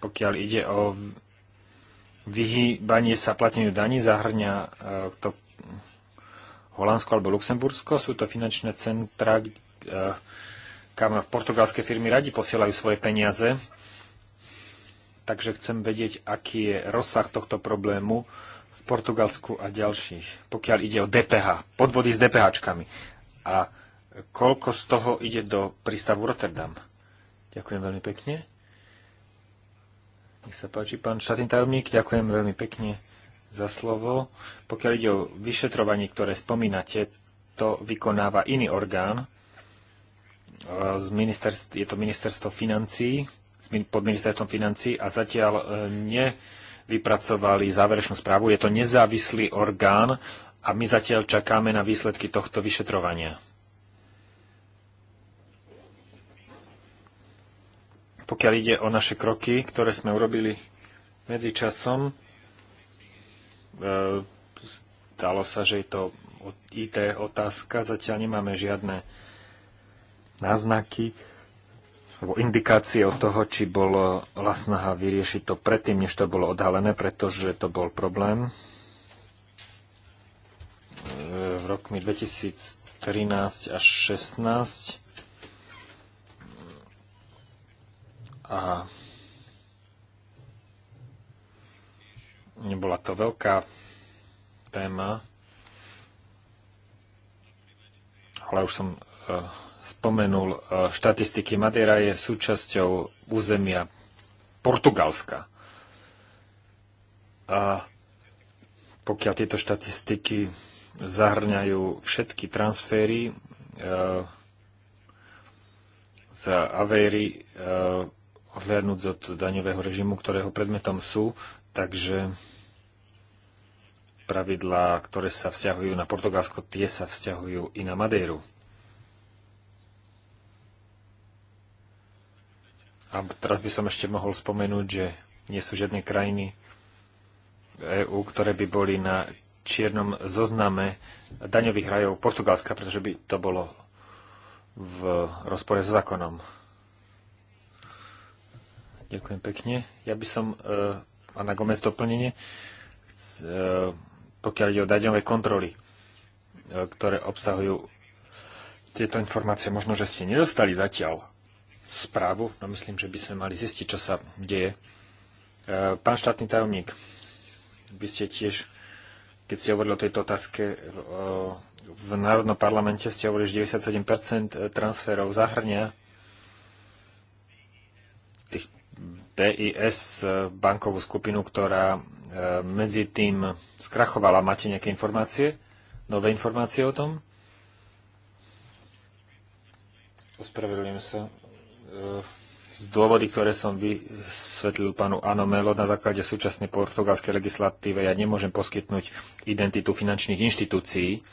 C: pokiaľ ide o vyhýbanie sa plateniu daní, zahrňa to Holandsko alebo Luxembursko. Sú to finančné centra, eh, kam portugalské firmy radi posielajú svoje peniaze. Takže chcem vedieť, aký je rozsah tohto problému v Portugalsku a ďalších, pokiaľ ide o DPH, podvody s DPHčkami. A koľko z toho ide do prístavu Rotterdam? Ďakujem veľmi pekne. Nech sa páči, pán štátny tajomník, ďakujem veľmi pekne za slovo. Pokiaľ ide o vyšetrovanie, ktoré spomínate, to vykonáva iný orgán. E, z je to ministerstvo financí, pod ministerstvom financí a zatiaľ e, nevypracovali záverečnú správu. Je to nezávislý orgán a my zatiaľ čakáme na výsledky tohto vyšetrovania. Pokiaľ ide o naše kroky, ktoré sme urobili medzi časom. E, stalo sa, že je to IT otázka. Zatiaľ nemáme žiadne náznaky alebo indikácie od toho, či bolo vlastnáha vyriešiť to predtým, než to bolo odhalené, pretože to bol problém. E, v rokmi 2013 až 16 a Nebola to veľká téma, ale už som e, spomenul, e, štatistiky Madeira je súčasťou územia Portugalska. A pokiaľ tieto štatistiky zahrňajú všetky transfery uh, e, z Avery, uh, odhľadnúť od daňového režimu, ktorého predmetom sú, Takže pravidlá, ktoré sa vzťahujú na Portugalsko, tie sa vzťahujú i na Madeiru. A teraz by som ešte mohol spomenúť, že nie sú žiadne krajiny EÚ, ktoré by boli na čiernom zozname daňových rajov Portugalska, pretože by to bolo v rozpore so zákonom. Ďakujem pekne. Ja by som e, na Gomez doplnenie, e, pokiaľ ide o daňové kontroly, e, ktoré obsahujú tieto informácie. Možno, že ste nedostali zatiaľ správu, no myslím, že by sme mali zistiť, čo sa deje. E, pán štátny tajomník, vy ste tiež, keď ste hovorili o tejto otázke, v Národnom parlamente ste hovorili, že 97% transferov zahrňa tých BIS eh, bankovú skupinu, ktorá eh, medzi tým skrachovala. Máte nejaké informácie? Nové informácie o tom? Ospravedlňujem sa. Eh, z dôvody, ktoré som vysvetlil pánu Anomelo, na základe súčasnej portugalskej legislatíve ja nemôžem poskytnúť identitu finančných inštitúcií,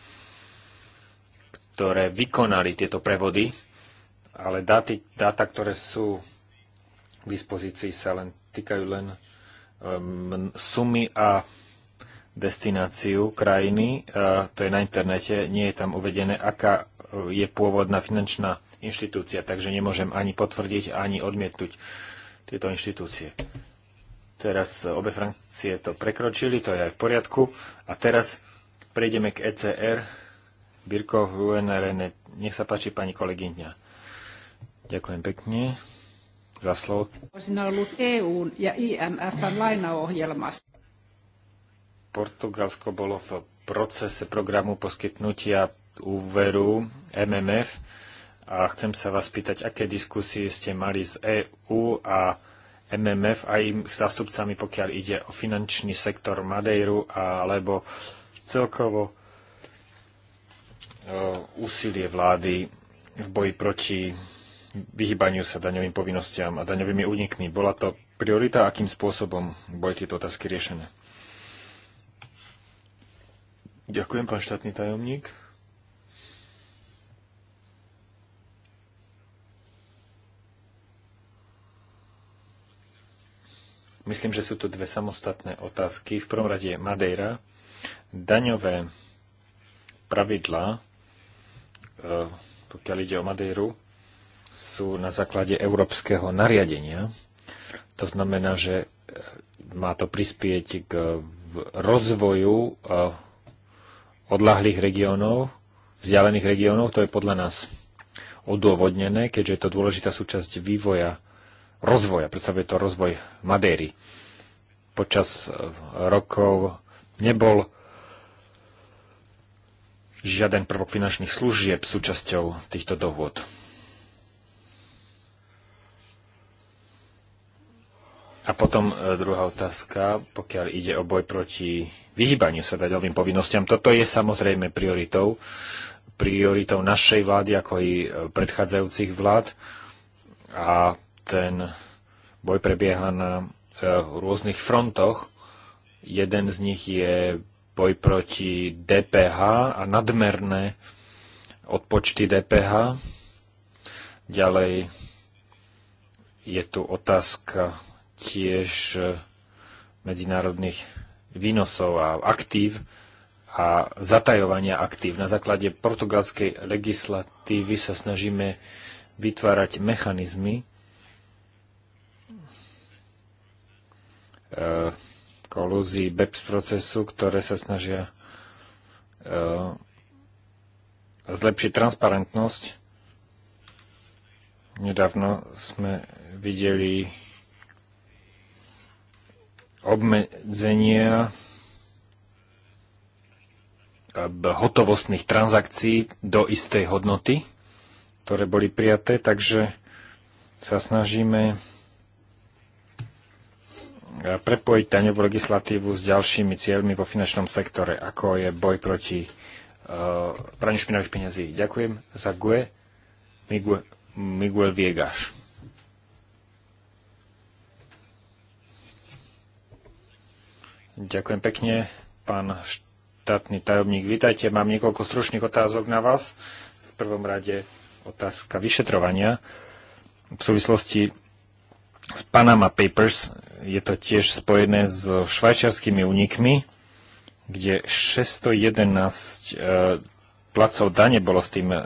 C: ktoré vykonali tieto prevody, ale dáty, dáta, ktoré sú k dispozícii sa len týkajú len um, sumy a destináciu krajiny, uh, to je na internete, nie je tam uvedené, aká uh, je pôvodná finančná inštitúcia, takže nemôžem ani potvrdiť, ani odmietnúť tieto inštitúcie. Teraz obe Francie to prekročili, to je aj v poriadku. A teraz prejdeme k ECR. Birko UNRN, nech sa páči pani kolegyňa. Ďakujem pekne
B: ollut e ja
C: Portugalsko bolo v procese programu poskytnutia úveru MMF a chcem sa vás pýtať, aké diskusie ste mali s EU a MMF a im zástupcami, pokiaľ ide o finančný sektor Madejru alebo celkovo e, úsilie vlády v boji proti vyhýbaniu sa daňovým povinnostiam a daňovými únikmi. Bola to priorita, akým spôsobom boli tieto otázky riešené? Ďakujem, pán štátny tajomník. Myslím, že sú tu dve samostatné otázky. V prvom rade Madeira. Daňové pravidlá, e, pokiaľ ide o Madeiru, sú na základe európskeho nariadenia. To znamená, že e, má to prispieť k e, rozvoju e, odlahlých regiónov, vzdialených regiónov. To je podľa nás odôvodnené, keďže je to dôležitá súčasť vývoja, rozvoja, predstavuje to rozvoj Madéry. Počas rokov nebol žiaden prvok finančných služieb súčasťou týchto dohôd. A potom e, druhá otázka, pokiaľ ide o boj proti vyhýbaniu sa daňovým povinnostiam. Toto je samozrejme prioritou, prioritou našej vlády, ako i e, predchádzajúcich vlád. A ten boj prebieha na e, rôznych frontoch. Jeden z nich je boj proti DPH a nadmerné odpočty DPH. Ďalej je tu otázka tiež e, medzinárodných výnosov a aktív a zatajovania aktív. Na základe portugalskej legislatívy sa snažíme vytvárať mechanizmy, e, kolúzii BEPS procesu, ktoré sa snažia e, zlepšiť transparentnosť. Nedávno sme videli obmedzenia hotovostných transakcií do istej hodnoty, ktoré boli prijaté, takže sa snažíme prepojiť daňovú legislatívu s ďalšími cieľmi vo finančnom sektore, ako je boj proti uh, praniu špinavých peniazí. Ďakujem za GUE Miguel, Miguel Viegaš. Ďakujem pekne, pán štátny tajomník. Vítajte, mám niekoľko stručných otázok na vás. V prvom rade otázka vyšetrovania v súvislosti s Panama Papers. Je to tiež spojené so švajčiarskými únikmi, kde 611 e, placov dane bolo s tým e,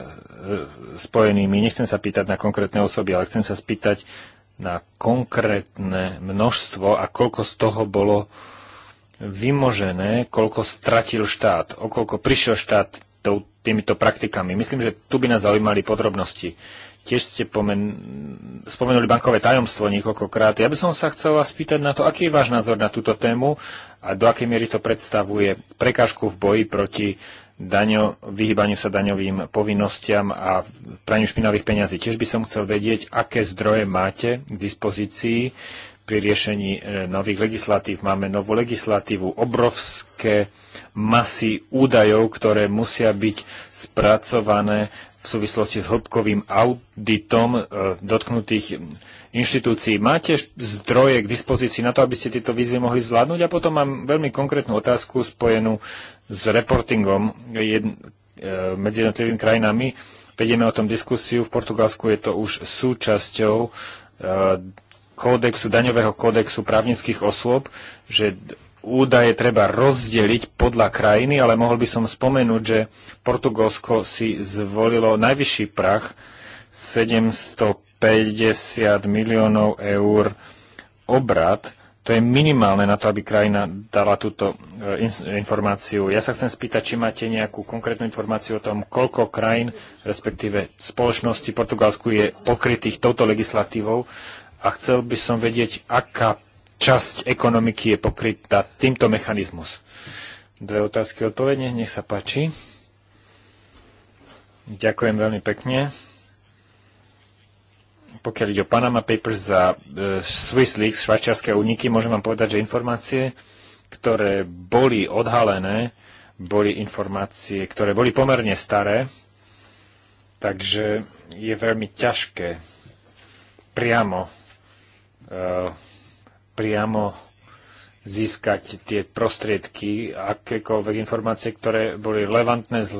C: spojenými. Nechcem sa pýtať na konkrétne osoby, ale chcem sa spýtať na konkrétne množstvo a koľko z toho bolo vymožené, koľko stratil štát, o koľko prišiel štát týmito praktikami. Myslím, že tu by nás zaujímali podrobnosti. Tiež ste pomen- spomenuli bankové tajomstvo niekoľkokrát. Ja by som sa vás spýtať na to, aký je váš názor na túto tému a do akej miery to predstavuje prekážku v boji proti daňo, vyhýbaniu sa daňovým povinnostiam a praniu špinavých peňazí. Tiež by som chcel vedieť, aké zdroje máte k dispozícii pri riešení e, nových legislatív. Máme novú legislatívu, obrovské masy údajov, ktoré musia byť spracované v súvislosti s hĺbkovým auditom e, dotknutých inštitúcií. Máte zdroje k dispozícii na to, aby ste tieto výzvy mohli zvládnuť? A potom mám veľmi konkrétnu otázku spojenú s reportingom e, medzi jednotlivými krajinami. Vedieme o tom diskusiu. V Portugalsku je to už súčasťou kódexu, daňového kódexu právnických osôb, že údaje treba rozdeliť podľa krajiny, ale mohol by som spomenúť, že Portugalsko si zvolilo najvyšší prach 750 miliónov eur obrad. To je minimálne na to, aby krajina dala túto e, informáciu. Ja sa chcem spýtať, či máte nejakú konkrétnu informáciu o tom, koľko krajín, respektíve spoločnosti Portugalsku je pokrytých touto legislatívou a chcel by som vedieť, aká časť ekonomiky je pokrytá týmto mechanizmus. Dve otázky odpovedne, nech sa páči. Ďakujem veľmi pekne. Pokiaľ ide o Panama Papers za e, Swiss Leaks, švajčiarské úniky, môžem vám povedať, že informácie, ktoré boli odhalené, boli informácie, ktoré boli pomerne staré, takže je veľmi ťažké priamo E, priamo získať tie prostriedky, akékoľvek informácie, ktoré boli relevantné z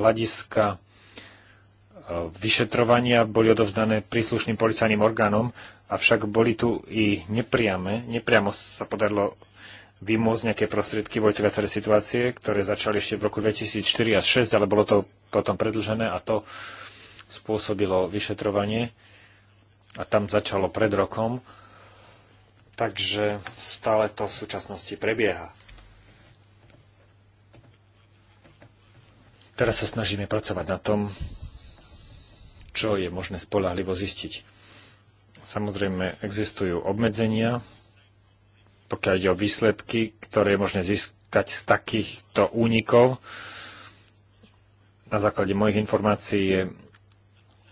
C: hľadiska e, vyšetrovania, boli odovzdané príslušným policajným orgánom, avšak boli tu i nepriame, nepriamo sa podarilo vymôcť nejaké prostriedky, boli tu viaceré situácie, ktoré začali ešte v roku 2004 a 2006, ale bolo to potom predlžené a to spôsobilo vyšetrovanie a tam začalo pred rokom, takže stále to v súčasnosti prebieha. Teraz sa snažíme pracovať na tom, čo je možné spolahlivo zistiť. Samozrejme, existujú obmedzenia, pokiaľ ide o výsledky, ktoré je možné získať z takýchto únikov. Na základe mojich informácií je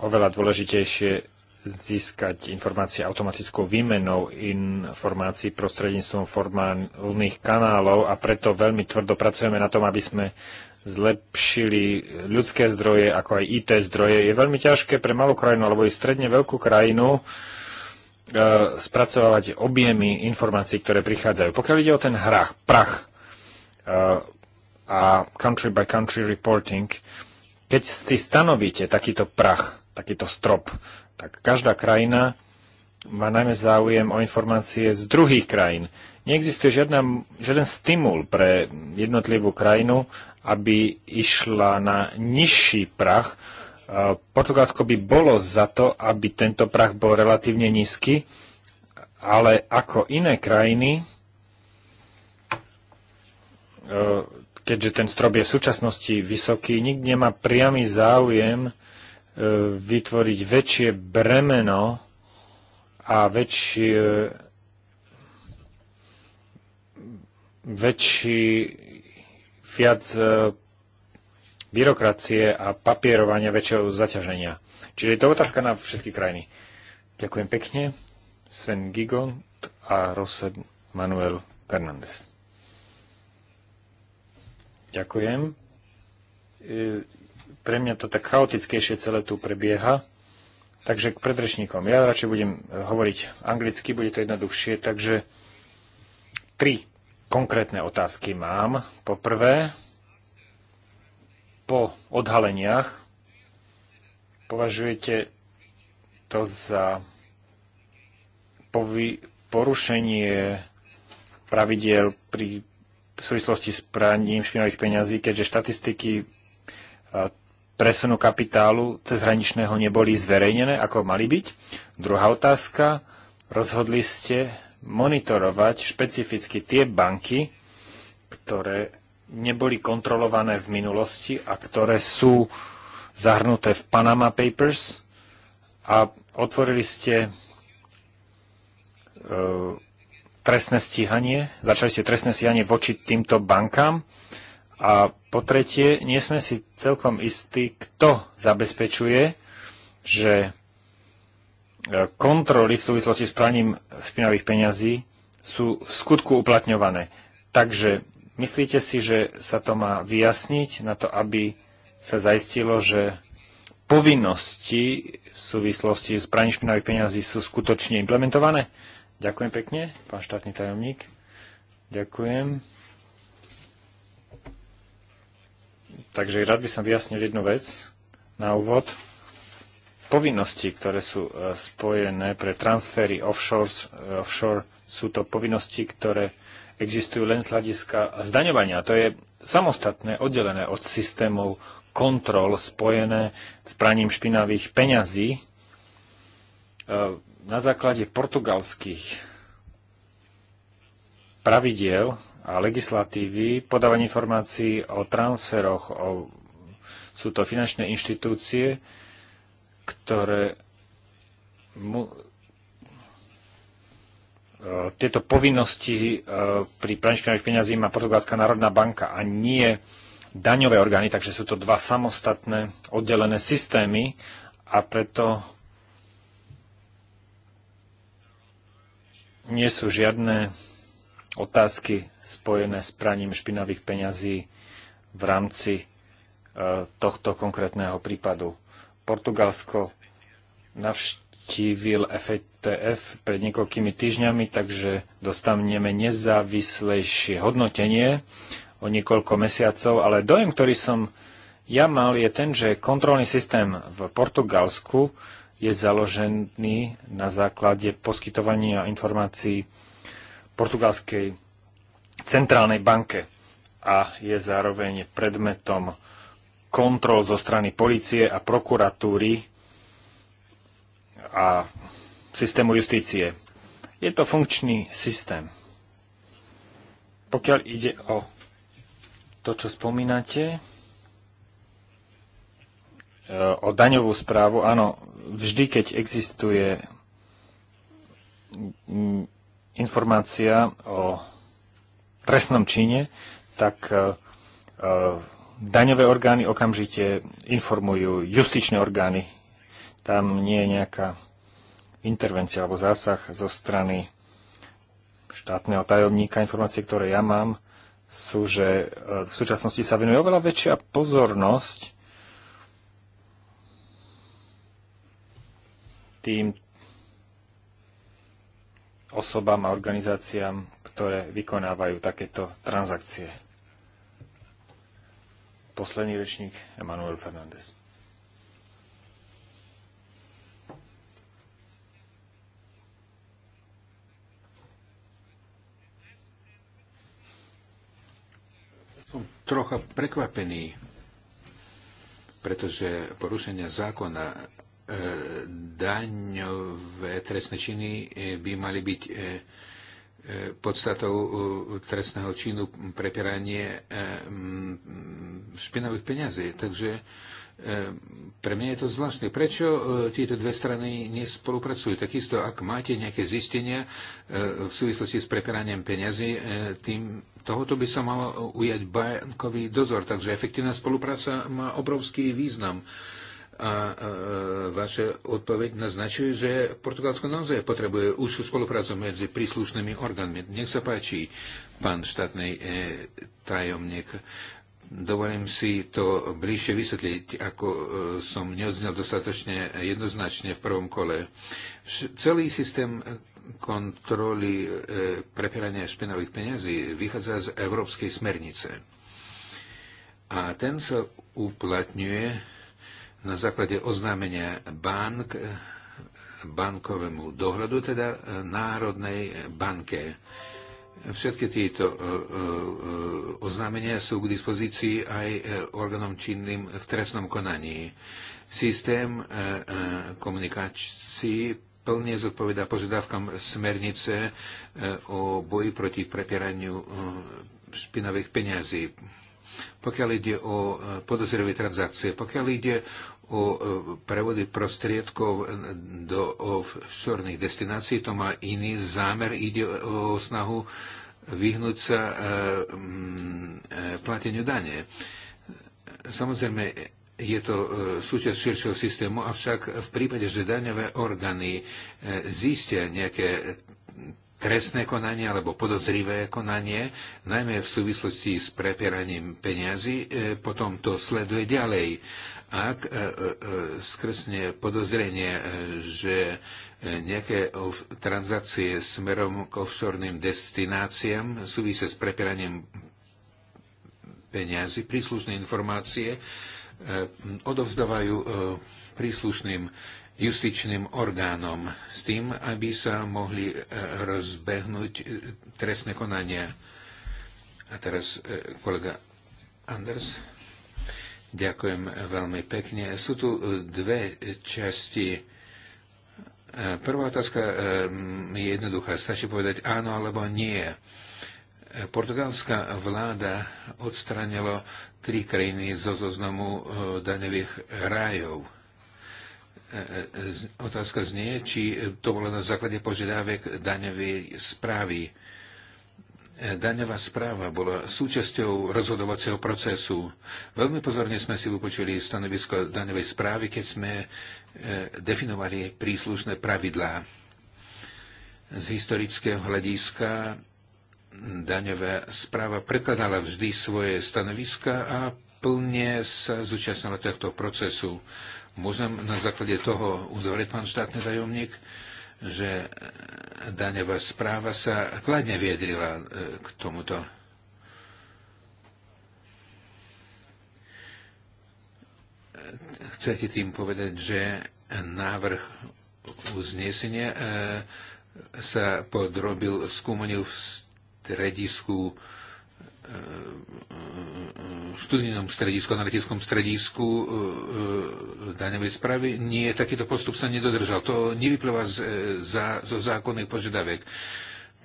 C: oveľa dôležitejšie získať informácie automatickou výmenou informácií prostredníctvom formálnych kanálov a preto veľmi tvrdo pracujeme na tom, aby sme zlepšili ľudské zdroje, ako aj IT zdroje. Je veľmi ťažké pre malú krajinu alebo i stredne veľkú krajinu e, spracovávať objemy informácií, ktoré prichádzajú. Pokiaľ ide o ten hrach, prach e, a country by country reporting, keď si stanovíte takýto prach, takýto strop tak každá krajina má najmä záujem o informácie z druhých krajín. Neexistuje žiadna, žiaden stimul pre jednotlivú krajinu, aby išla na nižší prach. E, Portugalsko by bolo za to, aby tento prach bol relatívne nízky, ale ako iné krajiny, e, keďže ten strop je v súčasnosti vysoký, nikto nemá priamy záujem vytvoriť väčšie bremeno a väčšie, väčší viac e, byrokracie a papierovania väčšieho zaťaženia. Čiže je to otázka na všetky krajiny. Ďakujem pekne. Sven Gigont a Rose Manuel Fernández. Ďakujem. E, pre mňa to tak chaotickejšie celé tu prebieha. Takže k predrečníkom. Ja radšej budem eh, hovoriť anglicky, bude to jednoduchšie. Takže tri konkrétne otázky mám. Po prvé, po odhaleniach považujete to za porušenie pravidiel pri v súvislosti s praním špinavých peňazí, keďže štatistiky eh, presunu kapitálu cezhraničného neboli zverejnené, ako mali byť? Druhá otázka. Rozhodli ste monitorovať špecificky tie banky, ktoré neboli kontrolované v minulosti a ktoré sú zahrnuté v Panama Papers a otvorili ste e, trestné stíhanie, začali ste trestné stíhanie voči týmto bankám a po tretie, nie sme si celkom istí, kto zabezpečuje, že e, kontroly v súvislosti s praním špinavých peňazí sú v skutku uplatňované. Takže myslíte si, že sa to má vyjasniť na to, aby sa zaistilo, že povinnosti v súvislosti s praním špinavých peňazí sú skutočne implementované? Ďakujem pekne, pán štátny tajomník. Ďakujem. Takže rád by som vyjasnil jednu vec na úvod. Povinnosti, ktoré sú e, spojené pre transfery offshore, e, offshore sú to povinnosti, ktoré existujú len z hľadiska zdaňovania. To je samostatné, oddelené od systémov kontrol spojené s praním špinavých peňazí e, na základe portugalských pravidiel a legislatívy, podávanie informácií o transferoch, o, sú to finančné inštitúcie, ktoré mu, e, tieto povinnosti e, pri praní peniazí má Portugalská národná banka a nie daňové orgány, takže sú to dva samostatné oddelené systémy a preto nie sú žiadne otázky spojené s praním špinavých peňazí v rámci e, tohto konkrétneho prípadu. Portugalsko navštívil FTF pred niekoľkými týždňami, takže dostaneme nezávislejšie hodnotenie o niekoľko mesiacov, ale dojem, ktorý som ja mal, je ten, že kontrolný systém v Portugalsku je založený na základe poskytovania informácií portugalskej centrálnej banke a je zároveň predmetom kontrol zo strany policie a prokuratúry a systému justície. Je to funkčný systém. Pokiaľ ide o to, čo spomínate, e, o daňovú správu, áno, vždy, keď existuje informácia o trestnom čine, tak e, e, daňové orgány okamžite informujú justičné orgány. Tam nie je nejaká intervencia alebo zásah zo strany štátneho tajomníka. Informácie, ktoré ja mám, sú, že e, v súčasnosti sa venuje oveľa väčšia pozornosť tým osobám a organizáciám, ktoré vykonávajú takéto transakcie. Posledný rečník Emanuel Fernández.
B: Som trocha prekvapený, pretože porušenie zákona daňové trestné činy e, by mali byť e, e, podstatou trestného činu prepieranie špinavých peňazí. Takže pre mňa je to zvláštne. Prečo tieto dve strany nespolupracujú? Takisto, ak máte nejaké zistenia v súvislosti s prepieraním peňazí, tým tohoto by sa mal ujať bankový dozor. Takže efektívna spolupráca má obrovský význam a e, e, vaša odpoveď naznačuje, že Portugalsko naozaj potrebuje užšiu spoluprácu medzi príslušnými orgánmi. Nech sa páči, pán štátny e, tajomník. Dovolím si to bližšie vysvetliť, ako e, som neodznel dostatočne jednoznačne v prvom kole. Celý systém kontroly e, prepierania špinavých peniazí vychádza z Európskej smernice. A ten sa uplatňuje na základe oznámenia bank bankovému dohľadu, teda e, Národnej banke. Všetky tieto e, e, oznámenia sú k dispozícii aj orgánom činným v trestnom konaní. Systém komunikácií plne zodpovedá požiadavkám smernice o boji proti prepieraniu špinavých peňazí pokiaľ ide o e, podozrivé transakcie, pokiaľ ide o e, prevody prostriedkov do offshore destinácií, to má iný zámer, ide o snahu vyhnúť sa e, plateniu dane. Samozrejme, je to súčasť širšieho systému, avšak v prípade, že daňové orgány zistia nejaké trestné konanie alebo podozrivé konanie, najmä v súvislosti s prepieraním peniazy, e, potom to sleduje ďalej. Ak e, e, skresne podozrenie, že nejaké transakcie smerom k offshorným destináciám súvisia s prepieraním peniazy, príslušné informácie odovzdávajú príslušným justičným orgánom s tým, aby sa mohli e, rozbehnúť e, trestné konania. A teraz e, kolega Anders. Ďakujem veľmi pekne. Sú tu dve časti. Prvá otázka je jednoduchá. Stačí povedať áno alebo nie. Portugalská vláda odstranilo tri krajiny zo zoznamu daňových rájov otázka znie, či to bolo na základe požiadavek daňovej správy. Daňová správa bola súčasťou rozhodovacieho procesu. Veľmi pozorne sme si vypočuli stanovisko daňovej správy, keď sme e, definovali príslušné pravidlá. Z historického hľadiska daňová správa prekladala vždy svoje stanoviska a plne sa zúčastnila tohto procesu. Môžem na základe toho uzavrieť, pán štátny tajomník, že daňová správa sa kladne viedrila e, k tomuto. Chcete tým povedať, že návrh uznesenia e, sa podrobil skúmaniu v stredisku študijnom stredisku, na analytickom stredisku e, e, daňovej správy. Nie, takýto postup sa nedodržal. To nevyplýva z, e, za, zo zákonných požiadaviek.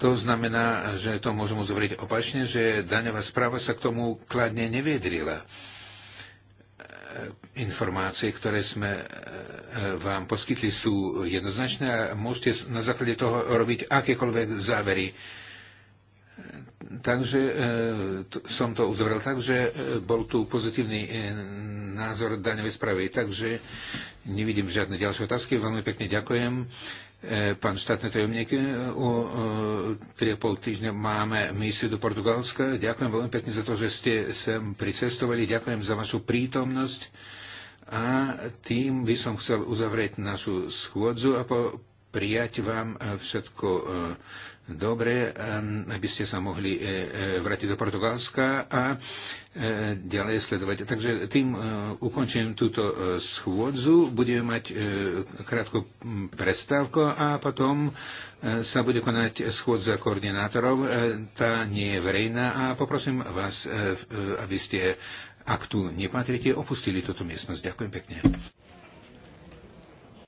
B: To znamená, že to môžem uzavrieť opačne, že daňová správa sa k tomu kladne neviedrila. Informácie, ktoré sme vám poskytli, sú jednoznačné a môžete na základe toho robiť akékoľvek závery Takže e, som to uzavrel tak, že e, bol tu pozitívny e, názor daňovej správy. Takže nevidím žiadne ďalšie otázky. Veľmi pekne ďakujem. Pán štátny tajomník, o 3,5 týždňa máme misiu do Portugalska. Ďakujem veľmi pekne za to, že ste sem pricestovali. Ďakujem za vašu prítomnosť. A tým by som chcel uzavrieť našu schôdzu a po prijať vám všetko dobre, ehm, aby ste sa mohli e, e, vrátiť do Portugalska a e, ďalej sledovať. Takže tým ukončím túto schôdzu, budeme mať krátku prestávku a potom sa bude konať schôdza koordinátorov. Tá nie je verejná a poprosím vás, aby ste, ak tu nepatrite, opustili túto miestnosť. Ďakujem pekne.